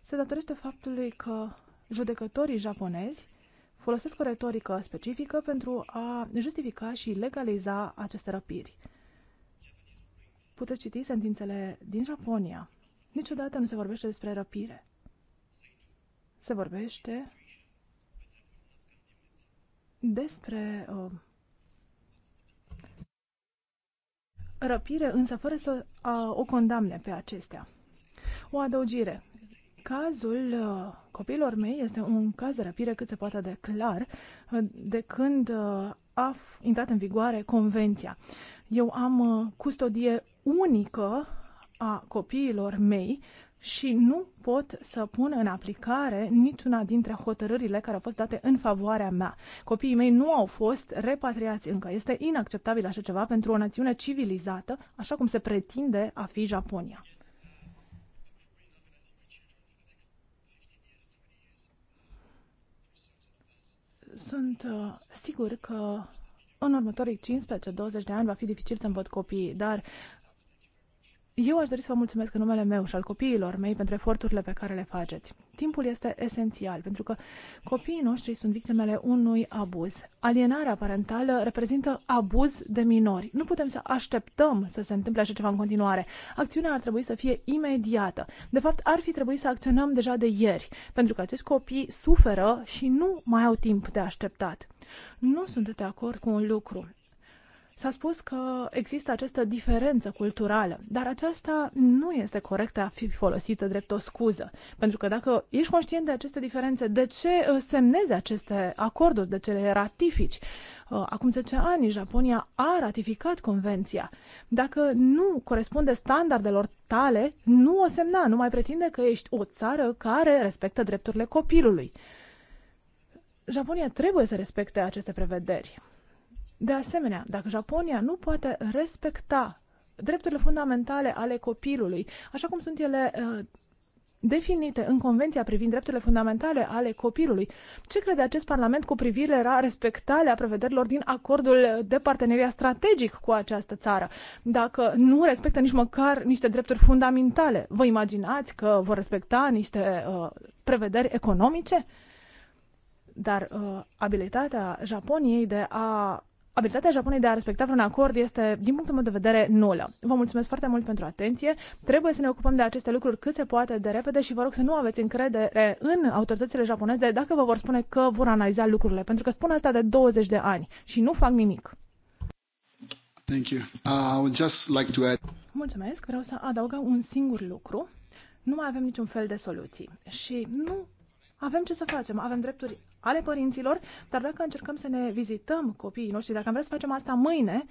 se datorește faptului că judecătorii japonezi folosesc o retorică specifică pentru a justifica și legaliza aceste răpiri. Puteți citi sentințele din Japonia. Niciodată nu se vorbește despre răpire. Se vorbește despre uh, răpire, însă fără să uh, o condamne pe acestea. O adăugire. Cazul uh, copiilor mei este un caz de răpire cât se poate de clar uh, de când uh, a intrat în vigoare convenția. Eu am custodie unică a copiilor mei și nu pot să pun în aplicare niciuna dintre hotărârile care au fost date în favoarea mea. Copiii mei nu au fost repatriați încă. Este inacceptabil așa ceva pentru o națiune civilizată, așa cum se pretinde a fi Japonia. Sunt uh, sigur că în următorii 15-20 de ani va fi dificil să-mi văd copiii, dar eu aș dori să vă mulțumesc în numele meu și al copiilor mei pentru eforturile pe care le faceți. Timpul este esențial, pentru că copiii noștri sunt victimele unui abuz. Alienarea parentală reprezintă abuz de minori. Nu putem să așteptăm să se întâmple așa ceva în continuare. Acțiunea ar trebui să fie imediată. De fapt, ar fi trebuit să acționăm deja de ieri, pentru că acești copii suferă și nu mai au timp de așteptat. Nu sunt de acord cu un lucru. S-a spus că există această diferență culturală, dar aceasta nu este corectă a fi folosită drept o scuză. Pentru că dacă ești conștient de aceste diferențe, de ce uh, semnezi aceste acorduri, de ce le ratifici? Uh, acum 10 ani Japonia a ratificat convenția. Dacă nu corespunde standardelor tale, nu o semna, nu mai pretinde că ești o țară care respectă drepturile copilului. Japonia trebuie să respecte aceste prevederi. De asemenea, dacă Japonia nu poate respecta drepturile fundamentale ale copilului, așa cum sunt ele uh, definite în Convenția privind drepturile fundamentale ale copilului. Ce crede acest Parlament cu privire la respectarea prevederilor din acordul de parteneria strategic cu această țară? Dacă nu respectă nici măcar niște drepturi fundamentale, vă imaginați că vor respecta niște uh, prevederi economice? Dar uh, abilitatea Japoniei de a abilitatea Japonei de a respecta vreun acord este, din punctul meu de vedere, nulă. Vă mulțumesc foarte mult pentru atenție. Trebuie să ne ocupăm de aceste lucruri cât se poate de repede și vă rog să nu aveți încredere în autoritățile japoneze dacă vă vor spune că vor analiza lucrurile, pentru că spun asta de 20 de ani și nu fac nimic. Thank you. Uh, I would just like to add... Mulțumesc. Vreau să adaug un singur lucru. Nu mai avem niciun fel de soluții și nu avem ce să facem. Avem drepturi ale părinților, dar dacă încercăm să ne vizităm copiii noștri, dacă am vrea să facem asta mâine,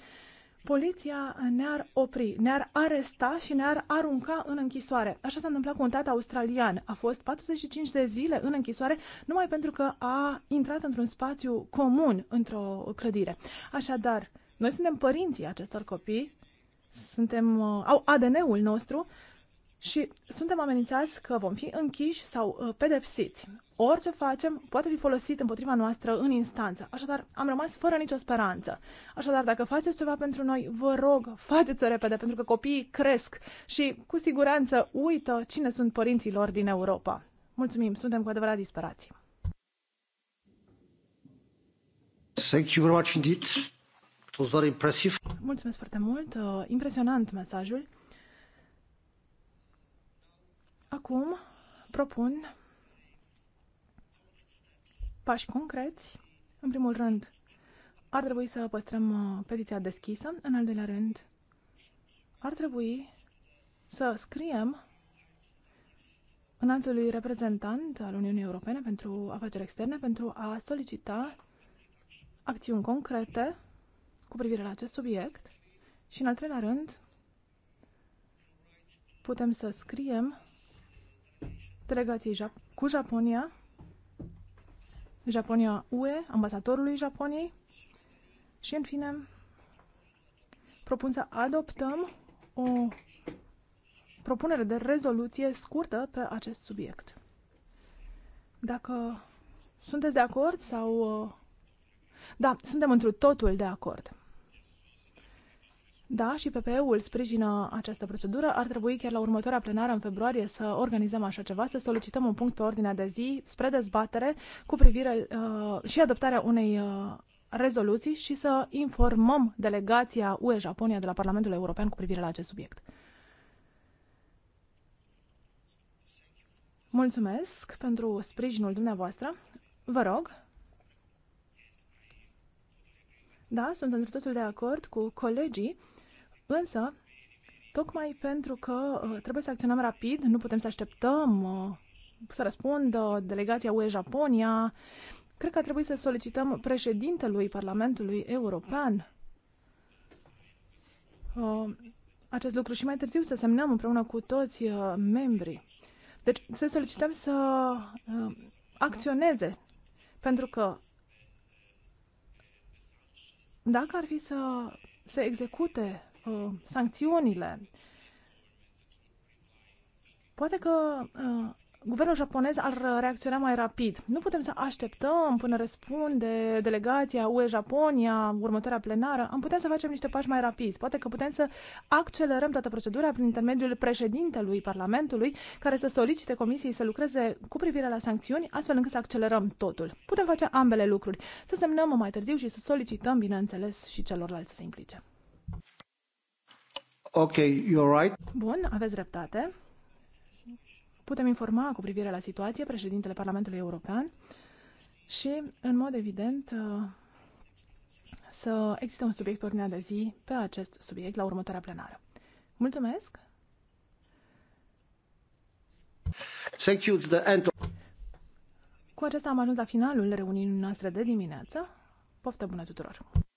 poliția ne-ar opri, ne-ar aresta și ne-ar arunca în închisoare. Așa s-a întâmplat cu un tată australian. A fost 45 de zile în închisoare numai pentru că a intrat într-un spațiu comun, într-o clădire. Așadar, noi suntem părinții acestor copii, suntem, uh, au ADN-ul nostru și suntem amenințați că vom fi închiși sau uh, pedepsiți. Orice facem poate fi folosit împotriva noastră în instanță. Așadar, am rămas fără nicio speranță. Așadar, dacă faceți ceva pentru noi, vă rog, faceți-o repede, pentru că copiii cresc și, cu siguranță, uită cine sunt părinții lor din Europa. Mulțumim, suntem cu adevărat disperați. Thank you very much indeed. It was very impressive. Mulțumesc foarte mult. Uh, impresionant mesajul. Acum propun pași concreți. În primul rând, ar trebui să păstrăm uh, petiția deschisă. În al doilea rând, ar trebui să scriem înaltului reprezentant al Uniunii Europene pentru afaceri externe pentru a solicita acțiuni concrete cu privire la acest subiect. Și în al treilea rând, putem să scriem delegației Jap- cu Japonia, Japonia UE, ambasadorului Japoniei și, în fine, propun să adoptăm o propunere de rezoluție scurtă pe acest subiect. Dacă sunteți de acord sau... Uh, da, suntem un totul de acord. Da, și PPE-ul sprijină această procedură. Ar trebui chiar la următoarea plenară în februarie să organizăm așa ceva, să solicităm un punct pe ordinea de zi spre dezbatere cu privire uh, și adoptarea unei uh, rezoluții și să informăm delegația UE-Japonia de la Parlamentul European cu privire la acest subiect. Mulțumesc pentru sprijinul dumneavoastră. Vă rog. Da, sunt într totul de acord cu colegii Însă, tocmai pentru că uh, trebuie să acționăm rapid, nu putem să așteptăm uh, să răspundă delegația UE Japonia, cred că ar trebui să solicităm președintelui Parlamentului European uh, acest lucru și mai târziu să semnăm împreună cu toți membrii. Deci să solicităm să acționeze, pentru că dacă ar fi să se execute uh, sancțiunile. Poate că uh, guvernul japonez ar reacționa mai rapid. Nu putem să așteptăm până răspunde delegația UE-Japonia, următoarea plenară. Am putea să facem niște pași mai rapizi. Poate că putem să accelerăm toată procedura prin intermediul președintelui Parlamentului, care să solicite comisiei să lucreze cu privire la sancțiuni, astfel încât să accelerăm totul. Putem face ambele lucruri. Să semnăm mai târziu și să solicităm, bineînțeles, și celorlalți să se implice. Ok, you're right. Bun, aveți dreptate. Putem informa cu privire la situație președintele Parlamentului European și, în mod evident, uh, să existe un subiect pe ordinea de zi pe acest subiect la următoarea plenară. Mulțumesc! Thank you, the end. Cu acesta am ajuns la finalul reuniunii noastre de dimineață. Poftă bună tuturor!